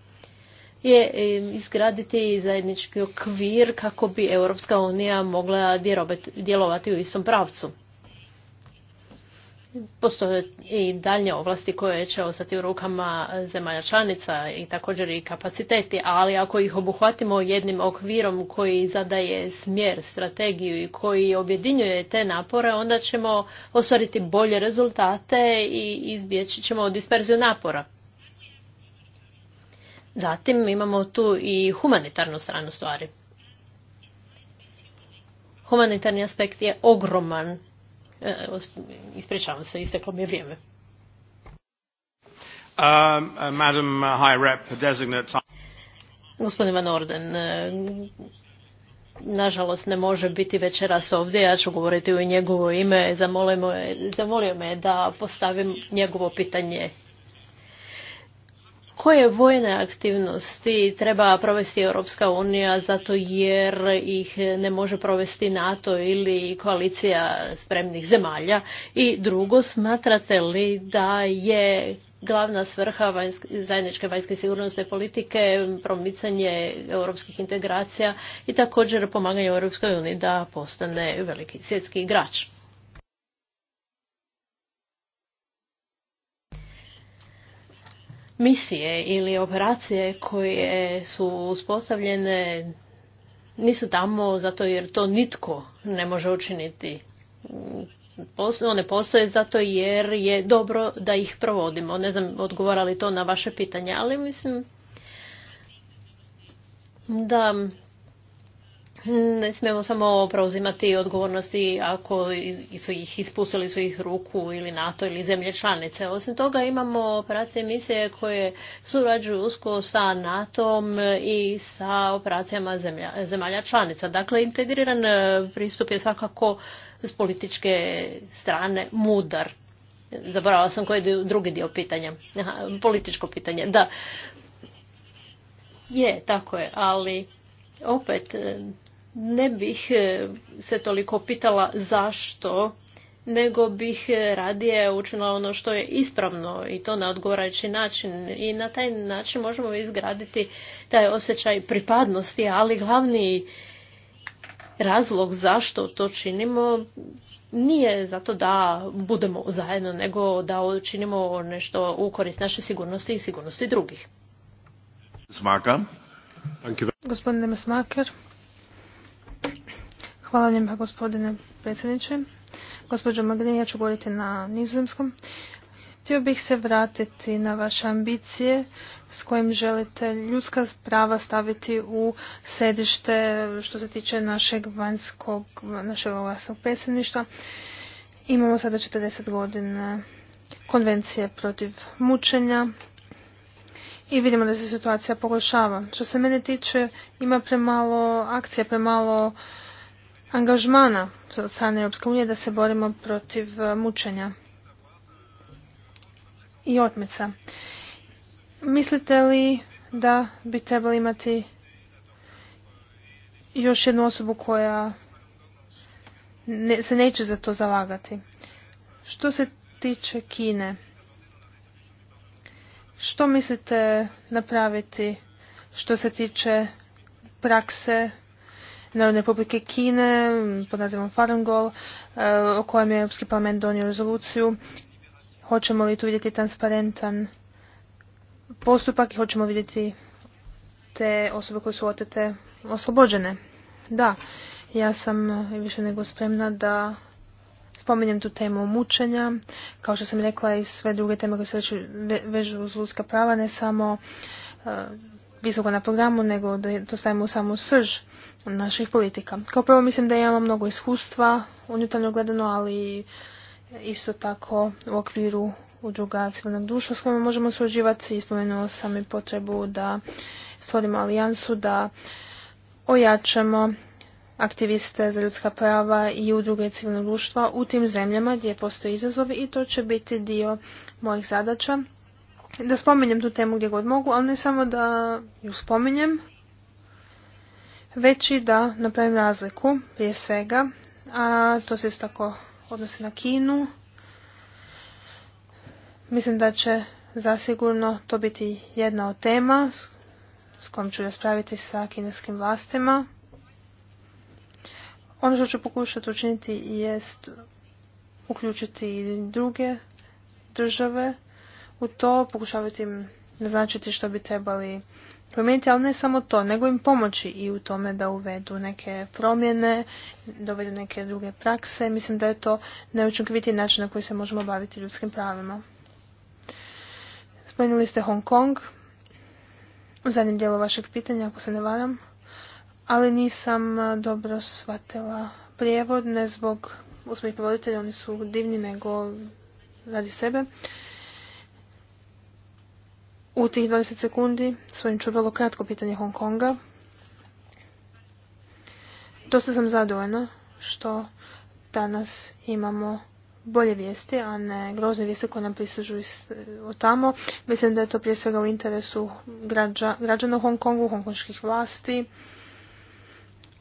je e, izgraditi zajednički okvir kako bi Europska unija mogla djelovati u istom pravcu. Postoje i dalje ovlasti koje će ostati u rukama zemalja članica i također i kapaciteti, ali ako ih obuhvatimo jednim okvirom koji zadaje smjer, strategiju i koji objedinjuje te napore, onda ćemo ostvariti bolje rezultate i izbjeći ćemo disperziju napora. Zatim imamo tu i humanitarnu stranu stvari. Humanitarni aspekt je ogroman. E, ispričavam se, isteklo mi je vrijeme. Um, uh, uh, Gospodin Van Orden, e, nažalost ne može biti večeras ovdje, ja ću govoriti u njegovo ime, zamolio me da postavim njegovo pitanje koje vojne aktivnosti treba provesti Europska unija zato jer ih ne može provesti NATO ili koalicija spremnih zemalja? I drugo, smatrate li da je glavna svrha zajedničke vanjske sigurnosne politike promicanje europskih integracija i također pomaganje Europskoj uniji da postane veliki svjetski igrač? misije ili operacije koje su uspostavljene nisu tamo zato jer to nitko ne može učiniti. One postoje zato jer je dobro da ih provodimo. Ne znam odgovara li to na vaše pitanje, ali mislim da ne smijemo samo preuzimati odgovornosti ako su ih ispustili su ih ruku ili NATO ili zemlje članice. Osim toga imamo operacije misije koje surađuju usko sa NATO-om i sa operacijama zemlja, zemalja članica. Dakle, integriran pristup je svakako s političke strane mudar. Zaboravila sam koji je drugi dio pitanja. Aha, političko pitanje, da. Je, tako je, ali opet ne bih e, se toliko pitala zašto, nego bih e, radije učinila ono što je ispravno i to na odgovarajući način. I na taj način možemo izgraditi taj osjećaj pripadnosti, ali glavni razlog zašto to činimo nije zato da budemo zajedno, nego da učinimo nešto u korist naše sigurnosti i sigurnosti drugih. Smaka. Gospodine Smaker. Hvala lijepa gospodine predsjedniče. Gospođo Magrini, ja ću govoriti na nizozemskom. Htio bih se vratiti na vaše ambicije s kojim želite ljudska prava staviti u središte što se tiče našeg vanjskog, našeg vlastnog predsjedništva. Imamo sada 40 godina konvencije protiv mučenja i vidimo da se situacija pogoršava. Što se mene tiče, ima premalo akcija, premalo angažmana od strane Europske unije da se borimo protiv e, mučenja i otmica. Mislite li da bi trebali imati još jednu osobu koja se neće za to zalagati? Što se tiče Kine, što mislite napraviti što se tiče prakse Narodne republike Kine pod nazivom Farangol o e, kojem je Europski parlament donio rezoluciju. Hoćemo li tu vidjeti transparentan postupak i hoćemo vidjeti te osobe koje su otete oslobođene. Da, ja sam više nego spremna da spominjem tu temu mučenja, kao što sam rekla i sve druge teme koje se vežu uz ljudska prava, ne samo e, visoko na programu, nego da to stavimo u samu srž naših politika. Kao prvo mislim da imamo mnogo iskustva unutarnjog gledano, ali isto tako u okviru udruga civilnog društva s kojima možemo surađivati i spomenuo sam i potrebu da stvorimo alijansu, da ojačamo aktiviste za ljudska prava i udruge civilnog društva u tim zemljama gdje postoje izazovi i to će biti dio mojih zadaća da spominjem tu temu gdje god mogu, ali ne samo da ju spominjem, već i da napravim razliku prije svega, a to se isto tako odnosi na Kinu. Mislim da će zasigurno to biti jedna od tema s kojom ću raspraviti sa kineskim vlastima. Ono što ću pokušati učiniti jest uključiti i druge države u to, pokušavati im naznačiti što bi trebali promijeniti, ali ne samo to, nego im pomoći i u tome da uvedu neke promjene, da uvedu neke druge prakse. Mislim da je to najučinkovitiji način na koji se možemo baviti ljudskim pravima. Spomenuli ste Hong Kong u zadnjem dijelu vašeg pitanja, ako se ne varam, ali nisam dobro shvatila prijevod, ne zbog uspjeh prevoditelja, oni su divni, nego radi sebe. U tih 20 sekundi svojim ću vrlo kratko pitanje Hong Konga. Dosta sam zadovoljna što danas imamo bolje vijesti, a ne grozne vijesti koje nam prisužu od tamo. Mislim da je to prije svega u interesu građana u Hong vlasti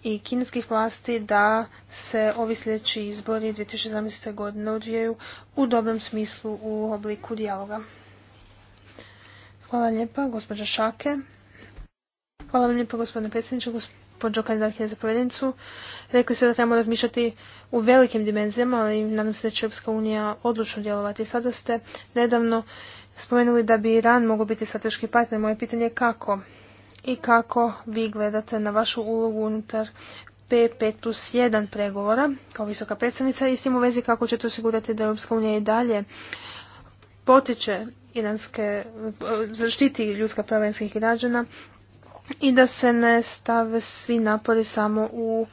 i kineskih vlasti da se ovi sljedeći izbori 2017. godine odvijaju u dobrom smislu u obliku dijaloga. Hvala lijepa, gospođa Šake. Hvala vam lijepa, gospodine predsjedniče, gospođo kandidatke za povedenicu. Rekli ste da trebamo razmišljati u velikim dimenzijama, ali nadam se da će Europska unija odlučno djelovati. Sada ste nedavno spomenuli da bi Iran mogao biti strateški partner. Moje pitanje je kako? I kako vi gledate na vašu ulogu unutar P5 plus 1 pregovora kao visoka predstavnica i s tim u vezi kako ćete osigurati da Europska unija i dalje potiče iranske, zaštiti ljudska prava iranskih građana i da se ne stave svi napori samo u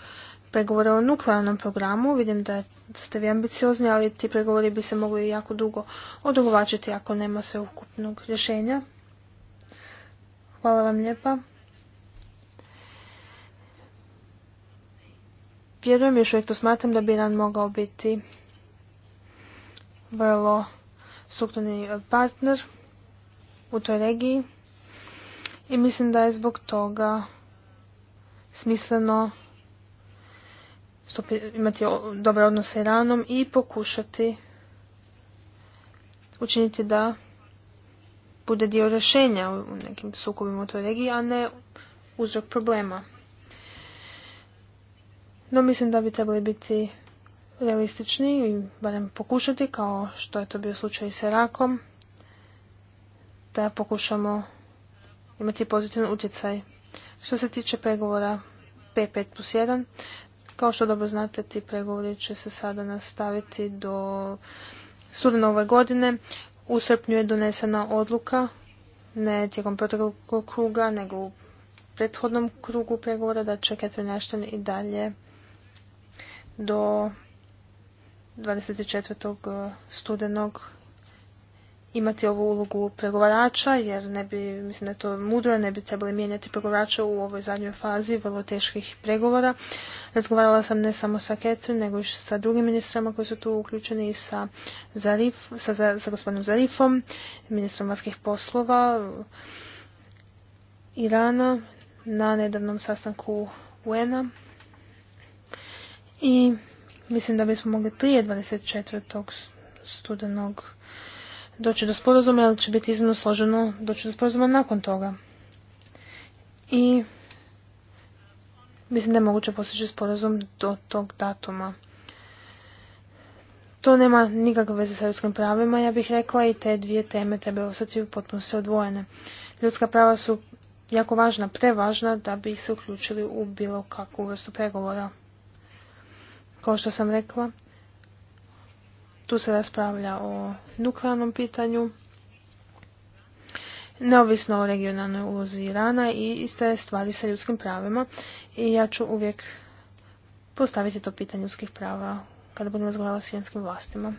pregovore o nuklearnom programu. Vidim da ste vi ambiciozni, ali ti pregovori bi se mogli jako dugo odugovačiti ako nema sveukupnog rješenja. Hvala vam lijepa. Vjerujem još uvijek to smatram da bi Iran mogao biti vrlo strukturni partner u toj regiji i mislim da je zbog toga smisleno imati dobre odnose sa Iranom i pokušati učiniti da bude dio rješenja u nekim sukobima u toj regiji, a ne uzrok problema. No mislim da bi trebali biti realistični, i barem pokušati, kao što je to bio slučaj sa rakom da pokušamo imati pozitivan utjecaj. Što se tiče pregovora P5 plus 1, kao što dobro znate, ti pregovori će se sada nastaviti do studena ove godine. U srpnju je donesena odluka, ne tijekom protokola kruga, nego u prethodnom krugu pregovora, da će Catherine i dalje do 24. Eh, studenog imati ovu ulogu pregovarača, jer ne bi, mislim da je to mudro, ne bi trebali mijenjati pregovarača u ovoj zadnjoj fazi vrlo teških pregovora. Razgovarala sam ne samo sa Catherine, nego i sa drugim ministrama koji su tu uključeni i sa, Zarif, sa, gospodinom Zarifom, ministrom vanjskih poslova eh, Irana na nedavnom sastanku un I Mislim da bismo mogli prije 24. studenog doći do sporazuma, ali će biti iznimno složeno doći do sporazuma nakon toga. I mislim da je moguće postići sporazum do tog datuma. To nema nikakve veze sa ljudskim pravima, ja bih rekla i te dvije teme trebaju ostati potpuno se odvojene. Ljudska prava su jako važna, prevažna da bi ih se uključili u bilo kakvu vrstu pregovora. Kao što sam rekla, tu se raspravlja o nuklearnom pitanju, neovisno o regionalnoj ulozi Irana i iste stvari sa ljudskim pravima. I ja ću uvijek postaviti to pitanje ljudskih prava kada budem razgovarala s iranskim vlastima.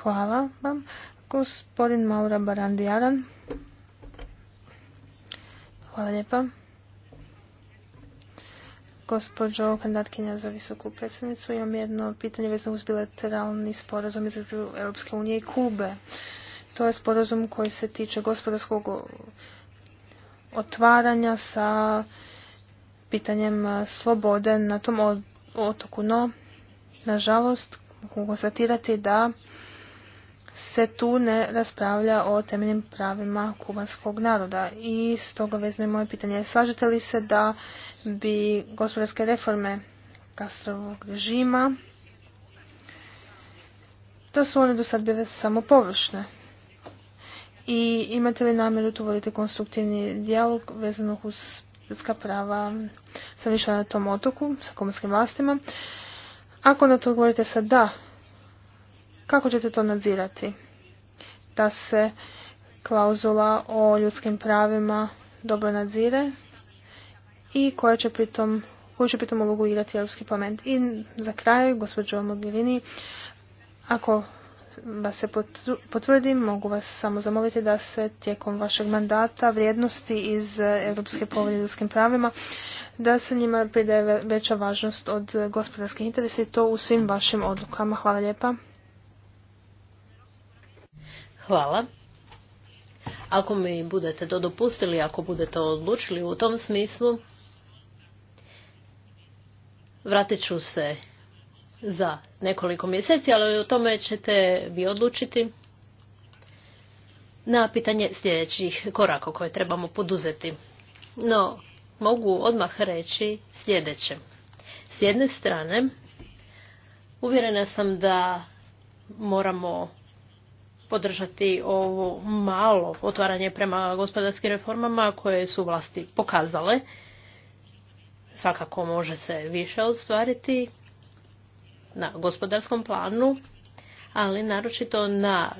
Hvala vam. Gospodin Maura Barandijaran. Hvala lijepa. Gospođo kandidatkinja za visoku predsjednicu, imam jedno pitanje vezano uz bilateralni sporazum između Europske unije i Kube. To je sporazum koji se tiče gospodarskog otvaranja sa pitanjem slobode na tom otoku. No, nažalost, mogu konstatirati da se tu ne raspravlja o temeljnim pravima kubanskog naroda. I stoga vezno je moje pitanje. Slažete li se da bi gospodarske reforme Kastrovog režima da su one do sad bile samo površne. I imate li namjeru tu konstruktivni dijalog vezano uz ljudska prava sa na tom otoku, sa komorskim vlastima? Ako na to govorite sa da, kako ćete to nadzirati? Da se klauzula o ljudskim pravima dobro nadzire i koja će pritom koju će ulogu igrati Europski parlament. I za kraj, gospođo Mogherini, ako vas se potvrdi, mogu vas samo zamoliti da se tijekom vašeg mandata vrijednosti iz Europske i ljudskim pravima, da se njima pridaje veća važnost od gospodarskih interesa i to u svim vašim odlukama. Hvala lijepa. Hvala. Ako mi budete to dopustili, ako budete odlučili u tom smislu, Vratit ću se za nekoliko mjeseci, ali o tome ćete vi odlučiti na pitanje sljedećih koraka koje trebamo poduzeti. No, mogu odmah reći sljedeće. S jedne strane, uvjerena sam da moramo podržati ovo malo otvaranje prema gospodarskim reformama koje su vlasti pokazale Svakako može se više ostvariti na gospodarskom planu, ali naročito na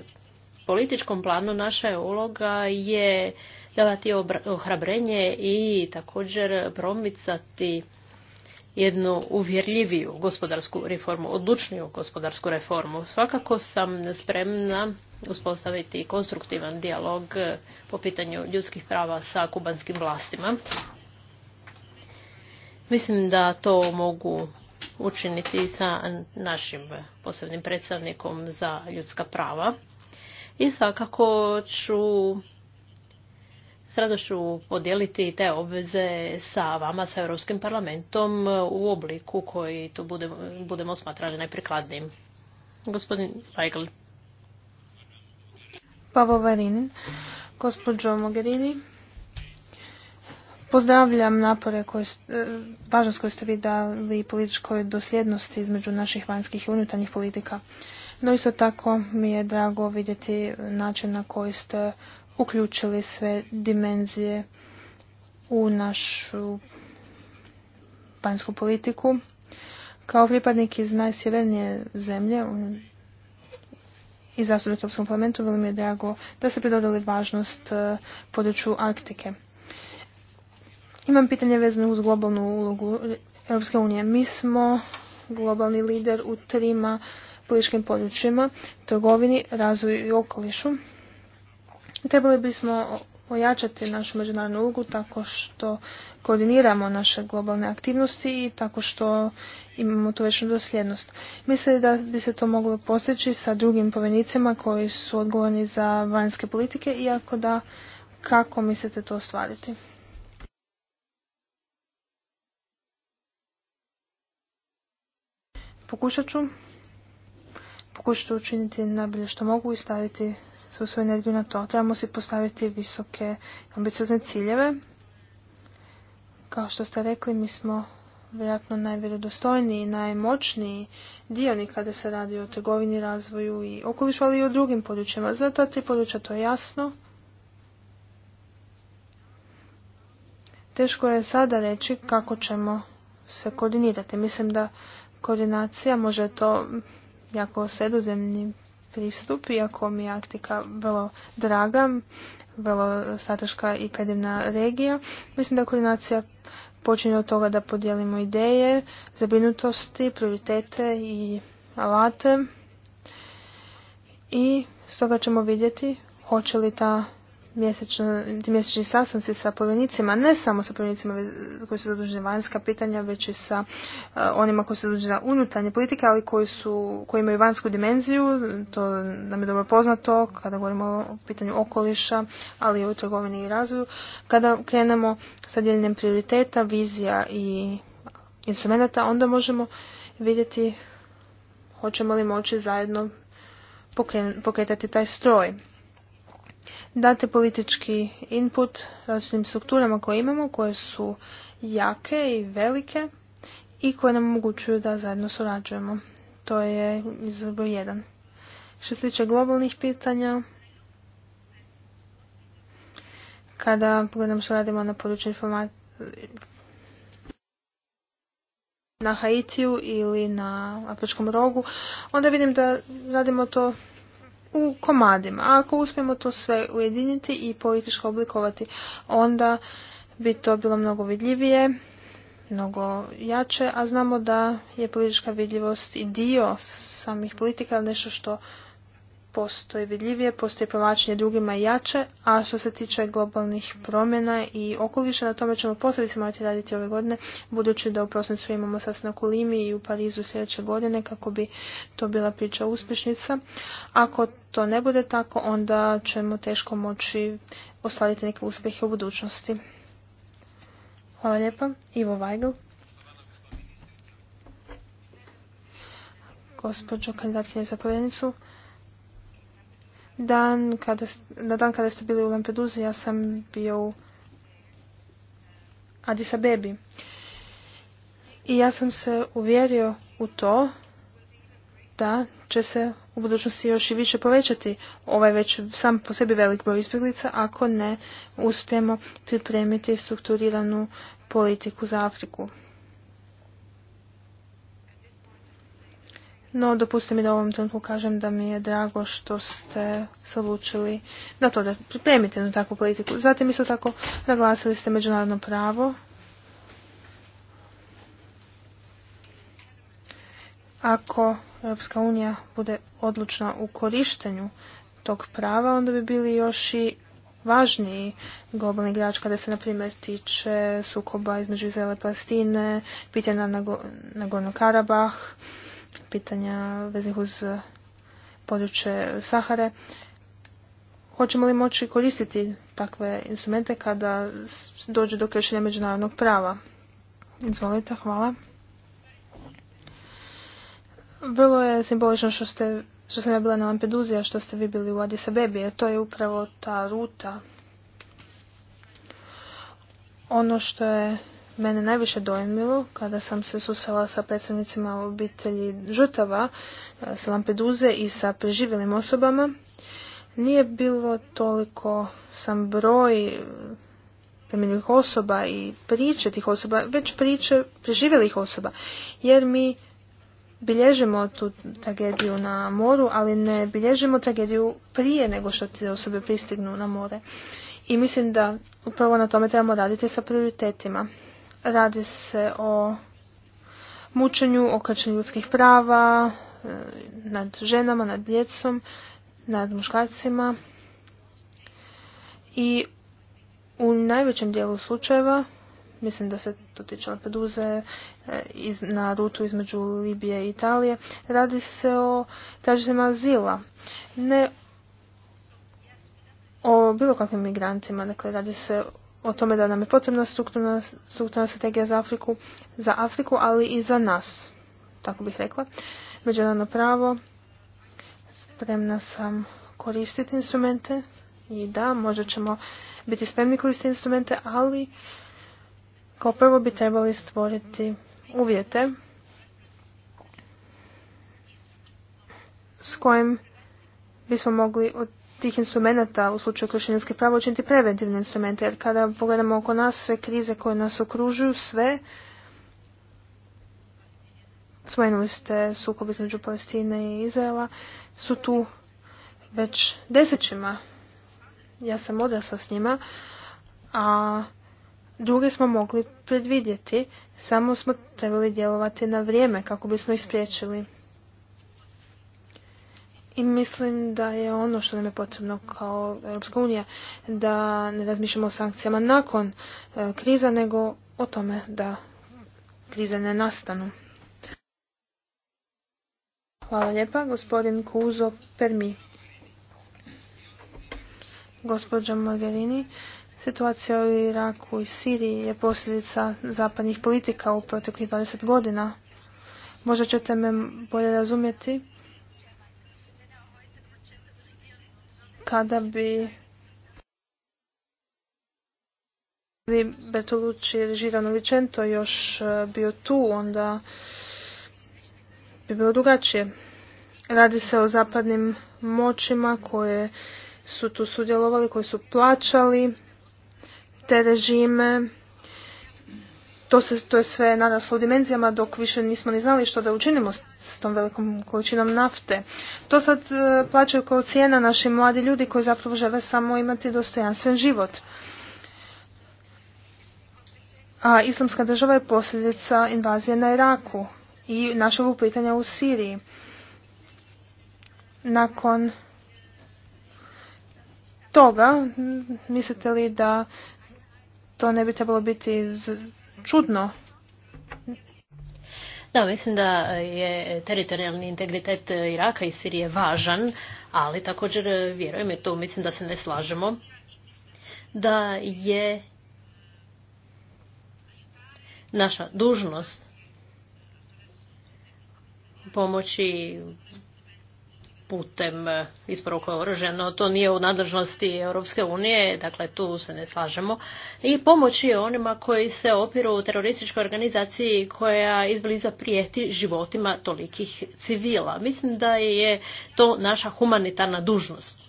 političkom planu naša je uloga je davati ohrabrenje i također promicati jednu uvjerljiviju gospodarsku reformu, odlučniju gospodarsku reformu. Svakako sam spremna uspostaviti konstruktivan dijalog po pitanju ljudskih prava sa kubanskim vlastima. Mislim da to mogu učiniti sa našim posebnim predstavnikom za ljudska prava. I svakako ću s radošću podijeliti te obveze sa vama, sa Europskim parlamentom u obliku koji to budemo, budemo smatrali najprikladnijim. Gospodin Weigl. Pavel Varinin, gospođo Mogherini, Pozdravljam napore koje, e, važnost koju ste vi dali političkoj dosljednosti između naših vanjskih i unutarnjih politika. No isto tako mi je drago vidjeti način na koji ste uključili sve dimenzije u našu vanjsku politiku. Kao pripadnik iz najsjevernije zemlje i zastupnik u Europskom parlamentu bilo mi je drago da ste pridodali važnost e, području Arktike. Imam pitanje vezano uz globalnu ulogu Europske unije. Mi smo globalni lider u trima političkim područjima, trgovini, razvoju i okolišu. Trebali bismo ojačati našu međunarodnu ulogu tako što koordiniramo naše globalne aktivnosti i tako što imamo tu veću dosljednost. Mislim da bi se to moglo postići sa drugim povjenicima koji su odgovorni za vanjske politike, iako da kako mislite to ostvariti? Pokušat ću. Pokušat ću učiniti najbolje što mogu i staviti svu svoju energiju na to. Trebamo si postaviti visoke ambiciozne ciljeve. Kao što ste rekli, mi smo vjerojatno najvjerodostojniji i najmoćniji dionik kada se radi o trgovini, razvoju i okolišu, ali i o drugim područjima. Za ta tri područja to je jasno. Teško je sada reći kako ćemo se koordinirati. Mislim da koordinacija, može to jako sredozemni pristup, iako mi je Aktika vrlo draga, vrlo strateška i predivna regija. Mislim da koordinacija počinje od toga da podijelimo ideje, zabrinutosti, prioritete i alate i stoga ćemo vidjeti hoće li ta mjesečno, ti mjesečni sastanci sa povjerenicima, ne samo sa povjerenicima koji su zaduženi vanjska pitanja, već i sa eh, onima koji su zaduženi za unutarnje politike, ali koji, su, koji imaju vanjsku dimenziju, to nam je dobro poznato kada govorimo o pitanju okoliša, ali i o trgovini i razvoju. Kada krenemo sa dijeljenjem prioriteta, vizija i instrumenta, onda možemo vidjeti hoćemo li moći zajedno pokretati taj stroj date politički input različitim strukturama koje imamo, koje su jake i velike i koje nam omogućuju da zajedno surađujemo. To je izbor jedan. Što se tiče globalnih pitanja, kada pogledam što radimo na području informacije, na Haitiju ili na Afričkom rogu, onda vidim da radimo to u komadima. ako uspijemo to sve ujediniti i političko oblikovati, onda bi to bilo mnogo vidljivije, mnogo jače, a znamo da je politička vidljivost i dio samih politika, nešto što postoje vidljivije, postoje privlačenje drugima jače, a što se tiče globalnih promjena i okoliša, na tome ćemo posebice morati raditi ove godine, budući da u prosincu imamo sasnak u Limi i u Parizu sljedeće godine kako bi to bila priča uspješnica. Ako to ne bude tako, onda ćemo teško moći ostvariti neke uspjehe u budućnosti. Hvala lijepa. Ivo Weigl. Gospođo kandidatkinje za povjednicu, dan kada, na dan kada ste bili u Lampeduzi ja sam bio u Addis Abebi. I ja sam se uvjerio u to da će se u budućnosti još i više povećati ovaj već sam po sebi velik broj izbjeglica ako ne uspijemo pripremiti strukturiranu politiku za Afriku. No, dopustite mi da u ovom trenutku kažem da mi je drago što ste se odlučili na to da pripremite na takvu politiku. Zatim isto tako naglasili ste međunarodno pravo. Ako Europska unija bude odlučna u korištenju tog prava, onda bi bili još i važniji globalni igrač kada se, na primjer, tiče sukoba između Izraela i Palestine, pitanja na, Nagorno Karabah, pitanja vezih uz eh, područje Sahare. Hoćemo li moći koristiti takve instrumente kada dođe do kršenja međunarodnog prava? Izvolite, hvala. Vrlo je simbolično što ste što sam ja bila na Lampeduzi, što ste vi bili u Addis Bebi, jer to je upravo ta ruta. Ono što je mene najviše dojmilo kada sam se susala sa predstavnicima obitelji žrtava e, sa Lampeduze i sa preživjelim osobama, nije bilo toliko sam broj e, preminulih osoba i priče tih osoba, već priče preživjelih osoba, jer mi bilježimo tu tragediju na moru, ali ne bilježimo tragediju prije nego što te osobe pristignu na more. I mislim da upravo na tome trebamo raditi sa prioritetima. Radi se o mučenju, o krčenju ljudskih prava, e, nad ženama, nad djecom, nad muškarcima i u najvećem dijelu slučajeva, mislim da se to tiče Lampeduze e, na rutu između Libije i Italije, radi se o tražitima azila, ne o bilo kakvim migrantima, dakle radi se o tome da nam je potrebna strukturna, strukturna strategija za Afriku, za Afriku, ali i za nas, tako bih rekla. Međunarodno pravo, spremna sam koristiti instrumente i da, možda ćemo biti spremni koristiti instrumente, ali kao prvo bi trebali stvoriti uvjete s kojim bismo mogli tih instrumenta u slučaju kršenja ljudskih prava učiniti preventivne instrumente, jer kada pogledamo oko nas sve krize koje nas okružuju, sve spomenuli ste sukob između Palestine i Izraela, su tu već desećima. Ja sam odrasla s njima, a druge smo mogli predvidjeti, samo smo trebali djelovati na vrijeme kako bismo ispriječili. I mislim da je ono što nam je potrebno kao Europska unija da ne razmišljamo o sankcijama nakon e, kriza, nego o tome da krize ne nastanu. Hvala lijepa, gospodin Kuzo Permi. Gospođo Mogherini, situacija u Iraku i Siriji je posljedica zapadnih politika u proteklih 20 godina. Možda ćete me bolje razumjeti kada bi Bertolucci Žirano Vicento još e, bio tu, onda bi bilo drugačije. Radi se o zapadnim moćima koje su tu sudjelovali, koji su plaćali te režime to, se, to je sve naraslo u dimenzijama dok više nismo ni znali što da učinimo s, tom velikom količinom nafte. To sad e, plaćaju kao cijena naši mladi ljudi koji zapravo žele samo imati dostojanstven život. A islamska država je posljedica invazije na Iraku i našeg upitanja u Siriji. Nakon toga, mislite li da to ne bi trebalo biti čudno. Da, mislim da je teritorijalni integritet Iraka i Sirije važan, ali također vjerujem je to, mislim da se ne slažemo, da je naša dužnost pomoći putem e, isporuka oružja, no to nije u nadležnosti Europske unije, dakle tu se ne slažemo, i pomoći onima koji se opiru u terorističkoj organizaciji koja izbliza prijeti životima tolikih civila. Mislim da je to naša humanitarna dužnost.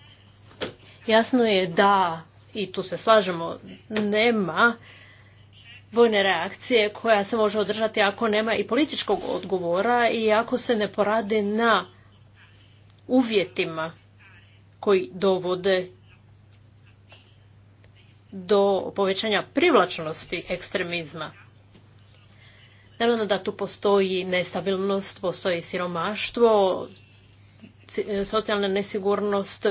Jasno je da, i tu se slažemo, nema vojne reakcije koja se može održati ako nema i političkog odgovora i ako se ne poradi na uvjetima koji dovode do povećanja privlačnosti ekstremizma. Naravno da tu postoji nestabilnost, postoji siromaštvo, e, socijalna nesigurnost,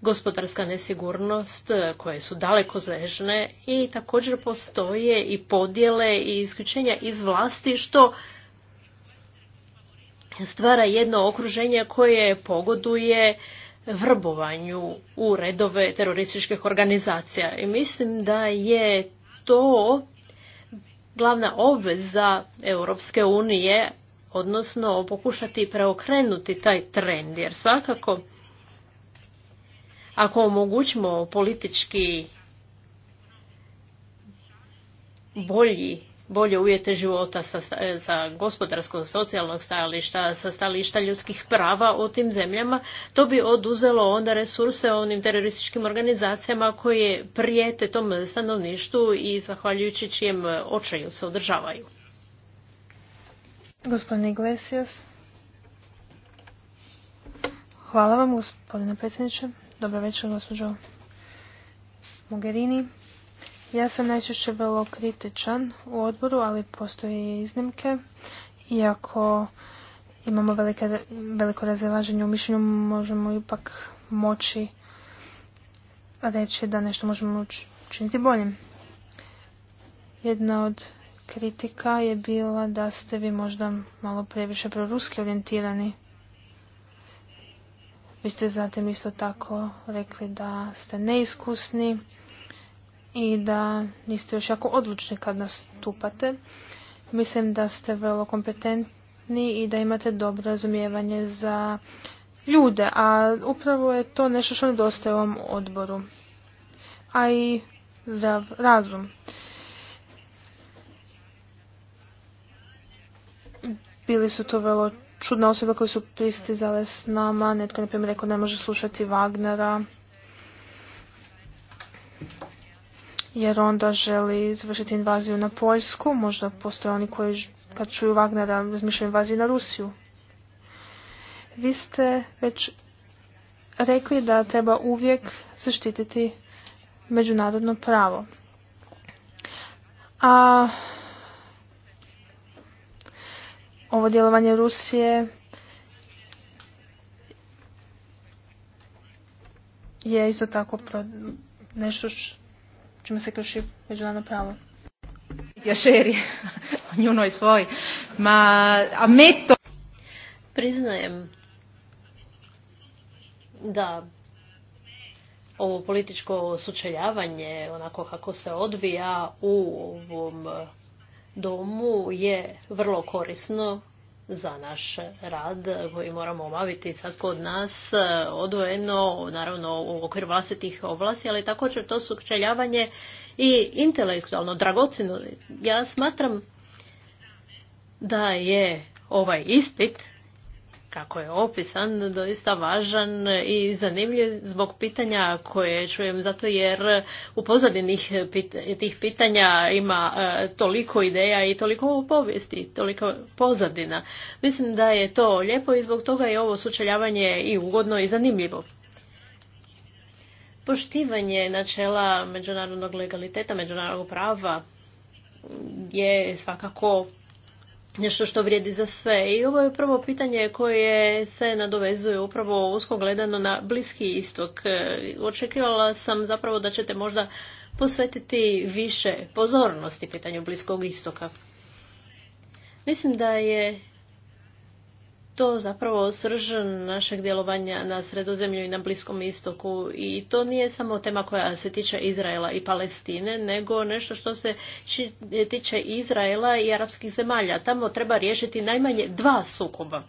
gospodarska nesigurnost e, koje su daleko zežne i također postoje i podjele i isključenja iz vlasti što stvara jedno okruženje koje pogoduje vrbovanju u redove terorističkih organizacija. I mislim da je to glavna obveza Europske unije, odnosno pokušati preokrenuti taj trend, jer svakako ako omogućimo politički bolji bolje uvjete života sa, gospodarskog, socijalnog stajališta, sa stajališta ljudskih prava u tim zemljama, to bi oduzelo onda resurse onim terorističkim organizacijama koje prijete tom stanovništu i zahvaljujući čijem očaju se održavaju. Gospodin Iglesias. Hvala vam, gospodine predsjedniče. Dobro večer, gospođo Mogherini. Ja sam najčešće vrlo kritičan u odboru, ali postoje iznimke. Iako imamo velike, veliko razilaženje u mišljenju, možemo ipak moći reći da nešto možemo učiniti boljim. Jedna od kritika je bila da ste vi možda malo previše proruski orijentirani. Vi ste zatim isto tako rekli da ste neiskusni i da niste još jako odlučni kad nastupate. Mislim da ste vrlo kompetentni i da imate dobro razumijevanje za ljude, a upravo je to nešto što nedostaje u ovom odboru. A i za razum. Bili su to vrlo čudne osobe koje su pristizale s nama. Netko je, na primjer, rekao ne može slušati Wagnera jer onda želi izvršiti invaziju na Poljsku, možda postoje oni koji kad čuju Wagnera razmišljaju invaziju na Rusiju. Vi ste već rekli da treba uvijek zaštititi međunarodno pravo. A ovo djelovanje Rusije je isto tako nešto čime se krši međunarodno pravo. Jašeri, ognuno svoj. Ma, a meto... Priznajem da ovo političko sučeljavanje, onako kako se odvija u ovom domu, je vrlo korisno za naš rad koji moramo obaviti sad kod nas e, odvojeno, naravno u okviru vlastitih ovlasti, ali također to sučeljavanje i intelektualno dragocjeno. Ja smatram da je ovaj ispit kako je opisan, doista važan i zanimljiv zbog pitanja koje čujem, zato jer u pozadini tih pitanja ima e, toliko ideja i toliko povijesti, toliko pozadina. Mislim da je to lijepo i zbog toga je ovo sučeljavanje i ugodno i zanimljivo. Poštivanje načela međunarodnog legaliteta, međunarodnog prava je svakako nešto što vrijedi za sve. I ovo je prvo pitanje koje se nadovezuje upravo usko gledano na Bliski istok. E, očekivala sam zapravo da ćete možda posvetiti više pozornosti pitanju Bliskog istoka. Mislim da je to zapravo srž našeg djelovanja na sredozemlju i na Bliskom istoku i to nije samo tema koja se tiče Izraela i Palestine, nego nešto što se tiče Izraela i arapskih zemalja. Tamo treba riješiti najmanje dva sukoba.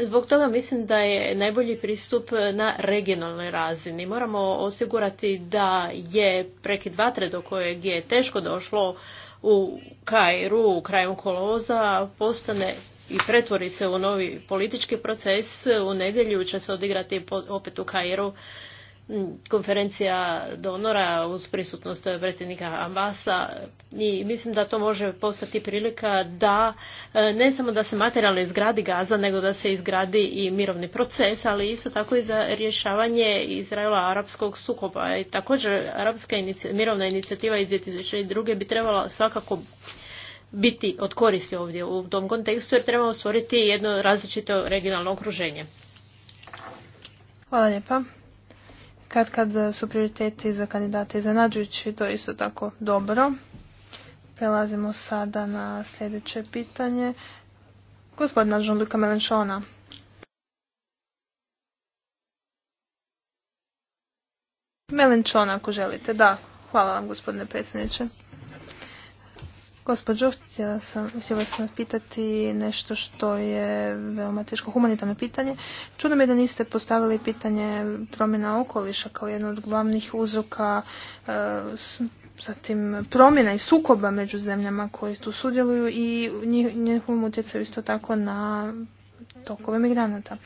Zbog toga mislim da je najbolji pristup na regionalnoj razini. Moramo osigurati da je prekid vatre do kojeg je teško došlo u Kairu krajem Koloza, postane i pretvori se u novi politički proces. U nedjelju će se odigrati opet u Kairu konferencija donora uz prisutnost predsjednika Ambasa i mislim da to može postati prilika da e, ne samo da se materijalno izgradi Gaza, nego da se izgradi i mirovni proces, ali isto tako i za rješavanje Izraela-arapskog sukoba. I također, arapska mirovna inicijativa iz 2002. bi trebala svakako biti od koristi ovdje u tom kontekstu jer trebamo stvoriti jedno različito regionalno okruženje. Hvala lijepa. Kad kad su prioriteti za kandidate iznenađujući, to je isto tako dobro. Prelazimo sada na sljedeće pitanje. Gospodina Žunduka Melenšona. Melenčona ako želite, da. Hvala vam gospodine predsjedniče. Gospođo, htjela sam, htjela sam pitati nešto što je veoma teško humanitarno pitanje. Čudno mi je da niste postavili pitanje promjena okoliša kao jedno od glavnih uzroka e, zatim promjena i sukoba među zemljama koje tu sudjeluju i njihovom utjecaju isto tako na tokove migranata.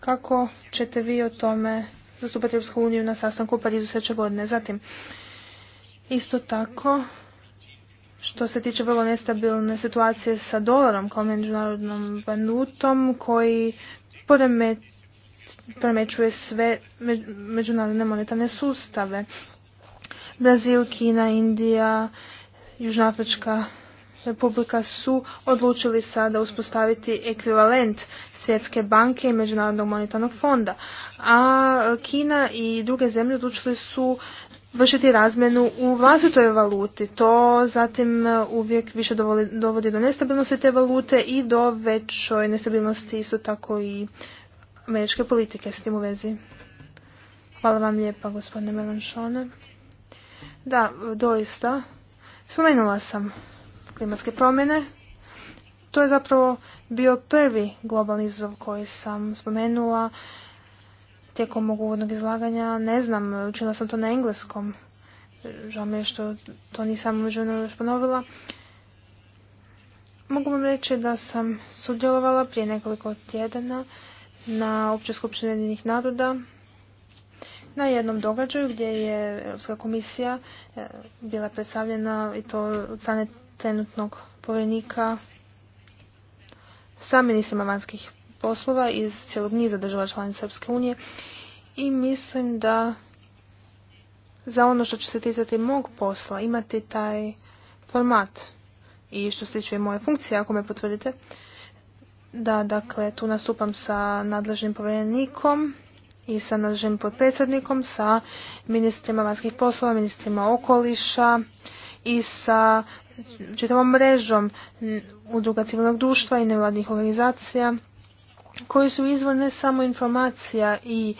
Kako ćete vi o tome zastupati Europsku uniju na sastanku u Parizu sljedeće godine? Zatim, isto tako, što se tiče vrlo nestabilne situacije sa dolarom kao međunarodnom vanutom koji premećuje sve međunarodne monetarne sustave. Brazil, Kina, Indija, Južnoafrička Republika su odlučili sada uspostaviti ekvivalent Svjetske banke i Međunarodnog monetarnog fonda, a Kina i druge zemlje odlučili su vršiti razmenu u vlastitoj valuti. To zatim uh, uvijek više dovodi do nestabilnosti te valute i do većoj nestabilnosti isto tako i američke politike s tim u vezi. Hvala vam lijepa gospodine Melanšone. Da, doista. Spomenula sam klimatske promjene. To je zapravo bio prvi globalni koji sam spomenula tijekom mog uvodnog izlaganja, ne znam, učila sam to na engleskom. Žao mi je što to nisam uđeno još ponovila. Mogu vam reći da sam sudjelovala prije nekoliko tjedana na Opće skupštine Jedinih naroda na jednom događaju gdje je Europska komisija e, bila predstavljena i to od strane trenutnog povjerenika sa ministrima vanjskih poslova iz cijelog niza država članica Srpske unije i mislim da za ono što će se ticati mog posla imati taj format i što se tiče moje funkcije, ako me potvrdite, da dakle tu nastupam sa nadležnim povjerenikom i sa nadležnim potpredsjednikom, sa ministrima vanjskih poslova, ministrima okoliša i sa čitavom mrežom udruga civilnog društva i nevladnih organizacija koji su izvor ne samo informacija i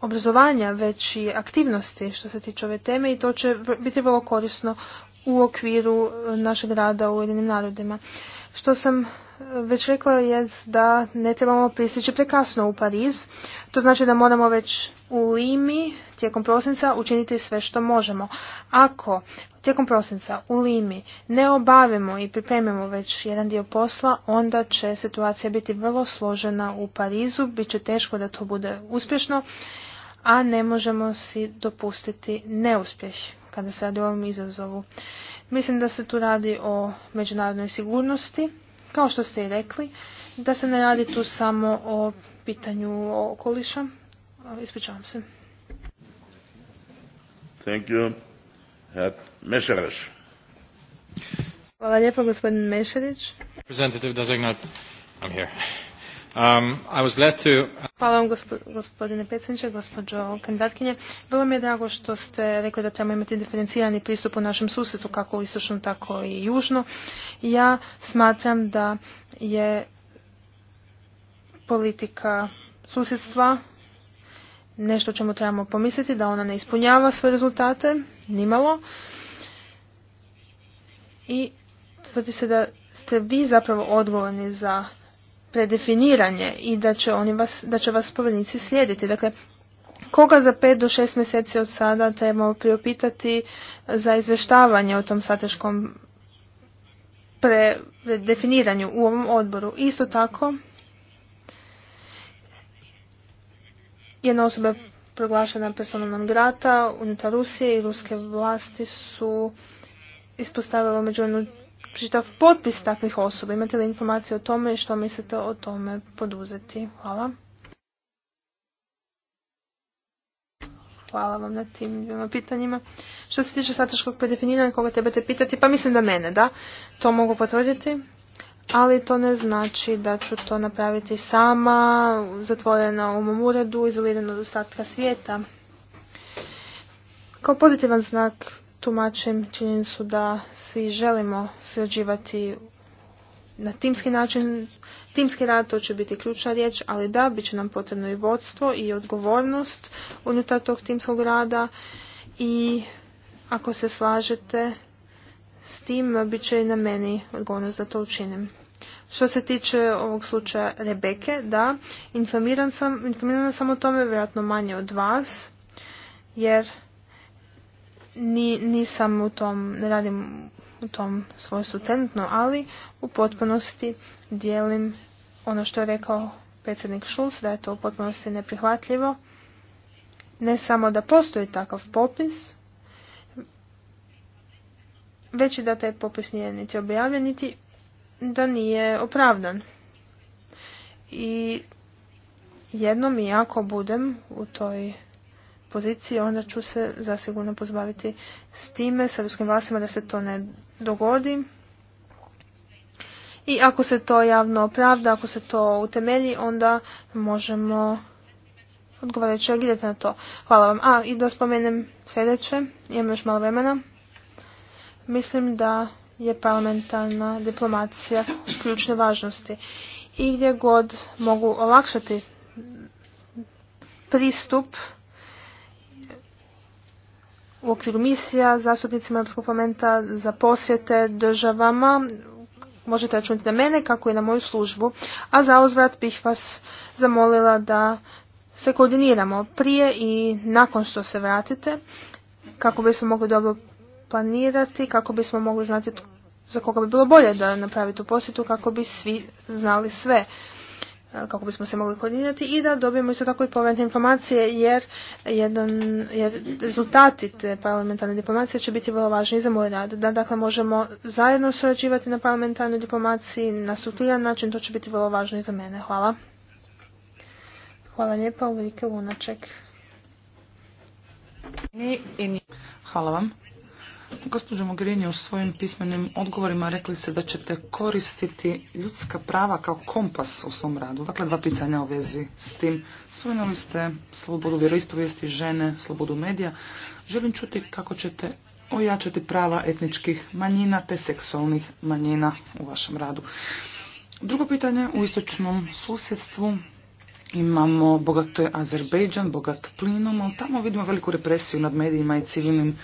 obrazovanja, već i aktivnosti što se tiče ove teme i to će biti vrlo korisno u okviru našeg rada u Ujedinim narodima. Što sam e, već rekla je da ne trebamo pristići prekasno u Pariz. To znači da moramo već u Limi tijekom prosinca učiniti sve što možemo. Ako tijekom prosinca u Limi ne obavimo i pripremimo već jedan dio posla, onda će situacija biti vrlo složena u Parizu, bit će teško da to bude uspješno, a ne možemo si dopustiti neuspjeh kada se radi o ovom izazovu. Mislim da se tu radi o međunarodnoj sigurnosti, kao što ste i rekli, da se ne radi tu samo o pitanju okoliša. Ispričavam se. Thank you. Hvala lijepo, gospodin Um, Hvala vam gospodine predsjedniče, gospođo kandidatkinje. Vrlo mi je drago što ste rekli da trebamo imati diferencirani pristup u našem susjedstvu, kako Istočnom, tako i južno. Ja smatram da je politika susjedstva nešto o čemu trebamo pomisliti, da ona ne ispunjava svoje rezultate, nimalo. I tvrdi se da ste vi zapravo odgovorni za predefiniranje i da će, oni vas, da će vas povjerenici slijediti. Dakle, koga za pet do šest mjeseci od sada trebamo priopitati za izvještavanje o tom strateškom predefiniranju u ovom odboru. Isto tako, jedna osoba proglašena personom grata unutar Rusije i ruske vlasti su ispostavile međunarodnu čitav potpis takvih osoba. Imate li informacije o tome i što mislite o tome poduzeti? Hvala. Hvala vam na tim dvima pitanjima. Što se tiče strateškog predefiniranja, koga trebate pitati? Pa mislim da mene, da. To mogu potvrditi. Ali to ne znači da ću to napraviti sama, zatvorena u mom uredu, izolirana od ostatka svijeta. Kao pozitivan znak tumačim činjenicu da svi želimo surađivati na timski način. Timski rad to će biti ključna riječ, ali da, bit će nam potrebno i vodstvo i odgovornost unutar tog timskog rada i ako se slažete s tim, bit će i na meni odgovornost da to učinim. Što se tiče ovog slučaja Rebeke, da, informiran sam, informirana sam o tome, vjerojatno manje od vas, jer ni, nisam u tom, ne radim u tom svojstvu trenutno, ali u potpunosti dijelim ono što je rekao predsjednik Šulc, da je to u potpunosti neprihvatljivo. Ne samo da postoji takav popis, već i da taj popis nije niti objavljen, niti da nije opravdan. I jednom i ako budem u toj poziciji, onda ću se zasigurno pozbaviti s time, sa ruskim vlastima, da se to ne dogodi. I ako se to javno opravda, ako se to utemelji, onda možemo odgovarajuće reagirati na to. Hvala vam. A, i da spomenem sljedeće, imam još malo vremena. Mislim da je parlamentarna diplomacija ključne važnosti. I gdje god mogu olakšati pristup u okviru misija zastupnicima Europskog parlamenta za posjete državama možete računiti na mene kako i na moju službu, a za uzvrat bih vas zamolila da se koordiniramo prije i nakon što se vratite kako bismo mogli dobro planirati, kako bismo mogli znati za koga bi bilo bolje da napravi tu posjetu, kako bi svi znali sve E, kako bismo se mogli koordinirati i da dobijemo isto tako i povratne informacije jer, jedan, jer rezultati te parlamentarne diplomacije će biti vrlo važni i za moj rad. Da dakle možemo zajedno surađivati na parlamentarnoj diplomaciji na sutiljan način, to će biti vrlo važno i za mene. Hvala. Hvala lijepa, Ulrike Lunaček. Hvala vam. Gospođo Mogherini, u svojim pismenim odgovorima rekli ste da ćete koristiti ljudska prava kao kompas u svom radu. Dakle, dva pitanja u vezi s tim. Spomenuli ste slobodu vjeroispovijesti žene, slobodu medija. Želim čuti kako ćete ojačati prava etničkih manjina te seksualnih manjina u vašem radu. Drugo pitanje, u istočnom susjedstvu imamo bogato je Azerbejdžan, bogat plinom, ali tamo vidimo veliku represiju nad medijima i civilnim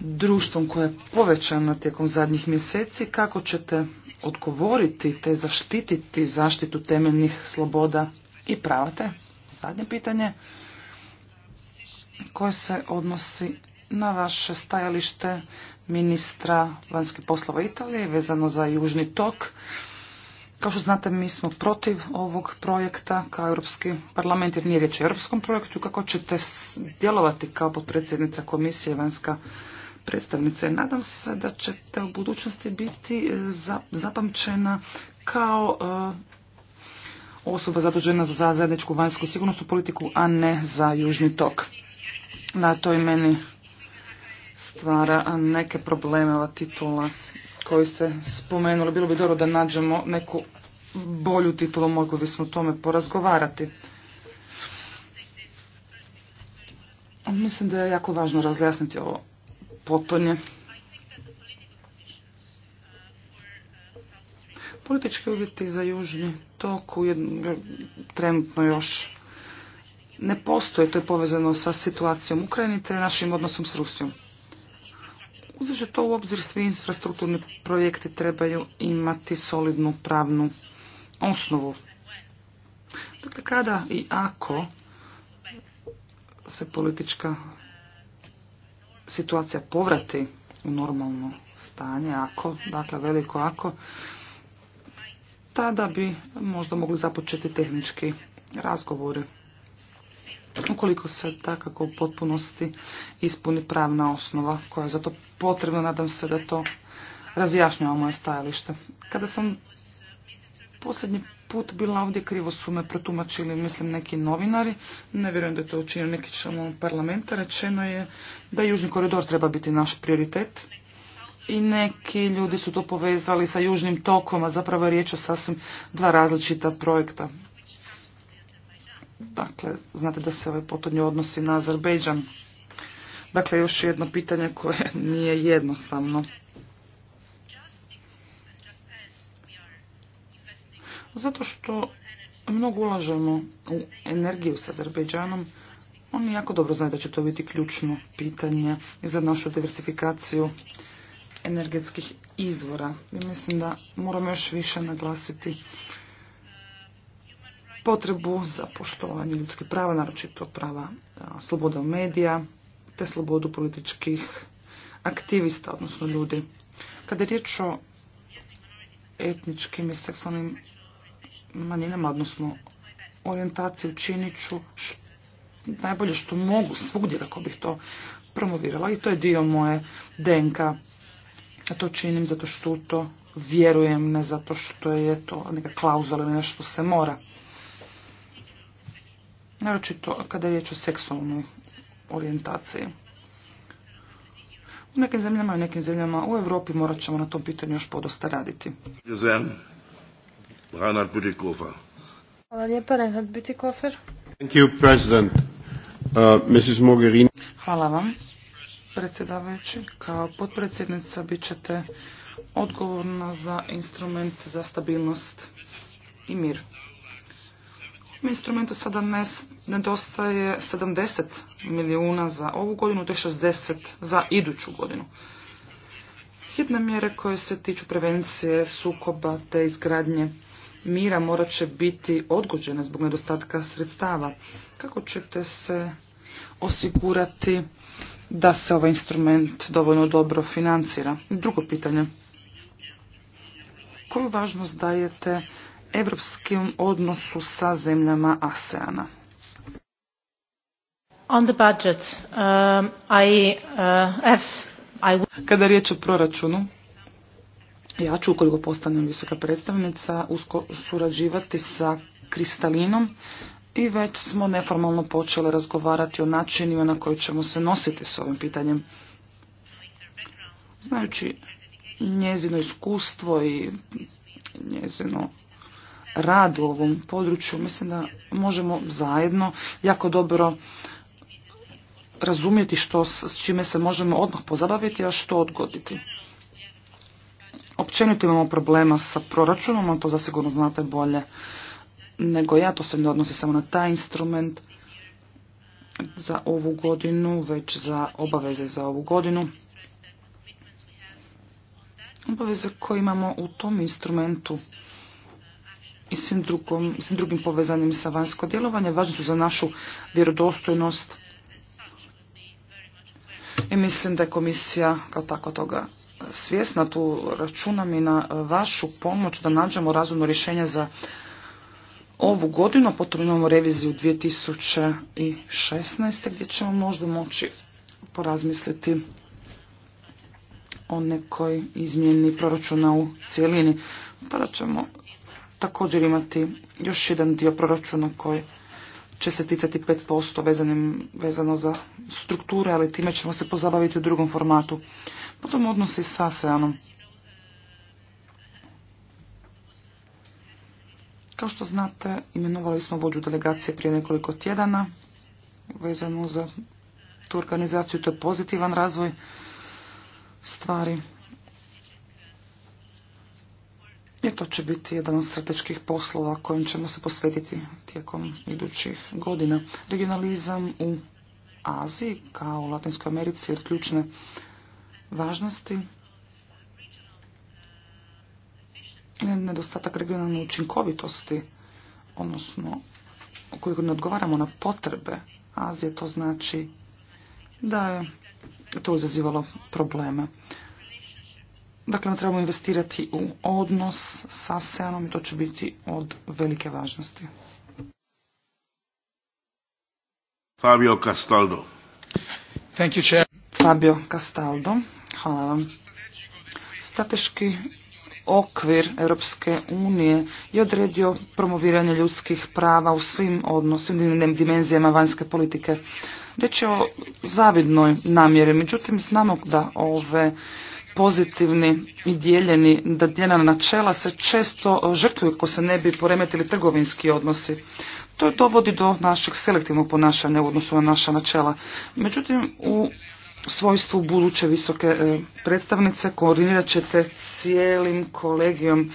društvom koje je povećano tijekom zadnjih mjeseci, kako ćete odgovoriti te zaštititi zaštitu temeljnih sloboda i prava te? Zadnje pitanje koje se odnosi na vaše stajalište ministra vanjskih poslova Italije vezano za Južni tok. Kao što znate, mi smo protiv ovog projekta kao Europski parlament, jer nije riječ o europskom projektu. Kako ćete djelovati kao potpredsjednica Komisije vanjska predstavnice. Nadam se da ćete u budućnosti biti e, zapamćena kao e, osoba zadužena za zajedničku vanjsku sigurnosnu politiku, a ne za južni tok. Na to i meni stvara neke probleme ova titula koji ste spomenuli. Bilo bi dobro da nađemo neku bolju titulu, mogli bismo o tome porazgovarati. Mislim da je jako važno razjasniti ovo potonje. Politički uvjeti za južni tok u trenutno još ne postoje, to je povezano sa situacijom Ukrajini te našim odnosom s Rusijom. Uzeći to u obzir, svi infrastrukturni projekti trebaju imati solidnu pravnu osnovu. Dakle, kada i ako se politička situacija povrati u normalno stanje, ako, dakle veliko ako, tada bi možda mogli započeti tehnički razgovore. Ukoliko se takako u potpunosti ispuni pravna osnova koja je za to potrebna, nadam se da to razjašnjava moje stajalište. Kada sam posljednji put bila ovdje, krivo su me protumačili, mislim, neki novinari. Ne vjerujem da je to učinio neki član parlamenta. Rečeno je da Južni koridor treba biti naš prioritet. I neki ljudi su to povezali sa Južnim tokom, a zapravo je riječ o sasvim dva različita projekta. Dakle, znate da se ovaj potodnje odnosi na Azerbejdžan. Dakle, još jedno pitanje koje nije jednostavno. Zato što mnogo ulažemo u energiju sa Azerbejdžanom, oni jako dobro znaju da će to biti ključno pitanje za našu diversifikaciju energetskih izvora. I mislim da moramo još više naglasiti potrebu za poštovanje ljudskih prava, naročito prava sloboda medija, te slobodu političkih aktivista, odnosno ljudi. Kada je riječ o etničkim i seksualnim manjinama, odnosno orijentaciju činit ću najbolje što mogu svugdje kako bih to promovirala i to je dio moje DNK. A to činim zato što to vjerujem, ne zato što je to neka klauzula ili nešto se mora. Naročito kada je riječ o seksualnoj orijentaciji. U nekim zemljama i u nekim zemljama u Europi morat ćemo na tom pitanju još podosta raditi. Reinhard Bütikofer. Hvala lijepa, Reinhard Bütikofer. Thank you, President. Uh, Mrs. Mogherini. Hvala vam, predsjedavajući. Kao potpredsjednica bit ćete odgovorna za instrument za stabilnost i mir. U instrumentu sada nedostaje 70 milijuna za ovu godinu, te 60 za iduću godinu. Hitne mjere koje se tiču prevencije, sukoba te izgradnje mira morat će biti odgođena zbog nedostatka sredstava. Kako ćete se osigurati da se ovaj instrument dovoljno dobro financira? Drugo pitanje. Koju važnost dajete evropskim odnosu sa zemljama ASEANA? a um, uh, Kada je riječ o proračunu, ja ću, ukoliko postanem visoka predstavnica, usko surađivati sa Kristalinom i već smo neformalno počeli razgovarati o načinima na koji ćemo se nositi s ovim pitanjem. Znajući njezino iskustvo i njezino rad u ovom području, mislim da možemo zajedno jako dobro razumjeti što s čime se možemo odmah pozabaviti, a što odgoditi. Općenito imamo problema sa proračunom, ali to zasigurno znate bolje nego ja. To se ne odnosi samo na taj instrument za ovu godinu, već za obaveze za ovu godinu. Obaveze koje imamo u tom instrumentu i svim, drugom, drugim povezanim sa vanjsko djelovanje važni su za našu vjerodostojnost i mislim da je komisija kao tako toga svjesna, tu računam i na vašu pomoć da nađemo razumno rješenje za ovu godinu, potom imamo reviziju 2016. gdje ćemo možda moći porazmisliti o nekoj izmjeni proračuna u cijelini. Tada ćemo također imati još jedan dio proračuna koji će se ticati 5% vezano za strukture, ali time ćemo se pozabaviti u drugom formatu. Potom odnosi s ASEANom. Kao što znate, imenovali smo vođu delegacije prije nekoliko tjedana vezano za tu organizaciju. To je pozitivan razvoj stvari. I to će biti jedan od strateških poslova kojim ćemo se posvetiti tijekom idućih godina. Regionalizam u Aziji kao u Latinskoj Americi je od ključne važnosti. Nedostatak regionalne učinkovitosti, odnosno ukoliko ne odgovaramo na potrebe Azije, to znači da je to izazivalo probleme. Dakle, ono trebamo investirati u odnos sa seanom i to će biti od velike važnosti. Fabio Castaldo. Thank you, chair. Fabio Castaldo, hvala vam. Strateški okvir Europske unije je odredio promoviranje ljudskih prava u svim odnosima dimenzijama vanjske politike. Reč je o zavidnoj namjeri, međutim znamo da ove pozitivni i dijeljeni, da djena načela se često e, žrtvuju ako se ne bi poremetili trgovinski odnosi. To dovodi do našeg selektivnog ponašanja u odnosu na naša načela. Međutim, u svojstvu buduće visoke e, predstavnice koordinirat ćete cijelim kolegijom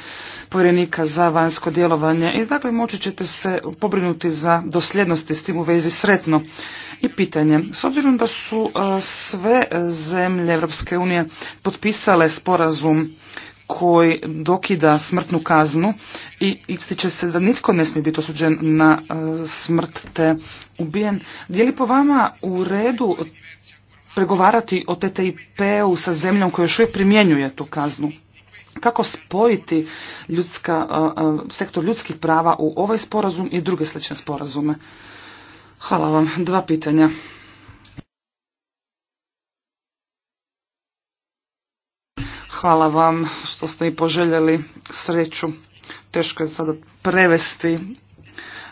povjerenika za vanjsko djelovanje i dakle moći ćete se pobrinuti za dosljednosti s tim u vezi sretno. I pitanje, s obzirom da su e, sve zemlje Europske unije potpisale sporazum koji dokida smrtnu kaznu i ističe se da nitko ne smije biti osuđen na e, smrt te ubijen. Je li po vama u redu pregovarati o TTIP-u sa zemljom koja još uvijek primjenjuje tu kaznu. Kako spojiti ljudska, sektor ljudskih prava u ovaj sporazum i druge slične sporazume? Hvala vam. Dva pitanja. Hvala vam što ste i poželjeli sreću. Teško je sada prevesti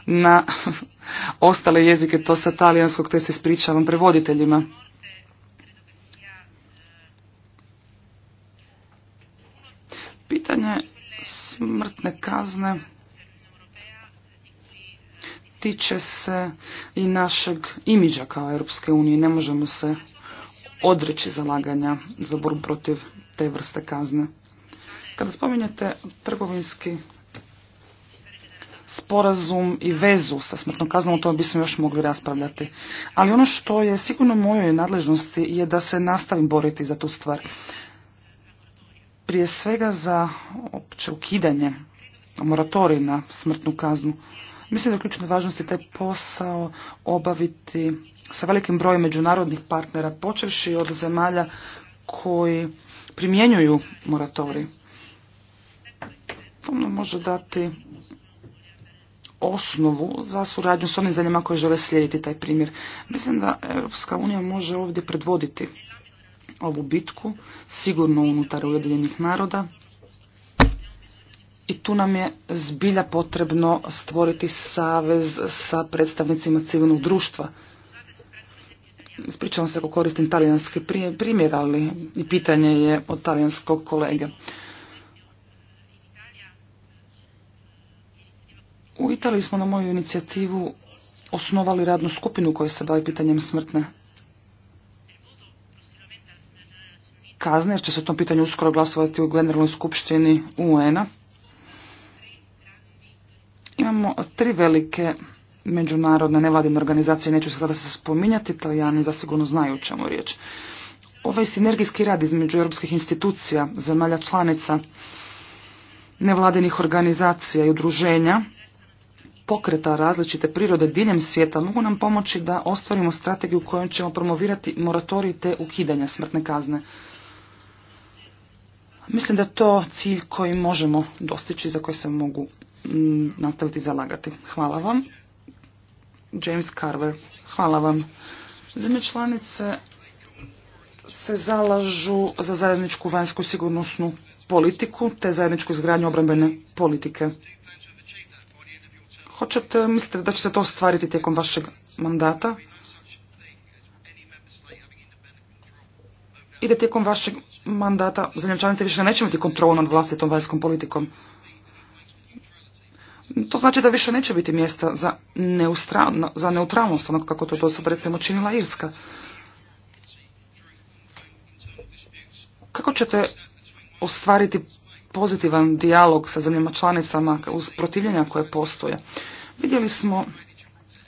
na ostale jezike, to sa talijanskog, te se ispričavam prevoditeljima. Pitanje smrtne kazne tiče se i našeg imidža kao Europske unije. Ne možemo se odreći zalaganja za borbu protiv te vrste kazne. Kada spominjete trgovinski sporazum i vezu sa smrtnom kaznom, o tome bismo još mogli raspravljati. Ali ono što je sigurno mojoj nadležnosti je da se nastavim boriti za tu stvar prije svega za opće ukidanje moratorij na smrtnu kaznu. Mislim da je ključno važnosti taj posao obaviti sa velikim brojem međunarodnih partnera, počevši od zemalja koji primjenjuju moratorij. nam može dati osnovu za suradnju s onim zemljama koje žele slijediti taj primjer. Mislim da Europska unija može ovdje predvoditi ovu bitku, sigurno unutar Ujedinjenih naroda. I tu nam je zbilja potrebno stvoriti savez sa predstavnicima civilnog društva. Ispričavam se ako koristim talijanski primjer, ali i pitanje je od talijanskog kolega. U Italiji smo na moju inicijativu osnovali radnu skupinu koja se bavi pitanjem smrtne kazne, jer će se o tom pitanju uskoro glasovati u Generalnoj skupštini UN-a. Imamo tri velike međunarodne nevladine organizacije, neću sada se spominjati, italijani zasigurno znaju o čemu riječ. Ovaj sinergijski rad između europskih institucija, zemalja članica, nevladinih organizacija i udruženja, pokreta različite prirode diljem svijeta mogu nam pomoći da ostvarimo strategiju kojom ćemo promovirati moratorij te ukidanja smrtne kazne. Mislim da je to cilj koji možemo dostići za koji se mogu mm, nastaviti zalagati. Hvala vam. James Carver, hvala vam. Zemlje članice se zalažu za zajedničku vanjsku sigurnosnu politiku te zajedničku izgradnju obrambene politike. Hoćete, mislite da će se to ostvariti tijekom vašeg mandata? I da tijekom vašeg mandata zemlje članice više neće imati kontrolu nad vlastitom vanjskom politikom. To znači da više neće biti mjesta za, za neutralnost, onako kako to do sad recimo činila Irska. Kako ćete ostvariti pozitivan dijalog sa zemljama članicama uz protivljenja koje postoje? Vidjeli smo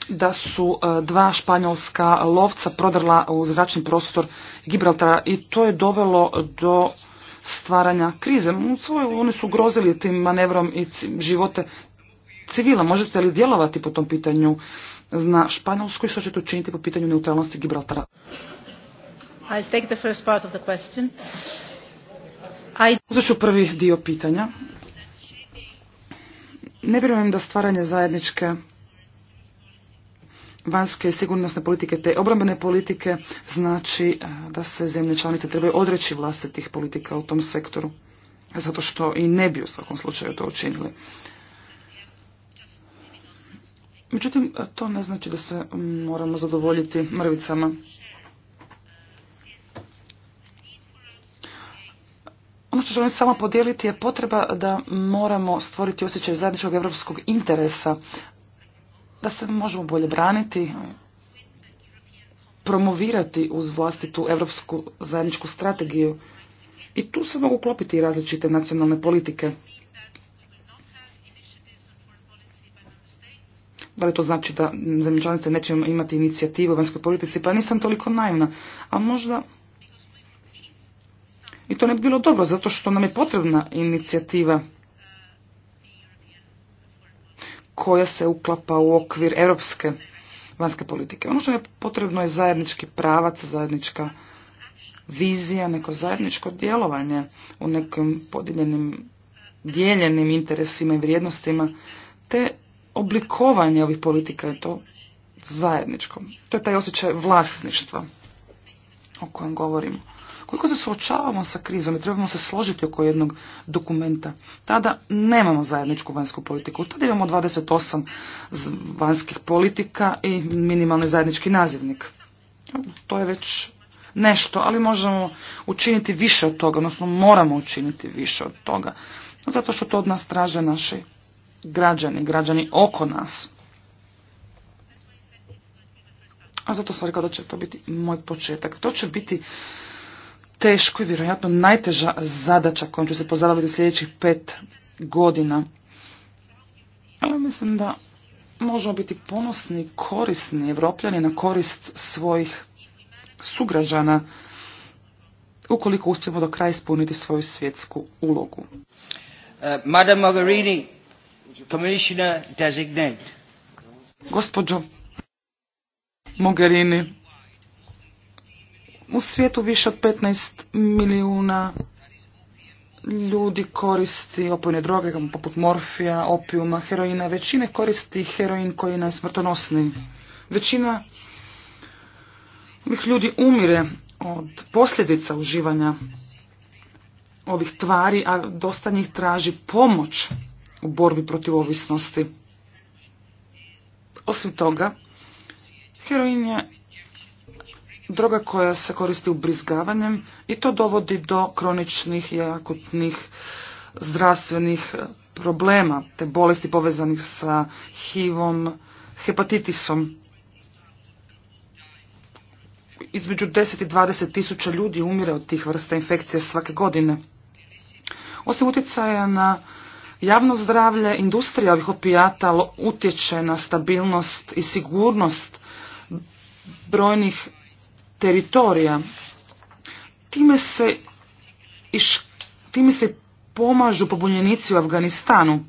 da su e, dva španjolska lovca prodrla u zračni prostor Gibraltara i to je dovelo do stvaranja krize. oni su grozili tim manevrom i živote civila. Možete li djelovati po tom pitanju na Španjolskoj? Što ćete učiniti po pitanju neutralnosti Gibraltara? I'll take the first part of the question. I... ću prvi dio pitanja. Ne vjerujem da stvaranje zajedničke vanjske sigurnosne politike te obrambene politike znači e, da se zemlje članice trebaju odreći vlastitih politika u tom sektoru zato što i ne bi u svakom slučaju to učinili. Međutim, e, to ne znači da se moramo zadovoljiti mrvicama. Ono što želim samo podijeliti je potreba da moramo stvoriti osjećaj zajedničkog evropskog interesa da se možemo bolje braniti, promovirati uz vlastitu europsku zajedničku strategiju. I tu se mogu klopiti različite nacionalne politike. Da li to znači da zemljičanice neće imati inicijativu u vanjskoj politici? Pa nisam toliko naivna. A možda... I to ne bi bilo dobro, zato što nam je potrebna inicijativa koja se uklapa u okvir europske vanjske politike. Ono što je potrebno je zajednički pravac, zajednička vizija, neko zajedničko djelovanje u nekim podijeljenim dijeljenim interesima i vrijednostima, te oblikovanje ovih politika je to zajedničko. To je taj osjećaj vlasništva o kojem govorimo. Koliko se suočavamo sa krizom i trebamo se složiti oko jednog dokumenta, tada nemamo zajedničku vanjsku politiku. Tada imamo 28 vanjskih politika i minimalni zajednički nazivnik. To je već nešto, ali možemo učiniti više od toga, odnosno moramo učiniti više od toga. Zato što to od nas traže naši građani, građani oko nas. A zato sam rekao da će to biti moj početak. To će biti teško i vjerojatno najteža zadaća kojom ću se pozabaviti sljedećih pet godina. Ali mislim da možemo biti ponosni, korisni evropljani na korist svojih sugrađana ukoliko uspijemo do kraja ispuniti svoju svjetsku ulogu. Uh, Madame Mogherini, commissioner designate. Gospođo Mogherini, u svijetu više od 15 milijuna ljudi koristi opojne droge poput morfija, opijuma, heroina. Većina koristi heroin koji je najsmrtonosniji. Većina ovih ljudi umire od posljedica uživanja ovih tvari, a dosta njih traži pomoć u borbi protiv ovisnosti. Osim toga, heroin je droga koja se koristi ubrizgavanjem i to dovodi do kroničnih i akutnih zdravstvenih e, problema, te bolesti povezanih sa HIV-om, hepatitisom. Između 10 i 20 tisuća ljudi umire od tih vrsta infekcija svake godine. Osim utjecaja na javno zdravlje, industrija ovih opijata utječe na stabilnost i sigurnost brojnih teritorija. Time se, time se pomažu pobunjenici u Afganistanu.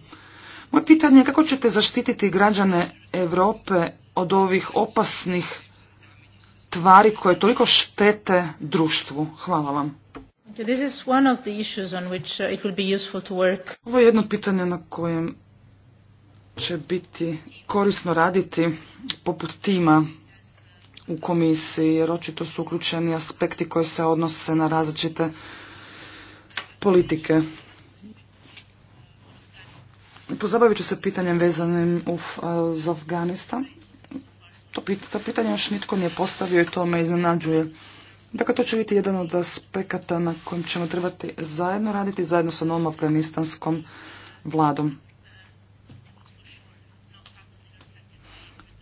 Moje pitanje je kako ćete zaštititi građane Europe od ovih opasnih tvari koje toliko štete društvu. Hvala vam. Ovo je jedno pitanje na kojem će biti korisno raditi poput tima u komisiji, jer očito su uključeni aspekti koji se odnose na različite politike. Pozabavit ću se pitanjem vezanim za Afganistan. To, pita, pitanje još nitko nije postavio i to me iznenađuje. Dakle, to će biti jedan od aspekata na kojem ćemo trebati zajedno raditi, zajedno sa novom afganistanskom vladom.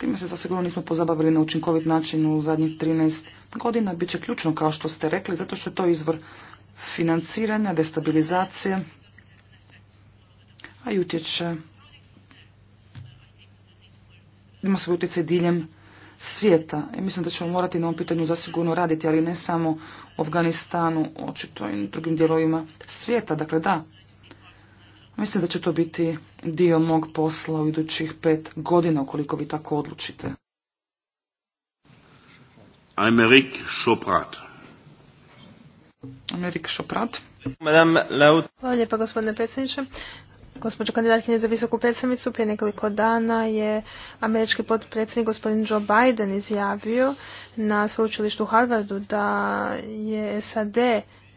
Time se zasigurno nismo pozabavili na učinkovit način u zadnjih 13 godina. Biće ključno, kao što ste rekli, zato što je to izvor financiranja, destabilizacije, a i utječe. Ima se utjecaj diljem svijeta. I mislim da ćemo morati na ovom pitanju zasigurno raditi, ali ne samo u Afganistanu, očito i drugim dijelovima svijeta. Dakle, da, Mislim da će to biti dio mog posla u idućih pet godina, ukoliko vi tako odlučite. Amerik Šoprat. Amerik Šoprat. Hvala lijepa gospodine predsjedniče. Gospođo kandidatkinje za visoku predstavnicu, prije nekoliko dana je američki potpredsjednik gospodin Joe Biden izjavio na sveučilištu Harvardu da je SAD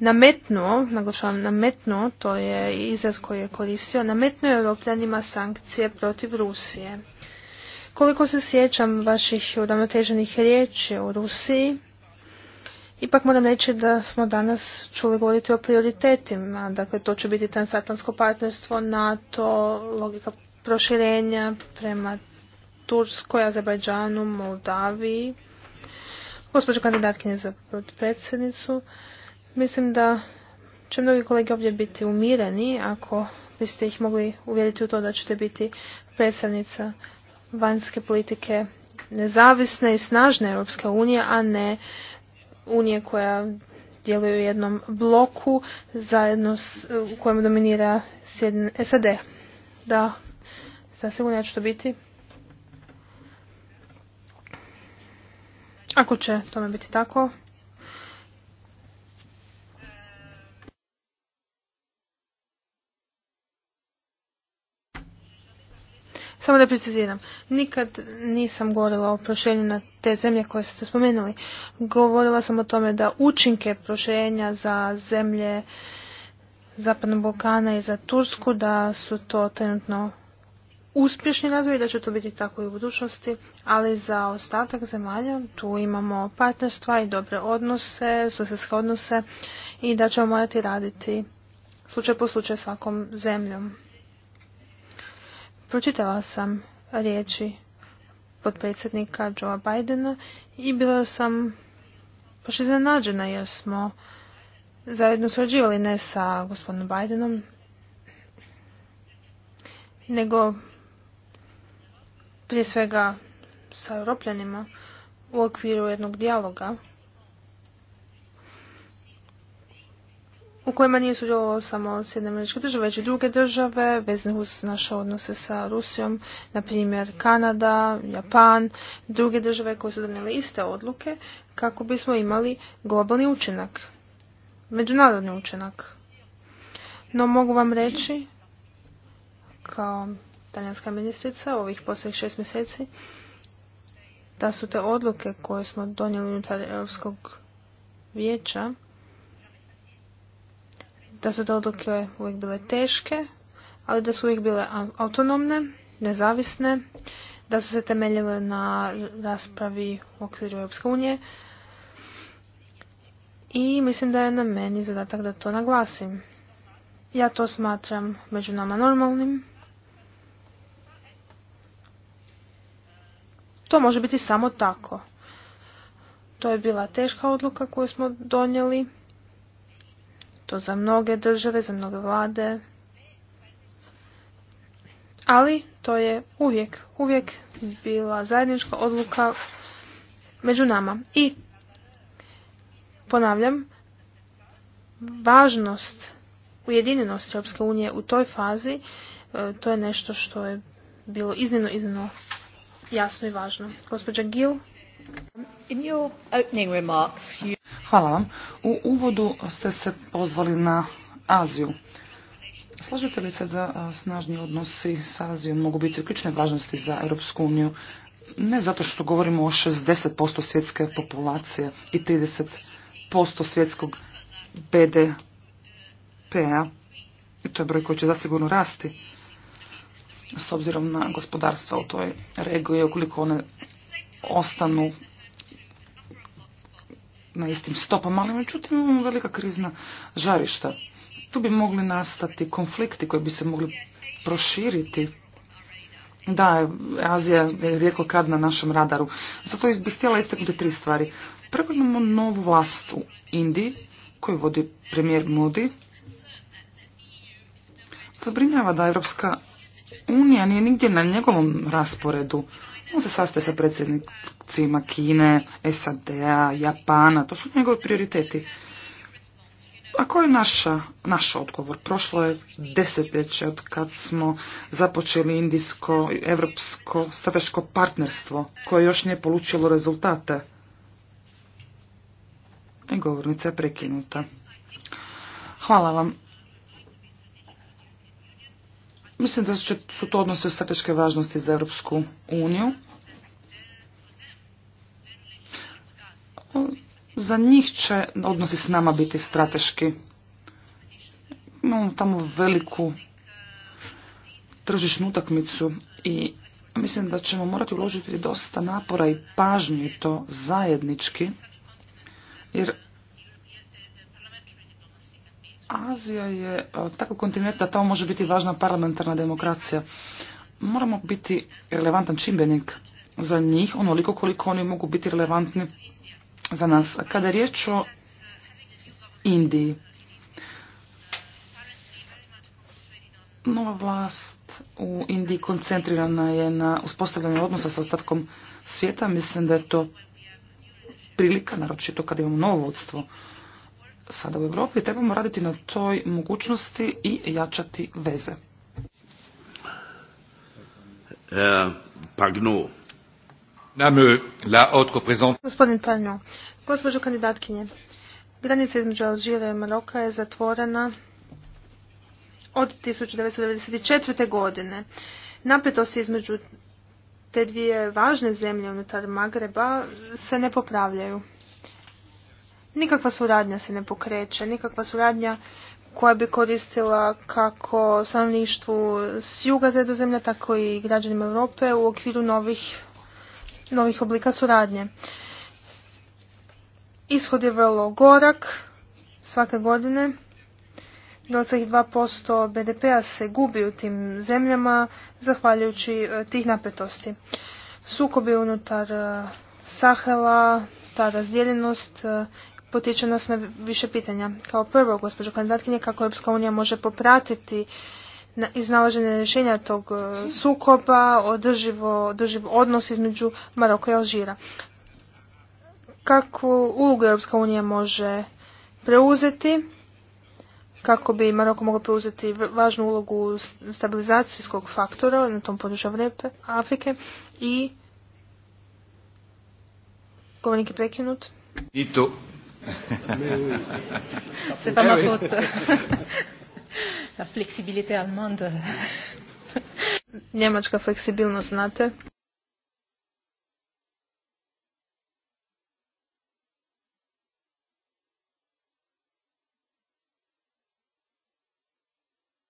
nametnuo, naglašavam nametnuo, to je izraz koji je koristio, nametnuo je Europljanima sankcije protiv Rusije. Koliko se sjećam vaših uravnoteženih riječi o Rusiji, ipak moram reći da smo danas čuli govoriti o prioritetima. Dakle, to će biti transatlantsko partnerstvo, NATO, logika proširenja prema Turskoj, Azerbajdžanu, Moldaviji. Gospođo kandidatkinje za predsjednicu, Mislim da će mnogi kolege ovdje biti umireni ako biste ih mogli uvjeriti u to da ćete biti predstavnica vanjske politike nezavisne i snažne Europske unije, a ne unije koja djeluje u jednom bloku zajedno u kojem dominira SAD. Da, zasigurno ja ću to biti. Ako će tome biti tako, Samo da preciziram, nikad nisam govorila o prošenju na te zemlje koje ste spomenuli. Govorila sam o tome da učinke prošenja za zemlje Zapadnog Balkana i za Tursku, da su to trenutno uspješni razvoj, da će to biti tako i u budućnosti, ali za ostatak zemalja tu imamo partnerstva i dobre odnose, susjedske odnose i da ćemo morati raditi slučaj po slučaj svakom zemljom. Pročitala sam riječi potpredsjednika Joea Bidena i bila sam baš iznenađena jer smo zajedno surađivali ne sa gospodinom Bidenom, nego prije svega sa Europljanima u okviru jednog dijaloga u kojima nije sudjelovao samo američke države, već i druge države vezane uz naše odnose sa Rusijom, na primjer Kanada, Japan, druge države koje su donijele iste odluke kako bismo imali globalni učinak, međunarodni učinak. No mogu vam reći, kao talijanska ministrica ovih posljednjih šest mjeseci, da su te odluke koje smo donijeli unutar Europskog vijeća da su te odluke uvijek bile teške, ali da su uvijek bile autonomne, nezavisne, da su se temeljile na raspravi u okviru Europske unije. I mislim da je na meni zadatak da to naglasim. Ja to smatram među nama normalnim. To može biti samo tako. To je bila teška odluka koju smo donijeli to za mnoge države, za mnoge vlade. Ali to je uvijek, uvijek bila zajednička odluka među nama. I ponavljam, važnost ujedinjenosti Europske unije u toj fazi, e, to je nešto što je bilo iznimno, iznimno jasno i važno. Gospođa Gil. Um, in your opening remarks, Hvala vam. U uvodu ste se pozvali na Aziju. Slažete li se da snažni odnosi s Azijom mogu biti u ključne važnosti za Europsku uniju? Ne zato što govorimo o 60% svjetske populacije i 30% svjetskog BDP-a. I to je broj koji će zasigurno rasti s obzirom na gospodarstva u toj regiji, ukoliko one ostanu na istim stopama, ali međutim imamo velika krizna žarišta. Tu bi mogli nastati konflikti koji bi se mogli proširiti. Da, Azija je rijetko kad na našem radaru. Zato bih htjela istaknuti tri stvari. Prvo imamo novu vlast u Indiji koju vodi premijer Modi. Zabrinjava da Evropska unija nije nigdje na njegovom rasporedu. On se sastaje sa predsjednicima Kine, SAD-a, Japana, to su njegovi prioriteti. A koji je naša, naš odgovor? Prošlo je desetljeće od kad smo započeli indijsko i evropsko strateško partnerstvo koje još nije polučilo rezultate. I govornica je prekinuta. Hvala vam. Mislim da su to odnose strateške važnosti za Europsku uniju. Za njih će odnosi s nama biti strateški. Imamo tamo veliku tržišnu utakmicu i mislim da ćemo morati uložiti dosta napora i pažnje to zajednički, jer Azija je e, tako kontinent da tamo može biti važna parlamentarna demokracija. Moramo biti relevantan čimbenik za njih, onoliko koliko oni mogu biti relevantni za nas. A kada je riječ o Indiji, nova vlast u Indiji koncentrirana je na uspostavljanje odnosa sa ostatkom svijeta. Mislim da je to prilika, naročito kada imamo novo vodstvo sada u Europi trebamo raditi na toj mogućnosti i jačati veze. Eh, Pagnu. la Gospodin Pagnu, gospođo kandidatkinje, granica između Alžira i Maroka je zatvorena od 1994. godine. Napetosti između te dvije važne zemlje unutar Magreba se ne popravljaju nikakva suradnja se ne pokreće, nikakva suradnja koja bi koristila kako stanovništvu s juga zemlje, tako i građanima Europe u okviru novih, novih oblika suradnje. Ishod je vrlo gorak svake godine. dva BDP-a se gubi u tim zemljama zahvaljujući e, tih napetosti. Sukobi unutar e, Sahela, ta razdjeljenost e, potiče nas na više pitanja. Kao prvo, gospođo kandidatkinje, kako Europska unija može popratiti iznalaženje rješenja tog e, sukoba, održivo, odnos između Maroka i Alžira. Kakvu ulogu Europska unija može preuzeti kako bi Maroko mogao preuzeti važnu ulogu stabilizacijskog faktora na tom području Afrike i govornik je prekinut. I to C'est pas ma eh faute. La flexibilité allemande. Njemačka fleksibilnost, znate.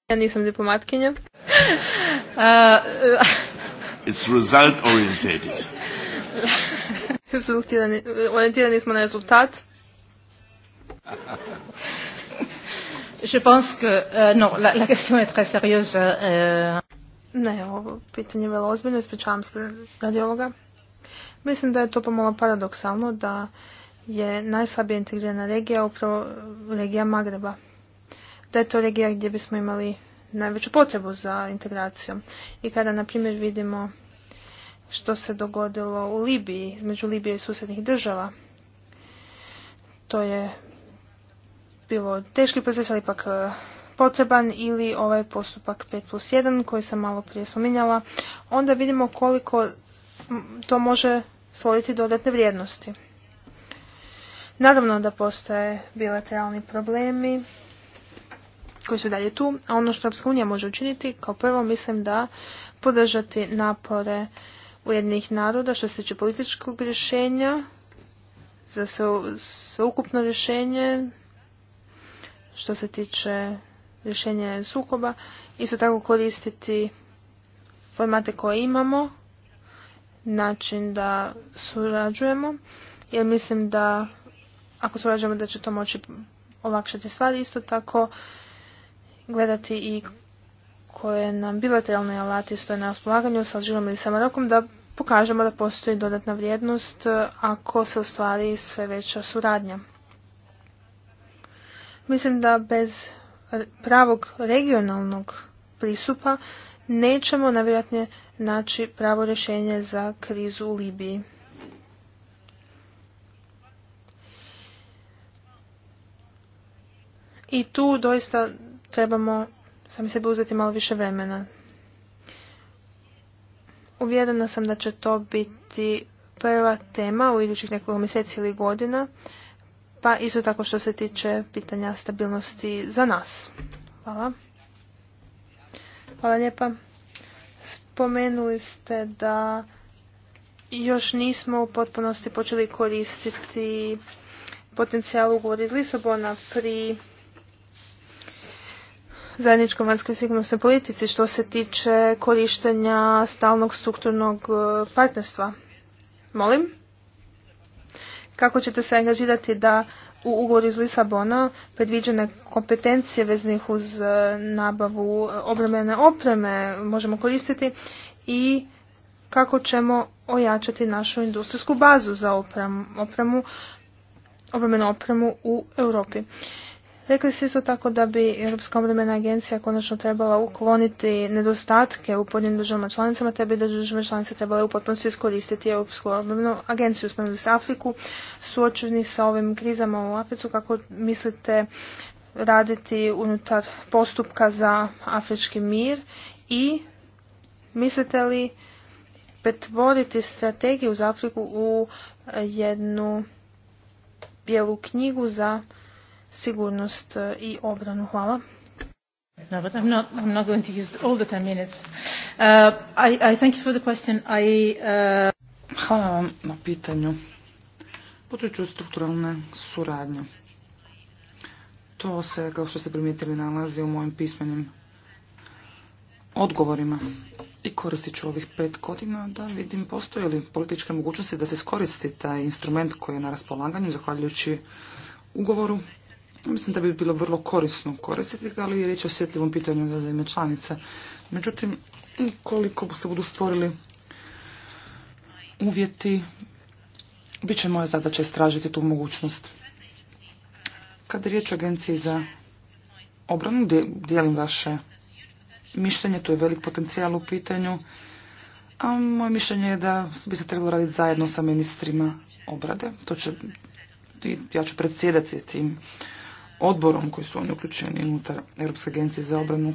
Ja nisam diplomatkinja. E, It's result orientated. Orientirani smo na rezultat. Je pense que, euh, non, la, question est très sérieuse. Euh, euh. Ne, pitanje je vrlo ozbiljno, ispričavam se radi ovoga. Mislim da je to pomalo paradoksalno da je najslabije integrirana regija upravo regija Magreba. Da je to regija gdje bismo imali najveću potrebu za integracijom. I kada, na primjer, vidimo što se dogodilo u Libiji, između Libije i susjednih država, to je bilo teški proces, ali ipak e, potreban ili ovaj postupak 5 plus 1 koji sam malo prije spominjala, onda vidimo koliko to može stvoriti dodatne vrijednosti. Naravno da postoje bilateralni problemi koji su dalje tu, a ono što Europska unija može učiniti, kao prvo mislim da podržati napore ujednih naroda što se tiče političkog rješenja, za sveukupno rješenje što se tiče rješenja sukoba, isto tako koristiti formate koje imamo, način da surađujemo, jer mislim da ako surađujemo da će to moći olakšati stvari, isto tako gledati i koje nam bilateralne alati stoje na raspolaganju sa Alžirom ili sa Marokom da pokažemo da postoji dodatna vrijednost ako se ostvari sve veća suradnja. Mislim da bez pravog regionalnog pristupa nećemo najvjerojatnije naći pravo rješenje za krizu u Libiji. I tu doista trebamo sami sebi uzeti malo više vremena. Uvjerena sam da će to biti prva tema u idućih nekoliko mjeseci ili godina pa isto tako što se tiče pitanja stabilnosti za nas. Hvala. Hvala lijepa. Spomenuli ste da još nismo u potpunosti počeli koristiti potencijal ugovora iz Lisobona pri zajedničkom vanjskoj sigurnosnoj politici što se tiče korištenja stalnog strukturnog eh, partnerstva. Molim? kako ćete se angažirati da u ugovoru iz Lisabona predviđene kompetencije veznih uz e, nabavu e, obrambene opreme možemo koristiti i kako ćemo ojačati našu industrijsku bazu za opremu, obrambenu opremu u Europi. Rekli ste isto tako da bi Europska obrambena agencija konačno trebala ukloniti nedostatke u pojedinim državama članicama, te bi države članice trebale u potpunosti iskoristiti Europsku obrambenu agenciju. Spomenuli ste Afriku, suočeni sa ovim krizama u Africu, kako mislite raditi unutar postupka za afrički mir i mislite li pretvoriti strategiju za Afriku u jednu bijelu knjigu za sigurnost e, i obranu. Hvala. No, but I'm not, going to use all the minutes. Uh, I, I thank you for the question. I, uh... Hvala vam na pitanju. Počet ću strukturalne suradnje. To se, kao što ste primijetili, nalazi u mojim pismenim odgovorima. I koristit ću ovih pet godina da vidim postoje li političke mogućnosti da se skoristi taj instrument koji je na raspolaganju, zahvaljujući ugovoru Mislim da bi bilo vrlo korisno koristiti ga, ali je riječ o osjetljivom pitanju za zemlje članice. Međutim, koliko se budu stvorili uvjeti, bit će moja zadaća istražiti tu mogućnost. Kada je riječ o agenciji za obranu, dijelim vaše mišljenje, tu je velik potencijal u pitanju, a moje mišljenje je da bi se trebalo raditi zajedno sa ministrima obrade. To će, ja ću predsjedati tim odborom koji su oni uključeni unutar Europske agencije za obranu.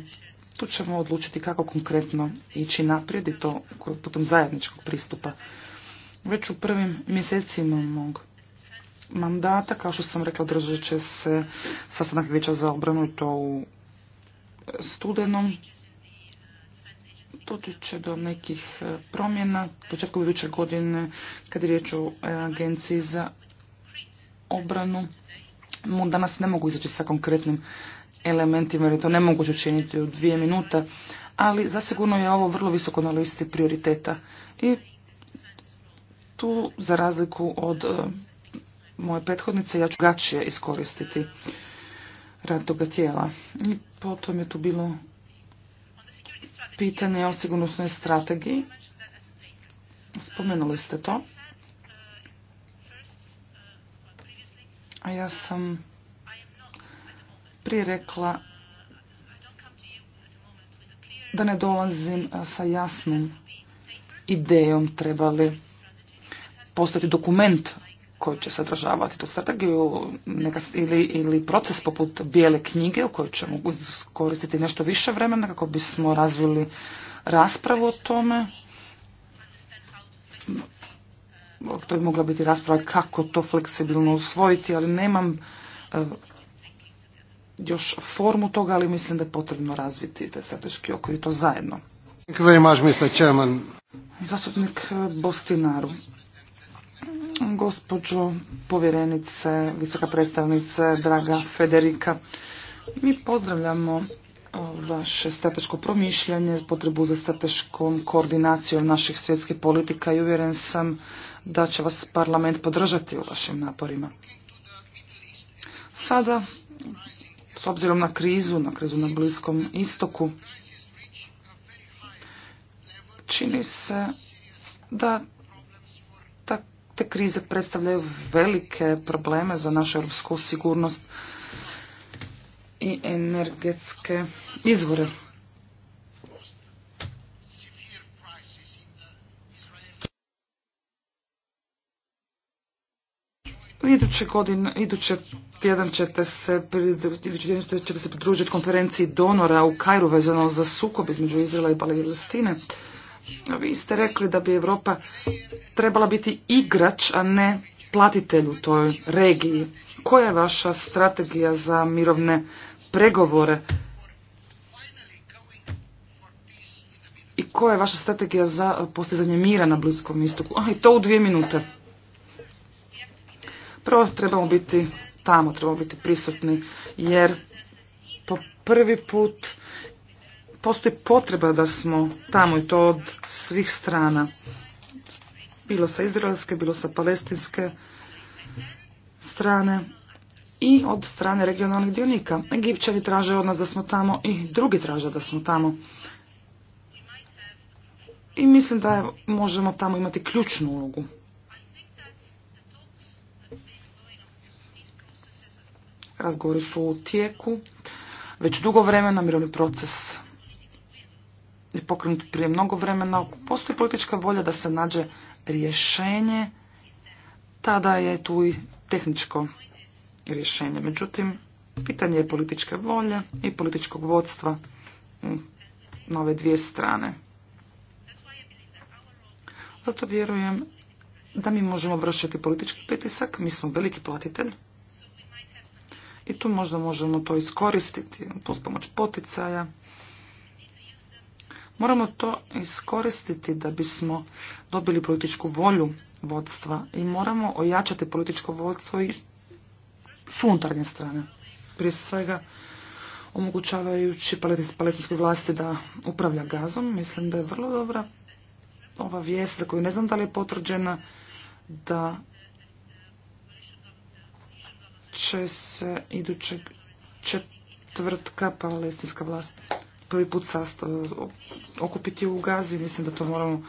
Tu ćemo odlučiti kako konkretno ići naprijed i to putem zajedničkog pristupa. Već u prvim mjesecima mog mandata, kao što sam rekla, održat će se sastanak vijeća za obranu i to u e, studenom. To će do nekih e, promjena Početku iduće godine kad je riječ o e, agenciji za obranu danas ne mogu izaći sa konkretnim elementima jer je to nemoguće učiniti u dvije minute, ali zasigurno je ovo vrlo visoko na listi prioriteta i tu za razliku od e, moje prethodnice ja ću gačije iskoristiti rad toga tijela. I potom je tu bilo pitanje o sigurnosnoj strategiji. Spomenuli ste to. A ja sam prije rekla da ne dolazim e, sa jasnom idejom trebali postati dokument koji će sadržavati tu strategiju neka, ili, ili proces poput bijele knjige u kojoj ćemo koristiti nešto više vremena kako bismo razvili raspravu o tome to bi mogla biti rasprava kako to fleksibilno usvojiti, ali nemam e, još formu toga, ali mislim da je potrebno razviti te strateški okvir i to zajedno. Zastupnik Bostinaru. Gospođo povjerenice, visoka predstavnice, draga Federika, mi pozdravljamo vaše strateško promišljanje, potrebu za strateškom koordinacijom naših svjetskih politika i uvjeren sam da će vas parlament podržati u vašim naporima. Sada, s obzirom na krizu, na krizu na Bliskom istoku, čini se da te krize predstavljaju velike probleme za našu europsku sigurnost i energetske izvore. Iduće godine, iduće tjedan ćete se, ćete se pridružiti konferenciji donora u Kajru vezano za sukob između Izraela i Palestine. Vi ste rekli da bi Europa trebala biti igrač, a ne platitelj u toj regiji. Koja je vaša strategija za mirovne pregovore? I koja je vaša strategija za postizanje mira na Bliskom istoku? A i to u dvije minute. Prvo trebamo biti tamo, trebamo biti prisutni, jer po prvi put postoji potreba da smo tamo i to od svih strana. Bilo sa izraelske, bilo sa palestinske strane i od strane regionalnih dionika. Egipćani traže od nas da smo tamo i drugi traže da smo tamo. I mislim da možemo tamo imati ključnu ulogu. Razgovori su u tijeku. Već dugo vremena mirovni proces je pokrenut prije mnogo vremena, ako postoji politička volja da se nađe rješenje, tada je tu i tehničko rješenje. Međutim, pitanje je političke volje i političkog vodstva na ove dvije strane. Zato vjerujem da mi možemo vršiti politički pritisak, mi smo veliki platitelj i tu možda možemo to iskoristiti uz pomoć poticaja Moramo to iskoristiti da bismo dobili političku volju vodstva i moramo ojačati političko vodstvo i s unutarnje strane. Prije svega omogućavajući palestinskoj vlasti da upravlja gazom. Mislim da je vrlo dobra ova vijest za koju ne znam da li je potvrđena da će se idućeg četvrtka palestinska vlast prvi put okupiti u Gazi. Mislim da to moramo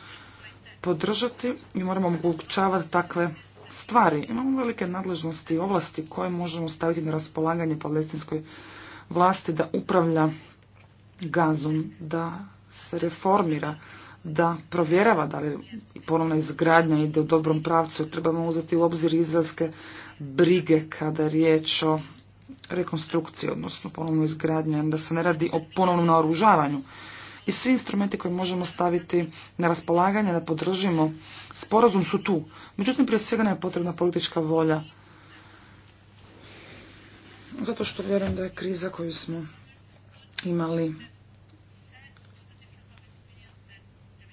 podržati i moramo omogućavati takve stvari. Imamo velike nadležnosti i ovlasti koje možemo staviti na raspolaganje palestinskoj vlasti da upravlja gazom, da se reformira, da provjerava da li ponovna izgradnja ide u dobrom pravcu. Trebamo uzeti u obzir izraelske brige kada je riječ o rekonstrukcije, odnosno ponovno izgradnje, da se ne radi o ponovnom naoružavanju. I svi instrumenti koje možemo staviti na raspolaganje, da podržimo, sporazum su tu. Međutim, prije svega nam je potrebna politička volja. Zato što vjerujem da je kriza koju smo imali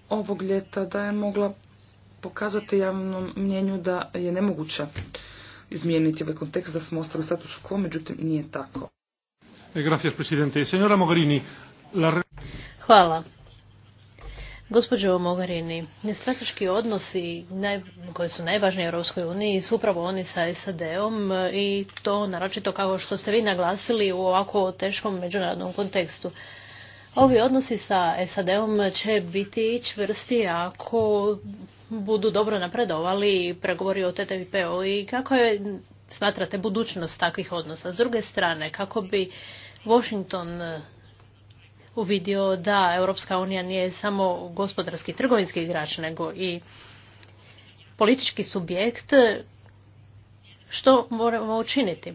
ovog ljeta da je mogla pokazati javnom mnjenju da je nemoguća izmijeniti ovaj kontekst da smo ostali status quo, međutim nije tako. Eh, Hvala. Gospođo Mogherini, strateški odnosi koji su najvažniji u Europskoj uniji su upravo oni sa SAD-om eh, i to naročito kao što ste vi naglasili u ovako teškom međunarodnom kontekstu. Ovi odnosi sa SAD-om će biti čvrsti ako budu dobro napredovali pregovori o TTIP-u i kako je, smatrate, budućnost takvih odnosa? S druge strane, kako bi Washington e, uvidio da Europska unija nije samo gospodarski trgovinski igrač, nego i politički subjekt, e, što moramo učiniti?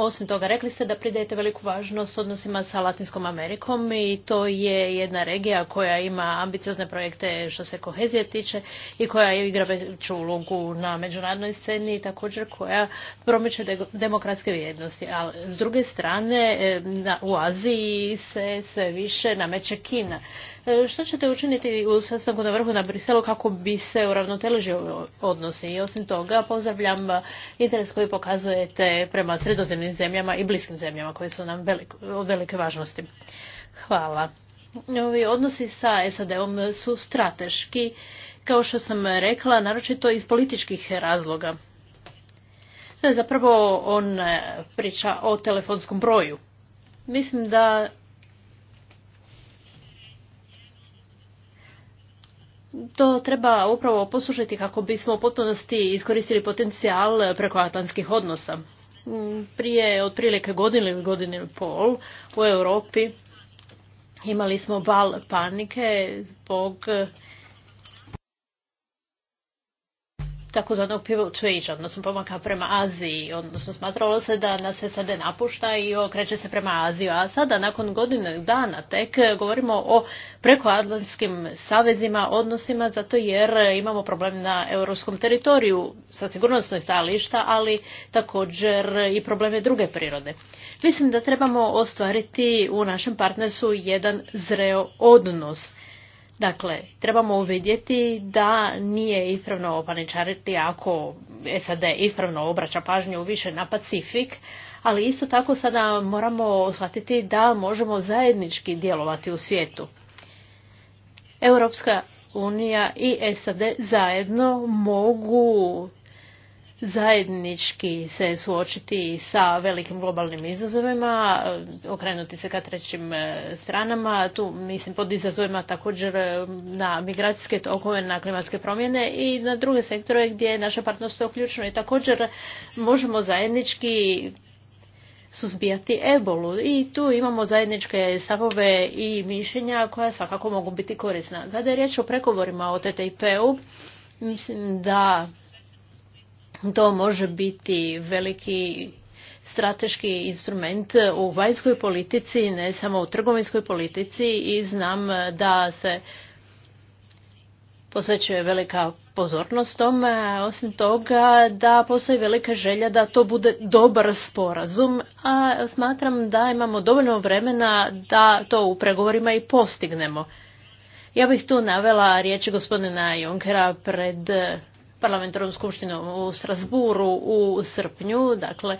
Osim toga, rekli ste da pridajete veliku važnost odnosima sa Latinskom Amerikom i to je jedna regija koja ima ambiciozne projekte što se kohezije tiče i koja igra veću ulogu na međunarodnoj sceni i također koja promiče demokratske vrijednosti. ali s druge strane, e, u Aziji se sve više nameće Kina. E, što ćete učiniti u sastanku na vrhu na Briselu kako bi se uravnotežili odnosi? I osim toga, pozdravljam interes koji pokazujete prema sredozemnim zemljama i bliskim zemljama koje su nam od velike važnosti. Hvala. Ovi odnosi sa SAD-om su strateški, kao što sam rekla, naročito iz političkih razloga. To je zapravo on priča o telefonskom broju. Mislim da to treba upravo poslušati kako bismo u potpunosti iskoristili potencijal prekoatlantskih odnosa. Mm, prije otprilike godine ili godine i pol u Europi imali smo val panike zbog takozvanog pivot switch, odnosno pomaka prema Aziji, odnosno smatralo se da nas sada napušta i okreće se prema Aziju, a sada nakon godine dana tek govorimo o prekoatlantskim savezima, odnosima, zato jer imamo problem na europskom teritoriju sa sigurnostnoj stajališta, ali također i probleme druge prirode. Mislim da trebamo ostvariti u našem partnersu jedan zreo odnos Dakle, trebamo uvidjeti da nije ispravno opaničariti ako SAD ispravno obraća pažnju više na Pacifik, ali isto tako sada moramo shvatiti da možemo zajednički djelovati u svijetu. Europska unija i SAD zajedno mogu zajednički se suočiti sa velikim globalnim izazovima, okrenuti se ka trećim e, stranama, tu mislim pod izazovima također e, na migracijske tokove, na klimatske promjene i na druge sektore gdje je naše partnerstvo ključno i također možemo zajednički suzbijati ebolu i tu imamo zajedničke stavove i mišljenja koja svakako mogu biti korisna. Kada je riječ o pregovorima o TTIP-u, mislim da to može biti veliki strateški instrument u vanjskoj politici, ne samo u trgovinskoj politici i znam da se posvećuje velika pozornost tome, osim toga da postoji velika želja da to bude dobar sporazum, a smatram da imamo dovoljno vremena da to u pregovorima i postignemo. Ja bih tu navela riječi gospodina Junkera pred parlamentarnom skupštinom u Strasburu u srpnju. Dakle,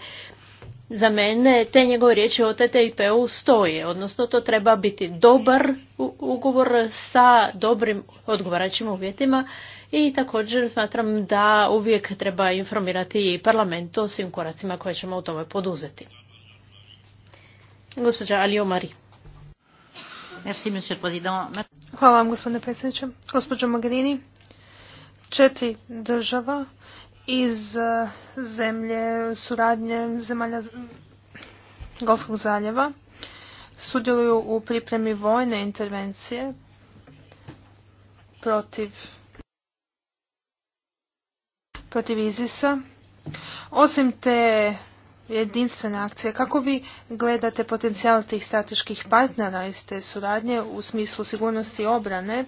za mene te njegove riječi o TTIP-u stoje, odnosno to treba biti dobar ugovor sa dobrim odgovarajućim uvjetima i također smatram da uvijek treba informirati i parlament o svim koracima koje ćemo u tome poduzeti. Gospođa Alio Mari. Hvala vam gospodine predsjedniče. Gospođo Magrini, četiri država iz e, zemlje suradnje zemalja Golskog zaljeva sudjeluju u pripremi vojne intervencije protiv protiv Izisa. Osim te jedinstvene akcije, kako vi gledate potencijal tih strateških partnera iz te suradnje u smislu sigurnosti i obrane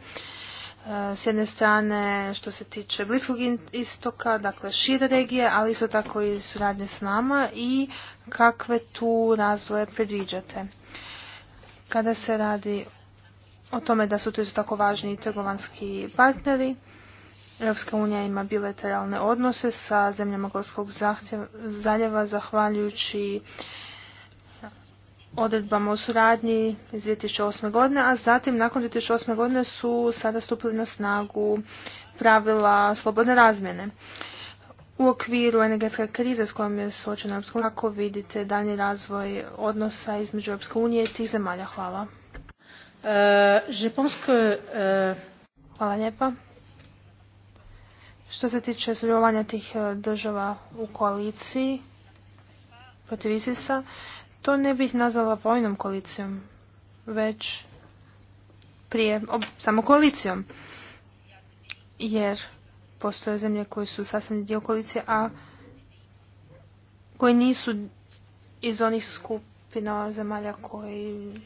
E, s jedne strane što se tiče Bliskog istoka, dakle šire regije, ali isto tako i suradnje s nama i kakve tu razvoje predviđate. Kada se radi o tome da su tu isto tako važni i trgovanski partneri, Europska unija ima bilateralne odnose sa zemljama Gorskog zaljeva zahvaljujući odredbama o suradnji iz 2008. godine, a zatim nakon 2008. godine su sada stupili na snagu pravila slobodne razmjene. U okviru energetske krize s kojom je suočena Europska unija, kako vidite dalji razvoj odnosa između Europske unije i tih zemalja? Hvala. Uh, uh, Hvala lijepa. Što se tiče sudjelovanja tih uh, država u koaliciji protiv isis to ne bih nazvala vojnom koalicijom, već prije samo koalicijom. Jer postoje zemlje koje su sasvim dio koalicije, a koje nisu iz onih skupina zemalja koji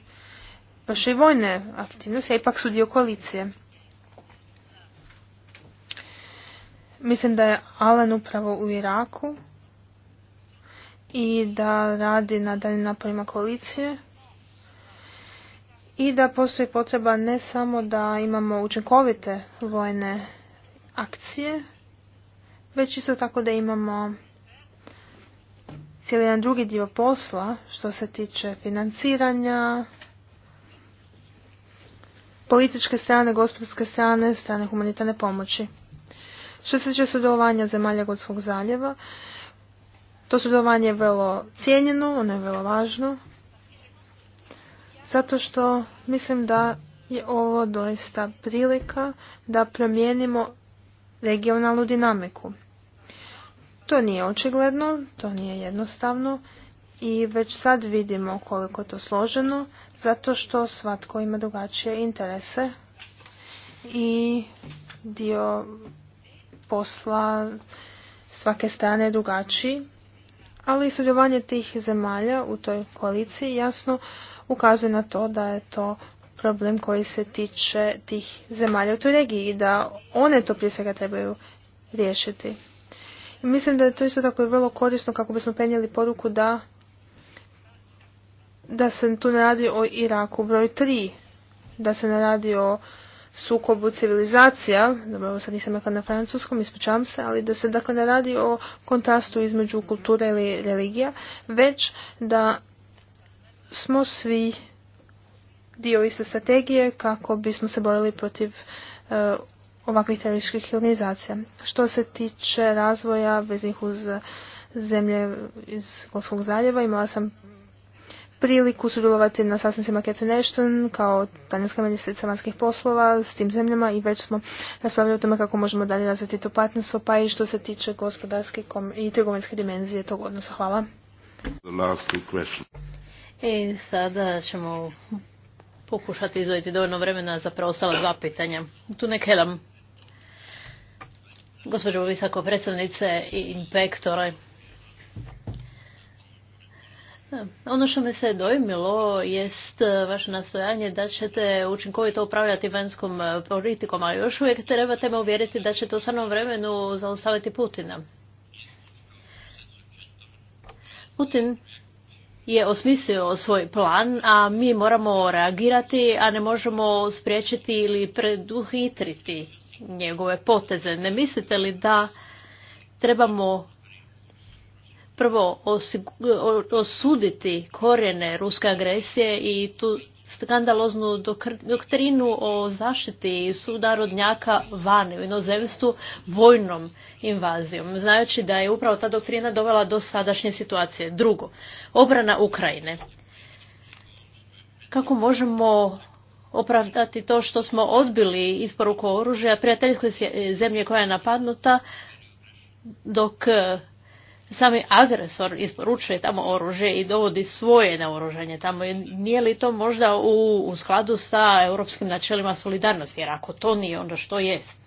baš i vojne aktivnosti, a ipak su dio koalicije. Mislim da je Alan upravo u Iraku i da radi na daljim naporima koalicije i da postoji potreba ne samo da imamo učinkovite vojne akcije, već isto tako da imamo cijeli jedan drugi dio posla što se tiče financiranja, političke strane, gospodarske strane, strane humanitarne pomoći. Što se tiče sudjelovanja zemalja Gorskog zaljeva, to je vrlo cijenjeno, ono je vrlo važno, zato što mislim da je ovo doista prilika da promijenimo regionalnu dinamiku. To nije očigledno, to nije jednostavno i već sad vidimo koliko je to složeno, zato što svatko ima drugačije interese i dio posla svake strane je drugačiji ali sudjelovanje tih zemalja u toj koaliciji jasno ukazuje na to da je to problem koji se tiče tih zemalja u toj regiji i da one to prije svega trebaju riješiti. I mislim da je to isto tako je vrlo korisno kako bismo penjeli poruku da da se tu ne radi o Iraku broj 3, da se ne radi o sukobu civilizacija, dobro ovo sad nisam rekla na francuskom, ispričavam se, ali da se dakle ne radi o kontrastu između kulture ili religija, već da smo svi dio iste strategije kako bismo se borili protiv eh, ovakvih terorističkih organizacija. Što se tiče razvoja veznih uz zemlje iz Golskog zaljeva, imala sam priliku sudjelovati na sastancima Catherine Ashton kao talijanska ministrica vanjskih poslova s tim zemljama i već smo raspravljali o tome kako možemo dalje razviti to partnerstvo pa i što se tiče gospodarske i trgovinske dimenzije tog odnosa. Hvala. I sada ćemo pokušati izvojiti dovoljno vremena za preostala dva pitanja. Tu ne kelam. Gospođo visoko predstavnice i inpektore, ono što me se dojmilo jest e, vaše nastojanje da ćete učinkovito upravljati vanjskom e, politikom, ali još uvijek trebate me uvjeriti da ćete u samom vremenu zaustaviti Putina. Putin je osmislio svoj plan, a mi moramo reagirati, a ne možemo spriječiti ili preduhitriti njegove poteze. Ne mislite li da trebamo prvo osuditi korijene ruske agresije i tu skandaloznu doktrinu o zaštiti sudarodnjaka vani u inozemstvu vojnom invazijom. Znajući da je upravo ta doktrina dovela do sadašnje situacije. Drugo, obrana Ukrajine. Kako možemo opravdati to što smo odbili isporuku oružja prijateljskoj e, zemlji koja je napadnuta dok sami agresor isporučuje tamo oružje i dovodi svoje naoružanje tamo. Nije li to možda u, u skladu sa europskim načelima solidarnosti? Jer ako to nije, onda što jest?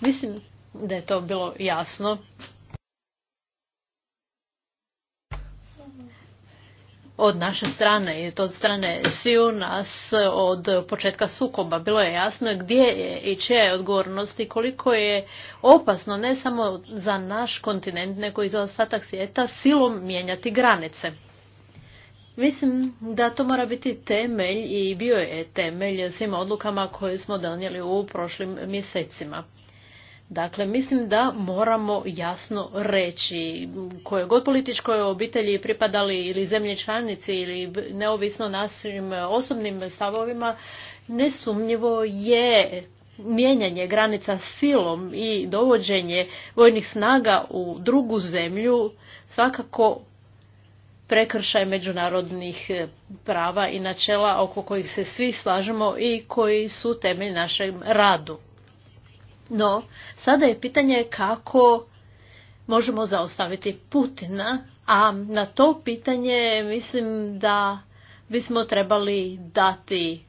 Mislim da je to bilo jasno. od naše strane i od strane u nas od početka sukoba. Bilo je jasno gdje je i čija je odgovornost i koliko je opasno ne samo za naš kontinent nego i za ostatak svijeta silom mijenjati granice. Mislim da to mora biti temelj i bio je temelj svim odlukama koje smo donijeli u prošlim mjesecima. Dakle, mislim da moramo jasno reći koje god političkoj obitelji pripadali ili zemlji članici ili neovisno našim osobnim stavovima, nesumnjivo je mijenjanje granica silom i dovođenje vojnih snaga u drugu zemlju svakako prekršaj međunarodnih prava i načela oko kojih se svi slažemo i koji su temelj našem radu. No, sada je pitanje kako možemo zaustaviti Putina, a na to pitanje mislim da bismo trebali dati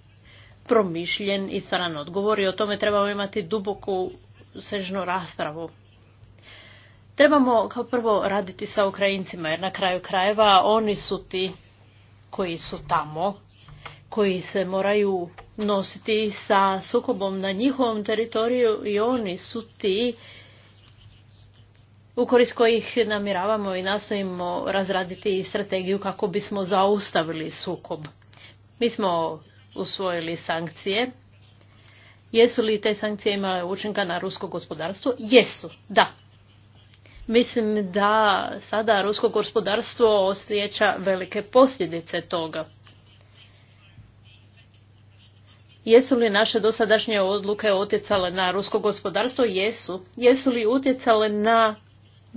promišljen i stvaran odgovor i o tome trebamo imati duboku sežnu raspravu. Trebamo kao prvo raditi sa Ukrajincima jer na kraju krajeva oni su ti koji su tamo, koji se moraju nositi sa sukobom na njihovom teritoriju i oni su ti u korist kojih namiravamo i nastojimo razraditi strategiju kako bismo zaustavili sukob. Mi smo usvojili sankcije. Jesu li te sankcije imale učinka na rusko gospodarstvo? Jesu, da. Mislim da sada rusko gospodarstvo osjeća velike posljedice toga. Jesu li naše dosadašnje odluke utjecale na rusko gospodarstvo? Jesu. Jesu li utjecale na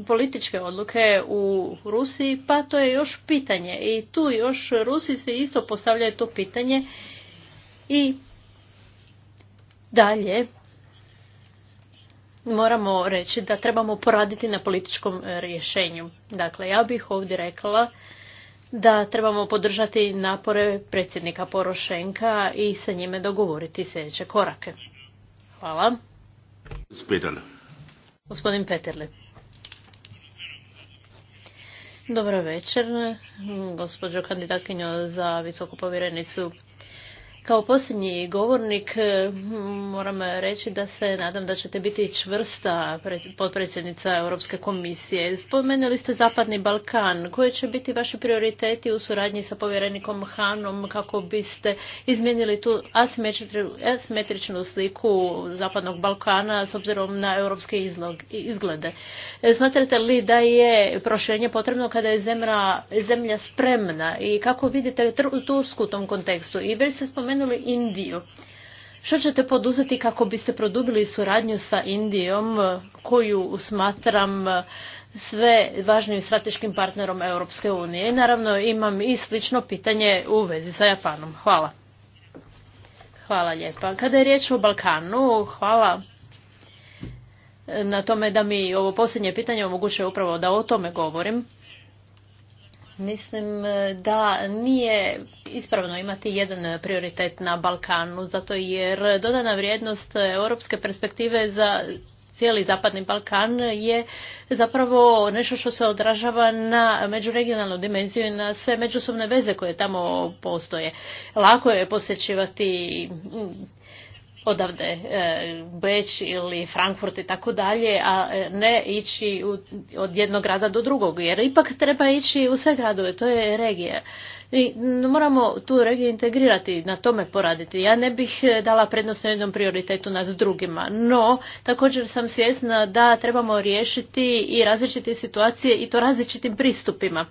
političke odluke u Rusiji? Pa to je još pitanje. I tu još Rusi se isto postavljaju to pitanje. I dalje moramo reći da trebamo poraditi na političkom rješenju. Dakle, ja bih ovdje rekla da trebamo podržati napore predsjednika Porošenka i sa njime dogovoriti sljedeće korake. Hvala. Gospodin Peterle. Dobro večer, gospođo kandidatkinjo za visoku povjerenicu kao posljednji govornik eh, moram reći da se nadam da ćete biti čvrsta potpredsjednica Europske komisije. Spomenuli ste Zapadni Balkan. Koji će biti vaši prioriteti u suradnji sa povjerenikom Hanom kako biste izmijenili tu asimetričnu sliku Zapadnog Balkana s obzirom na europske izglede? Eh, smatrate li da je proširenje potrebno kada je zemlja spremna i kako vidite Tursku u tom kontekstu? I već se spomenuli spomenuli Indiju. Što ćete poduzeti kako biste produbili suradnju sa Indijom koju smatram sve važnijim strateškim partnerom Europske unije? I naravno imam i slično pitanje u vezi sa Japanom. Hvala. Hvala lijepa. Kada je riječ o Balkanu, hvala na tome da mi ovo posljednje pitanje omogućuje upravo da o tome govorim. Mislim e, da nije ispravno imati jedan prioritet na Balkanu, zato jer dodana vrijednost europske perspektive za cijeli Zapadni Balkan je zapravo nešto što se odražava na međuregionalnu dimenziju i na sve međusobne veze koje tamo postoje. Lako je posjećivati odavde e, Beč ili Frankfurt i tako dalje, a e, ne ići od jednog grada do drugog, jer ipak treba ići u sve gradove, to je regija. I moramo tu regiju integrirati, na tome poraditi. Ja ne bih e, dala prednost na jednom prioritetu nad drugima, no također sam svjesna da trebamo riješiti i različite situacije i to različitim pristupima.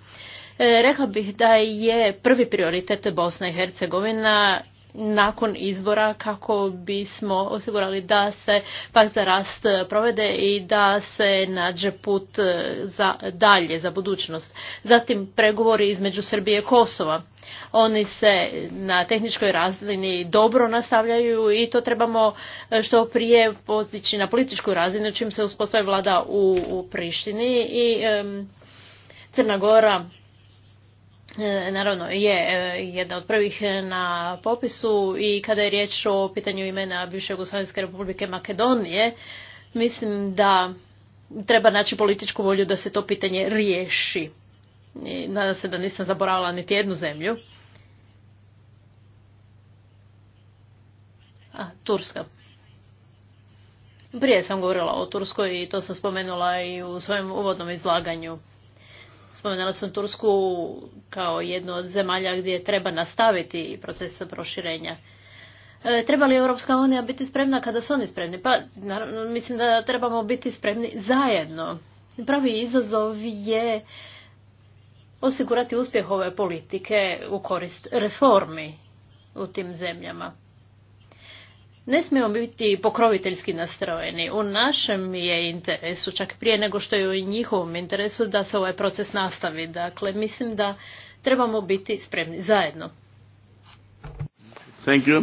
rekla bih da je prvi prioritet Bosna i Hercegovina nakon izbora kako bismo osigurali da se pak za rast provede i da se nađe put e, za dalje, za budućnost. Zatim pregovori između Srbije i Kosova. Oni se na tehničkoj razini dobro nastavljaju i to trebamo e, što prije postići na političku razinu čim se uspostavi vlada u, Prištini i Crna Gora E, naravno je e, jedna od prvih e, na popisu i kada je riječ o pitanju imena bivše Jugoslavijske republike Makedonije, mislim da treba naći političku volju da se to pitanje riješi. I nadam se da nisam zaboravila niti jednu zemlju. A, Turska. Prije sam govorila o Turskoj i to sam spomenula i u svojem uvodnom izlaganju. Spomenula sam Tursku kao jednu od zemalja gdje treba nastaviti proces proširenja. E, treba li Europska unija biti spremna kada su oni spremni? Pa naravno, mislim da trebamo biti spremni zajedno. Pravi izazov je osigurati uspjeh ove politike u korist reformi u tim zemljama ne smijemo biti pokroviteljski nastrojeni. U našem je interesu, čak prije nego što je u njihovom interesu, da se ovaj proces nastavi. Dakle, mislim da trebamo biti spremni zajedno. Thank you.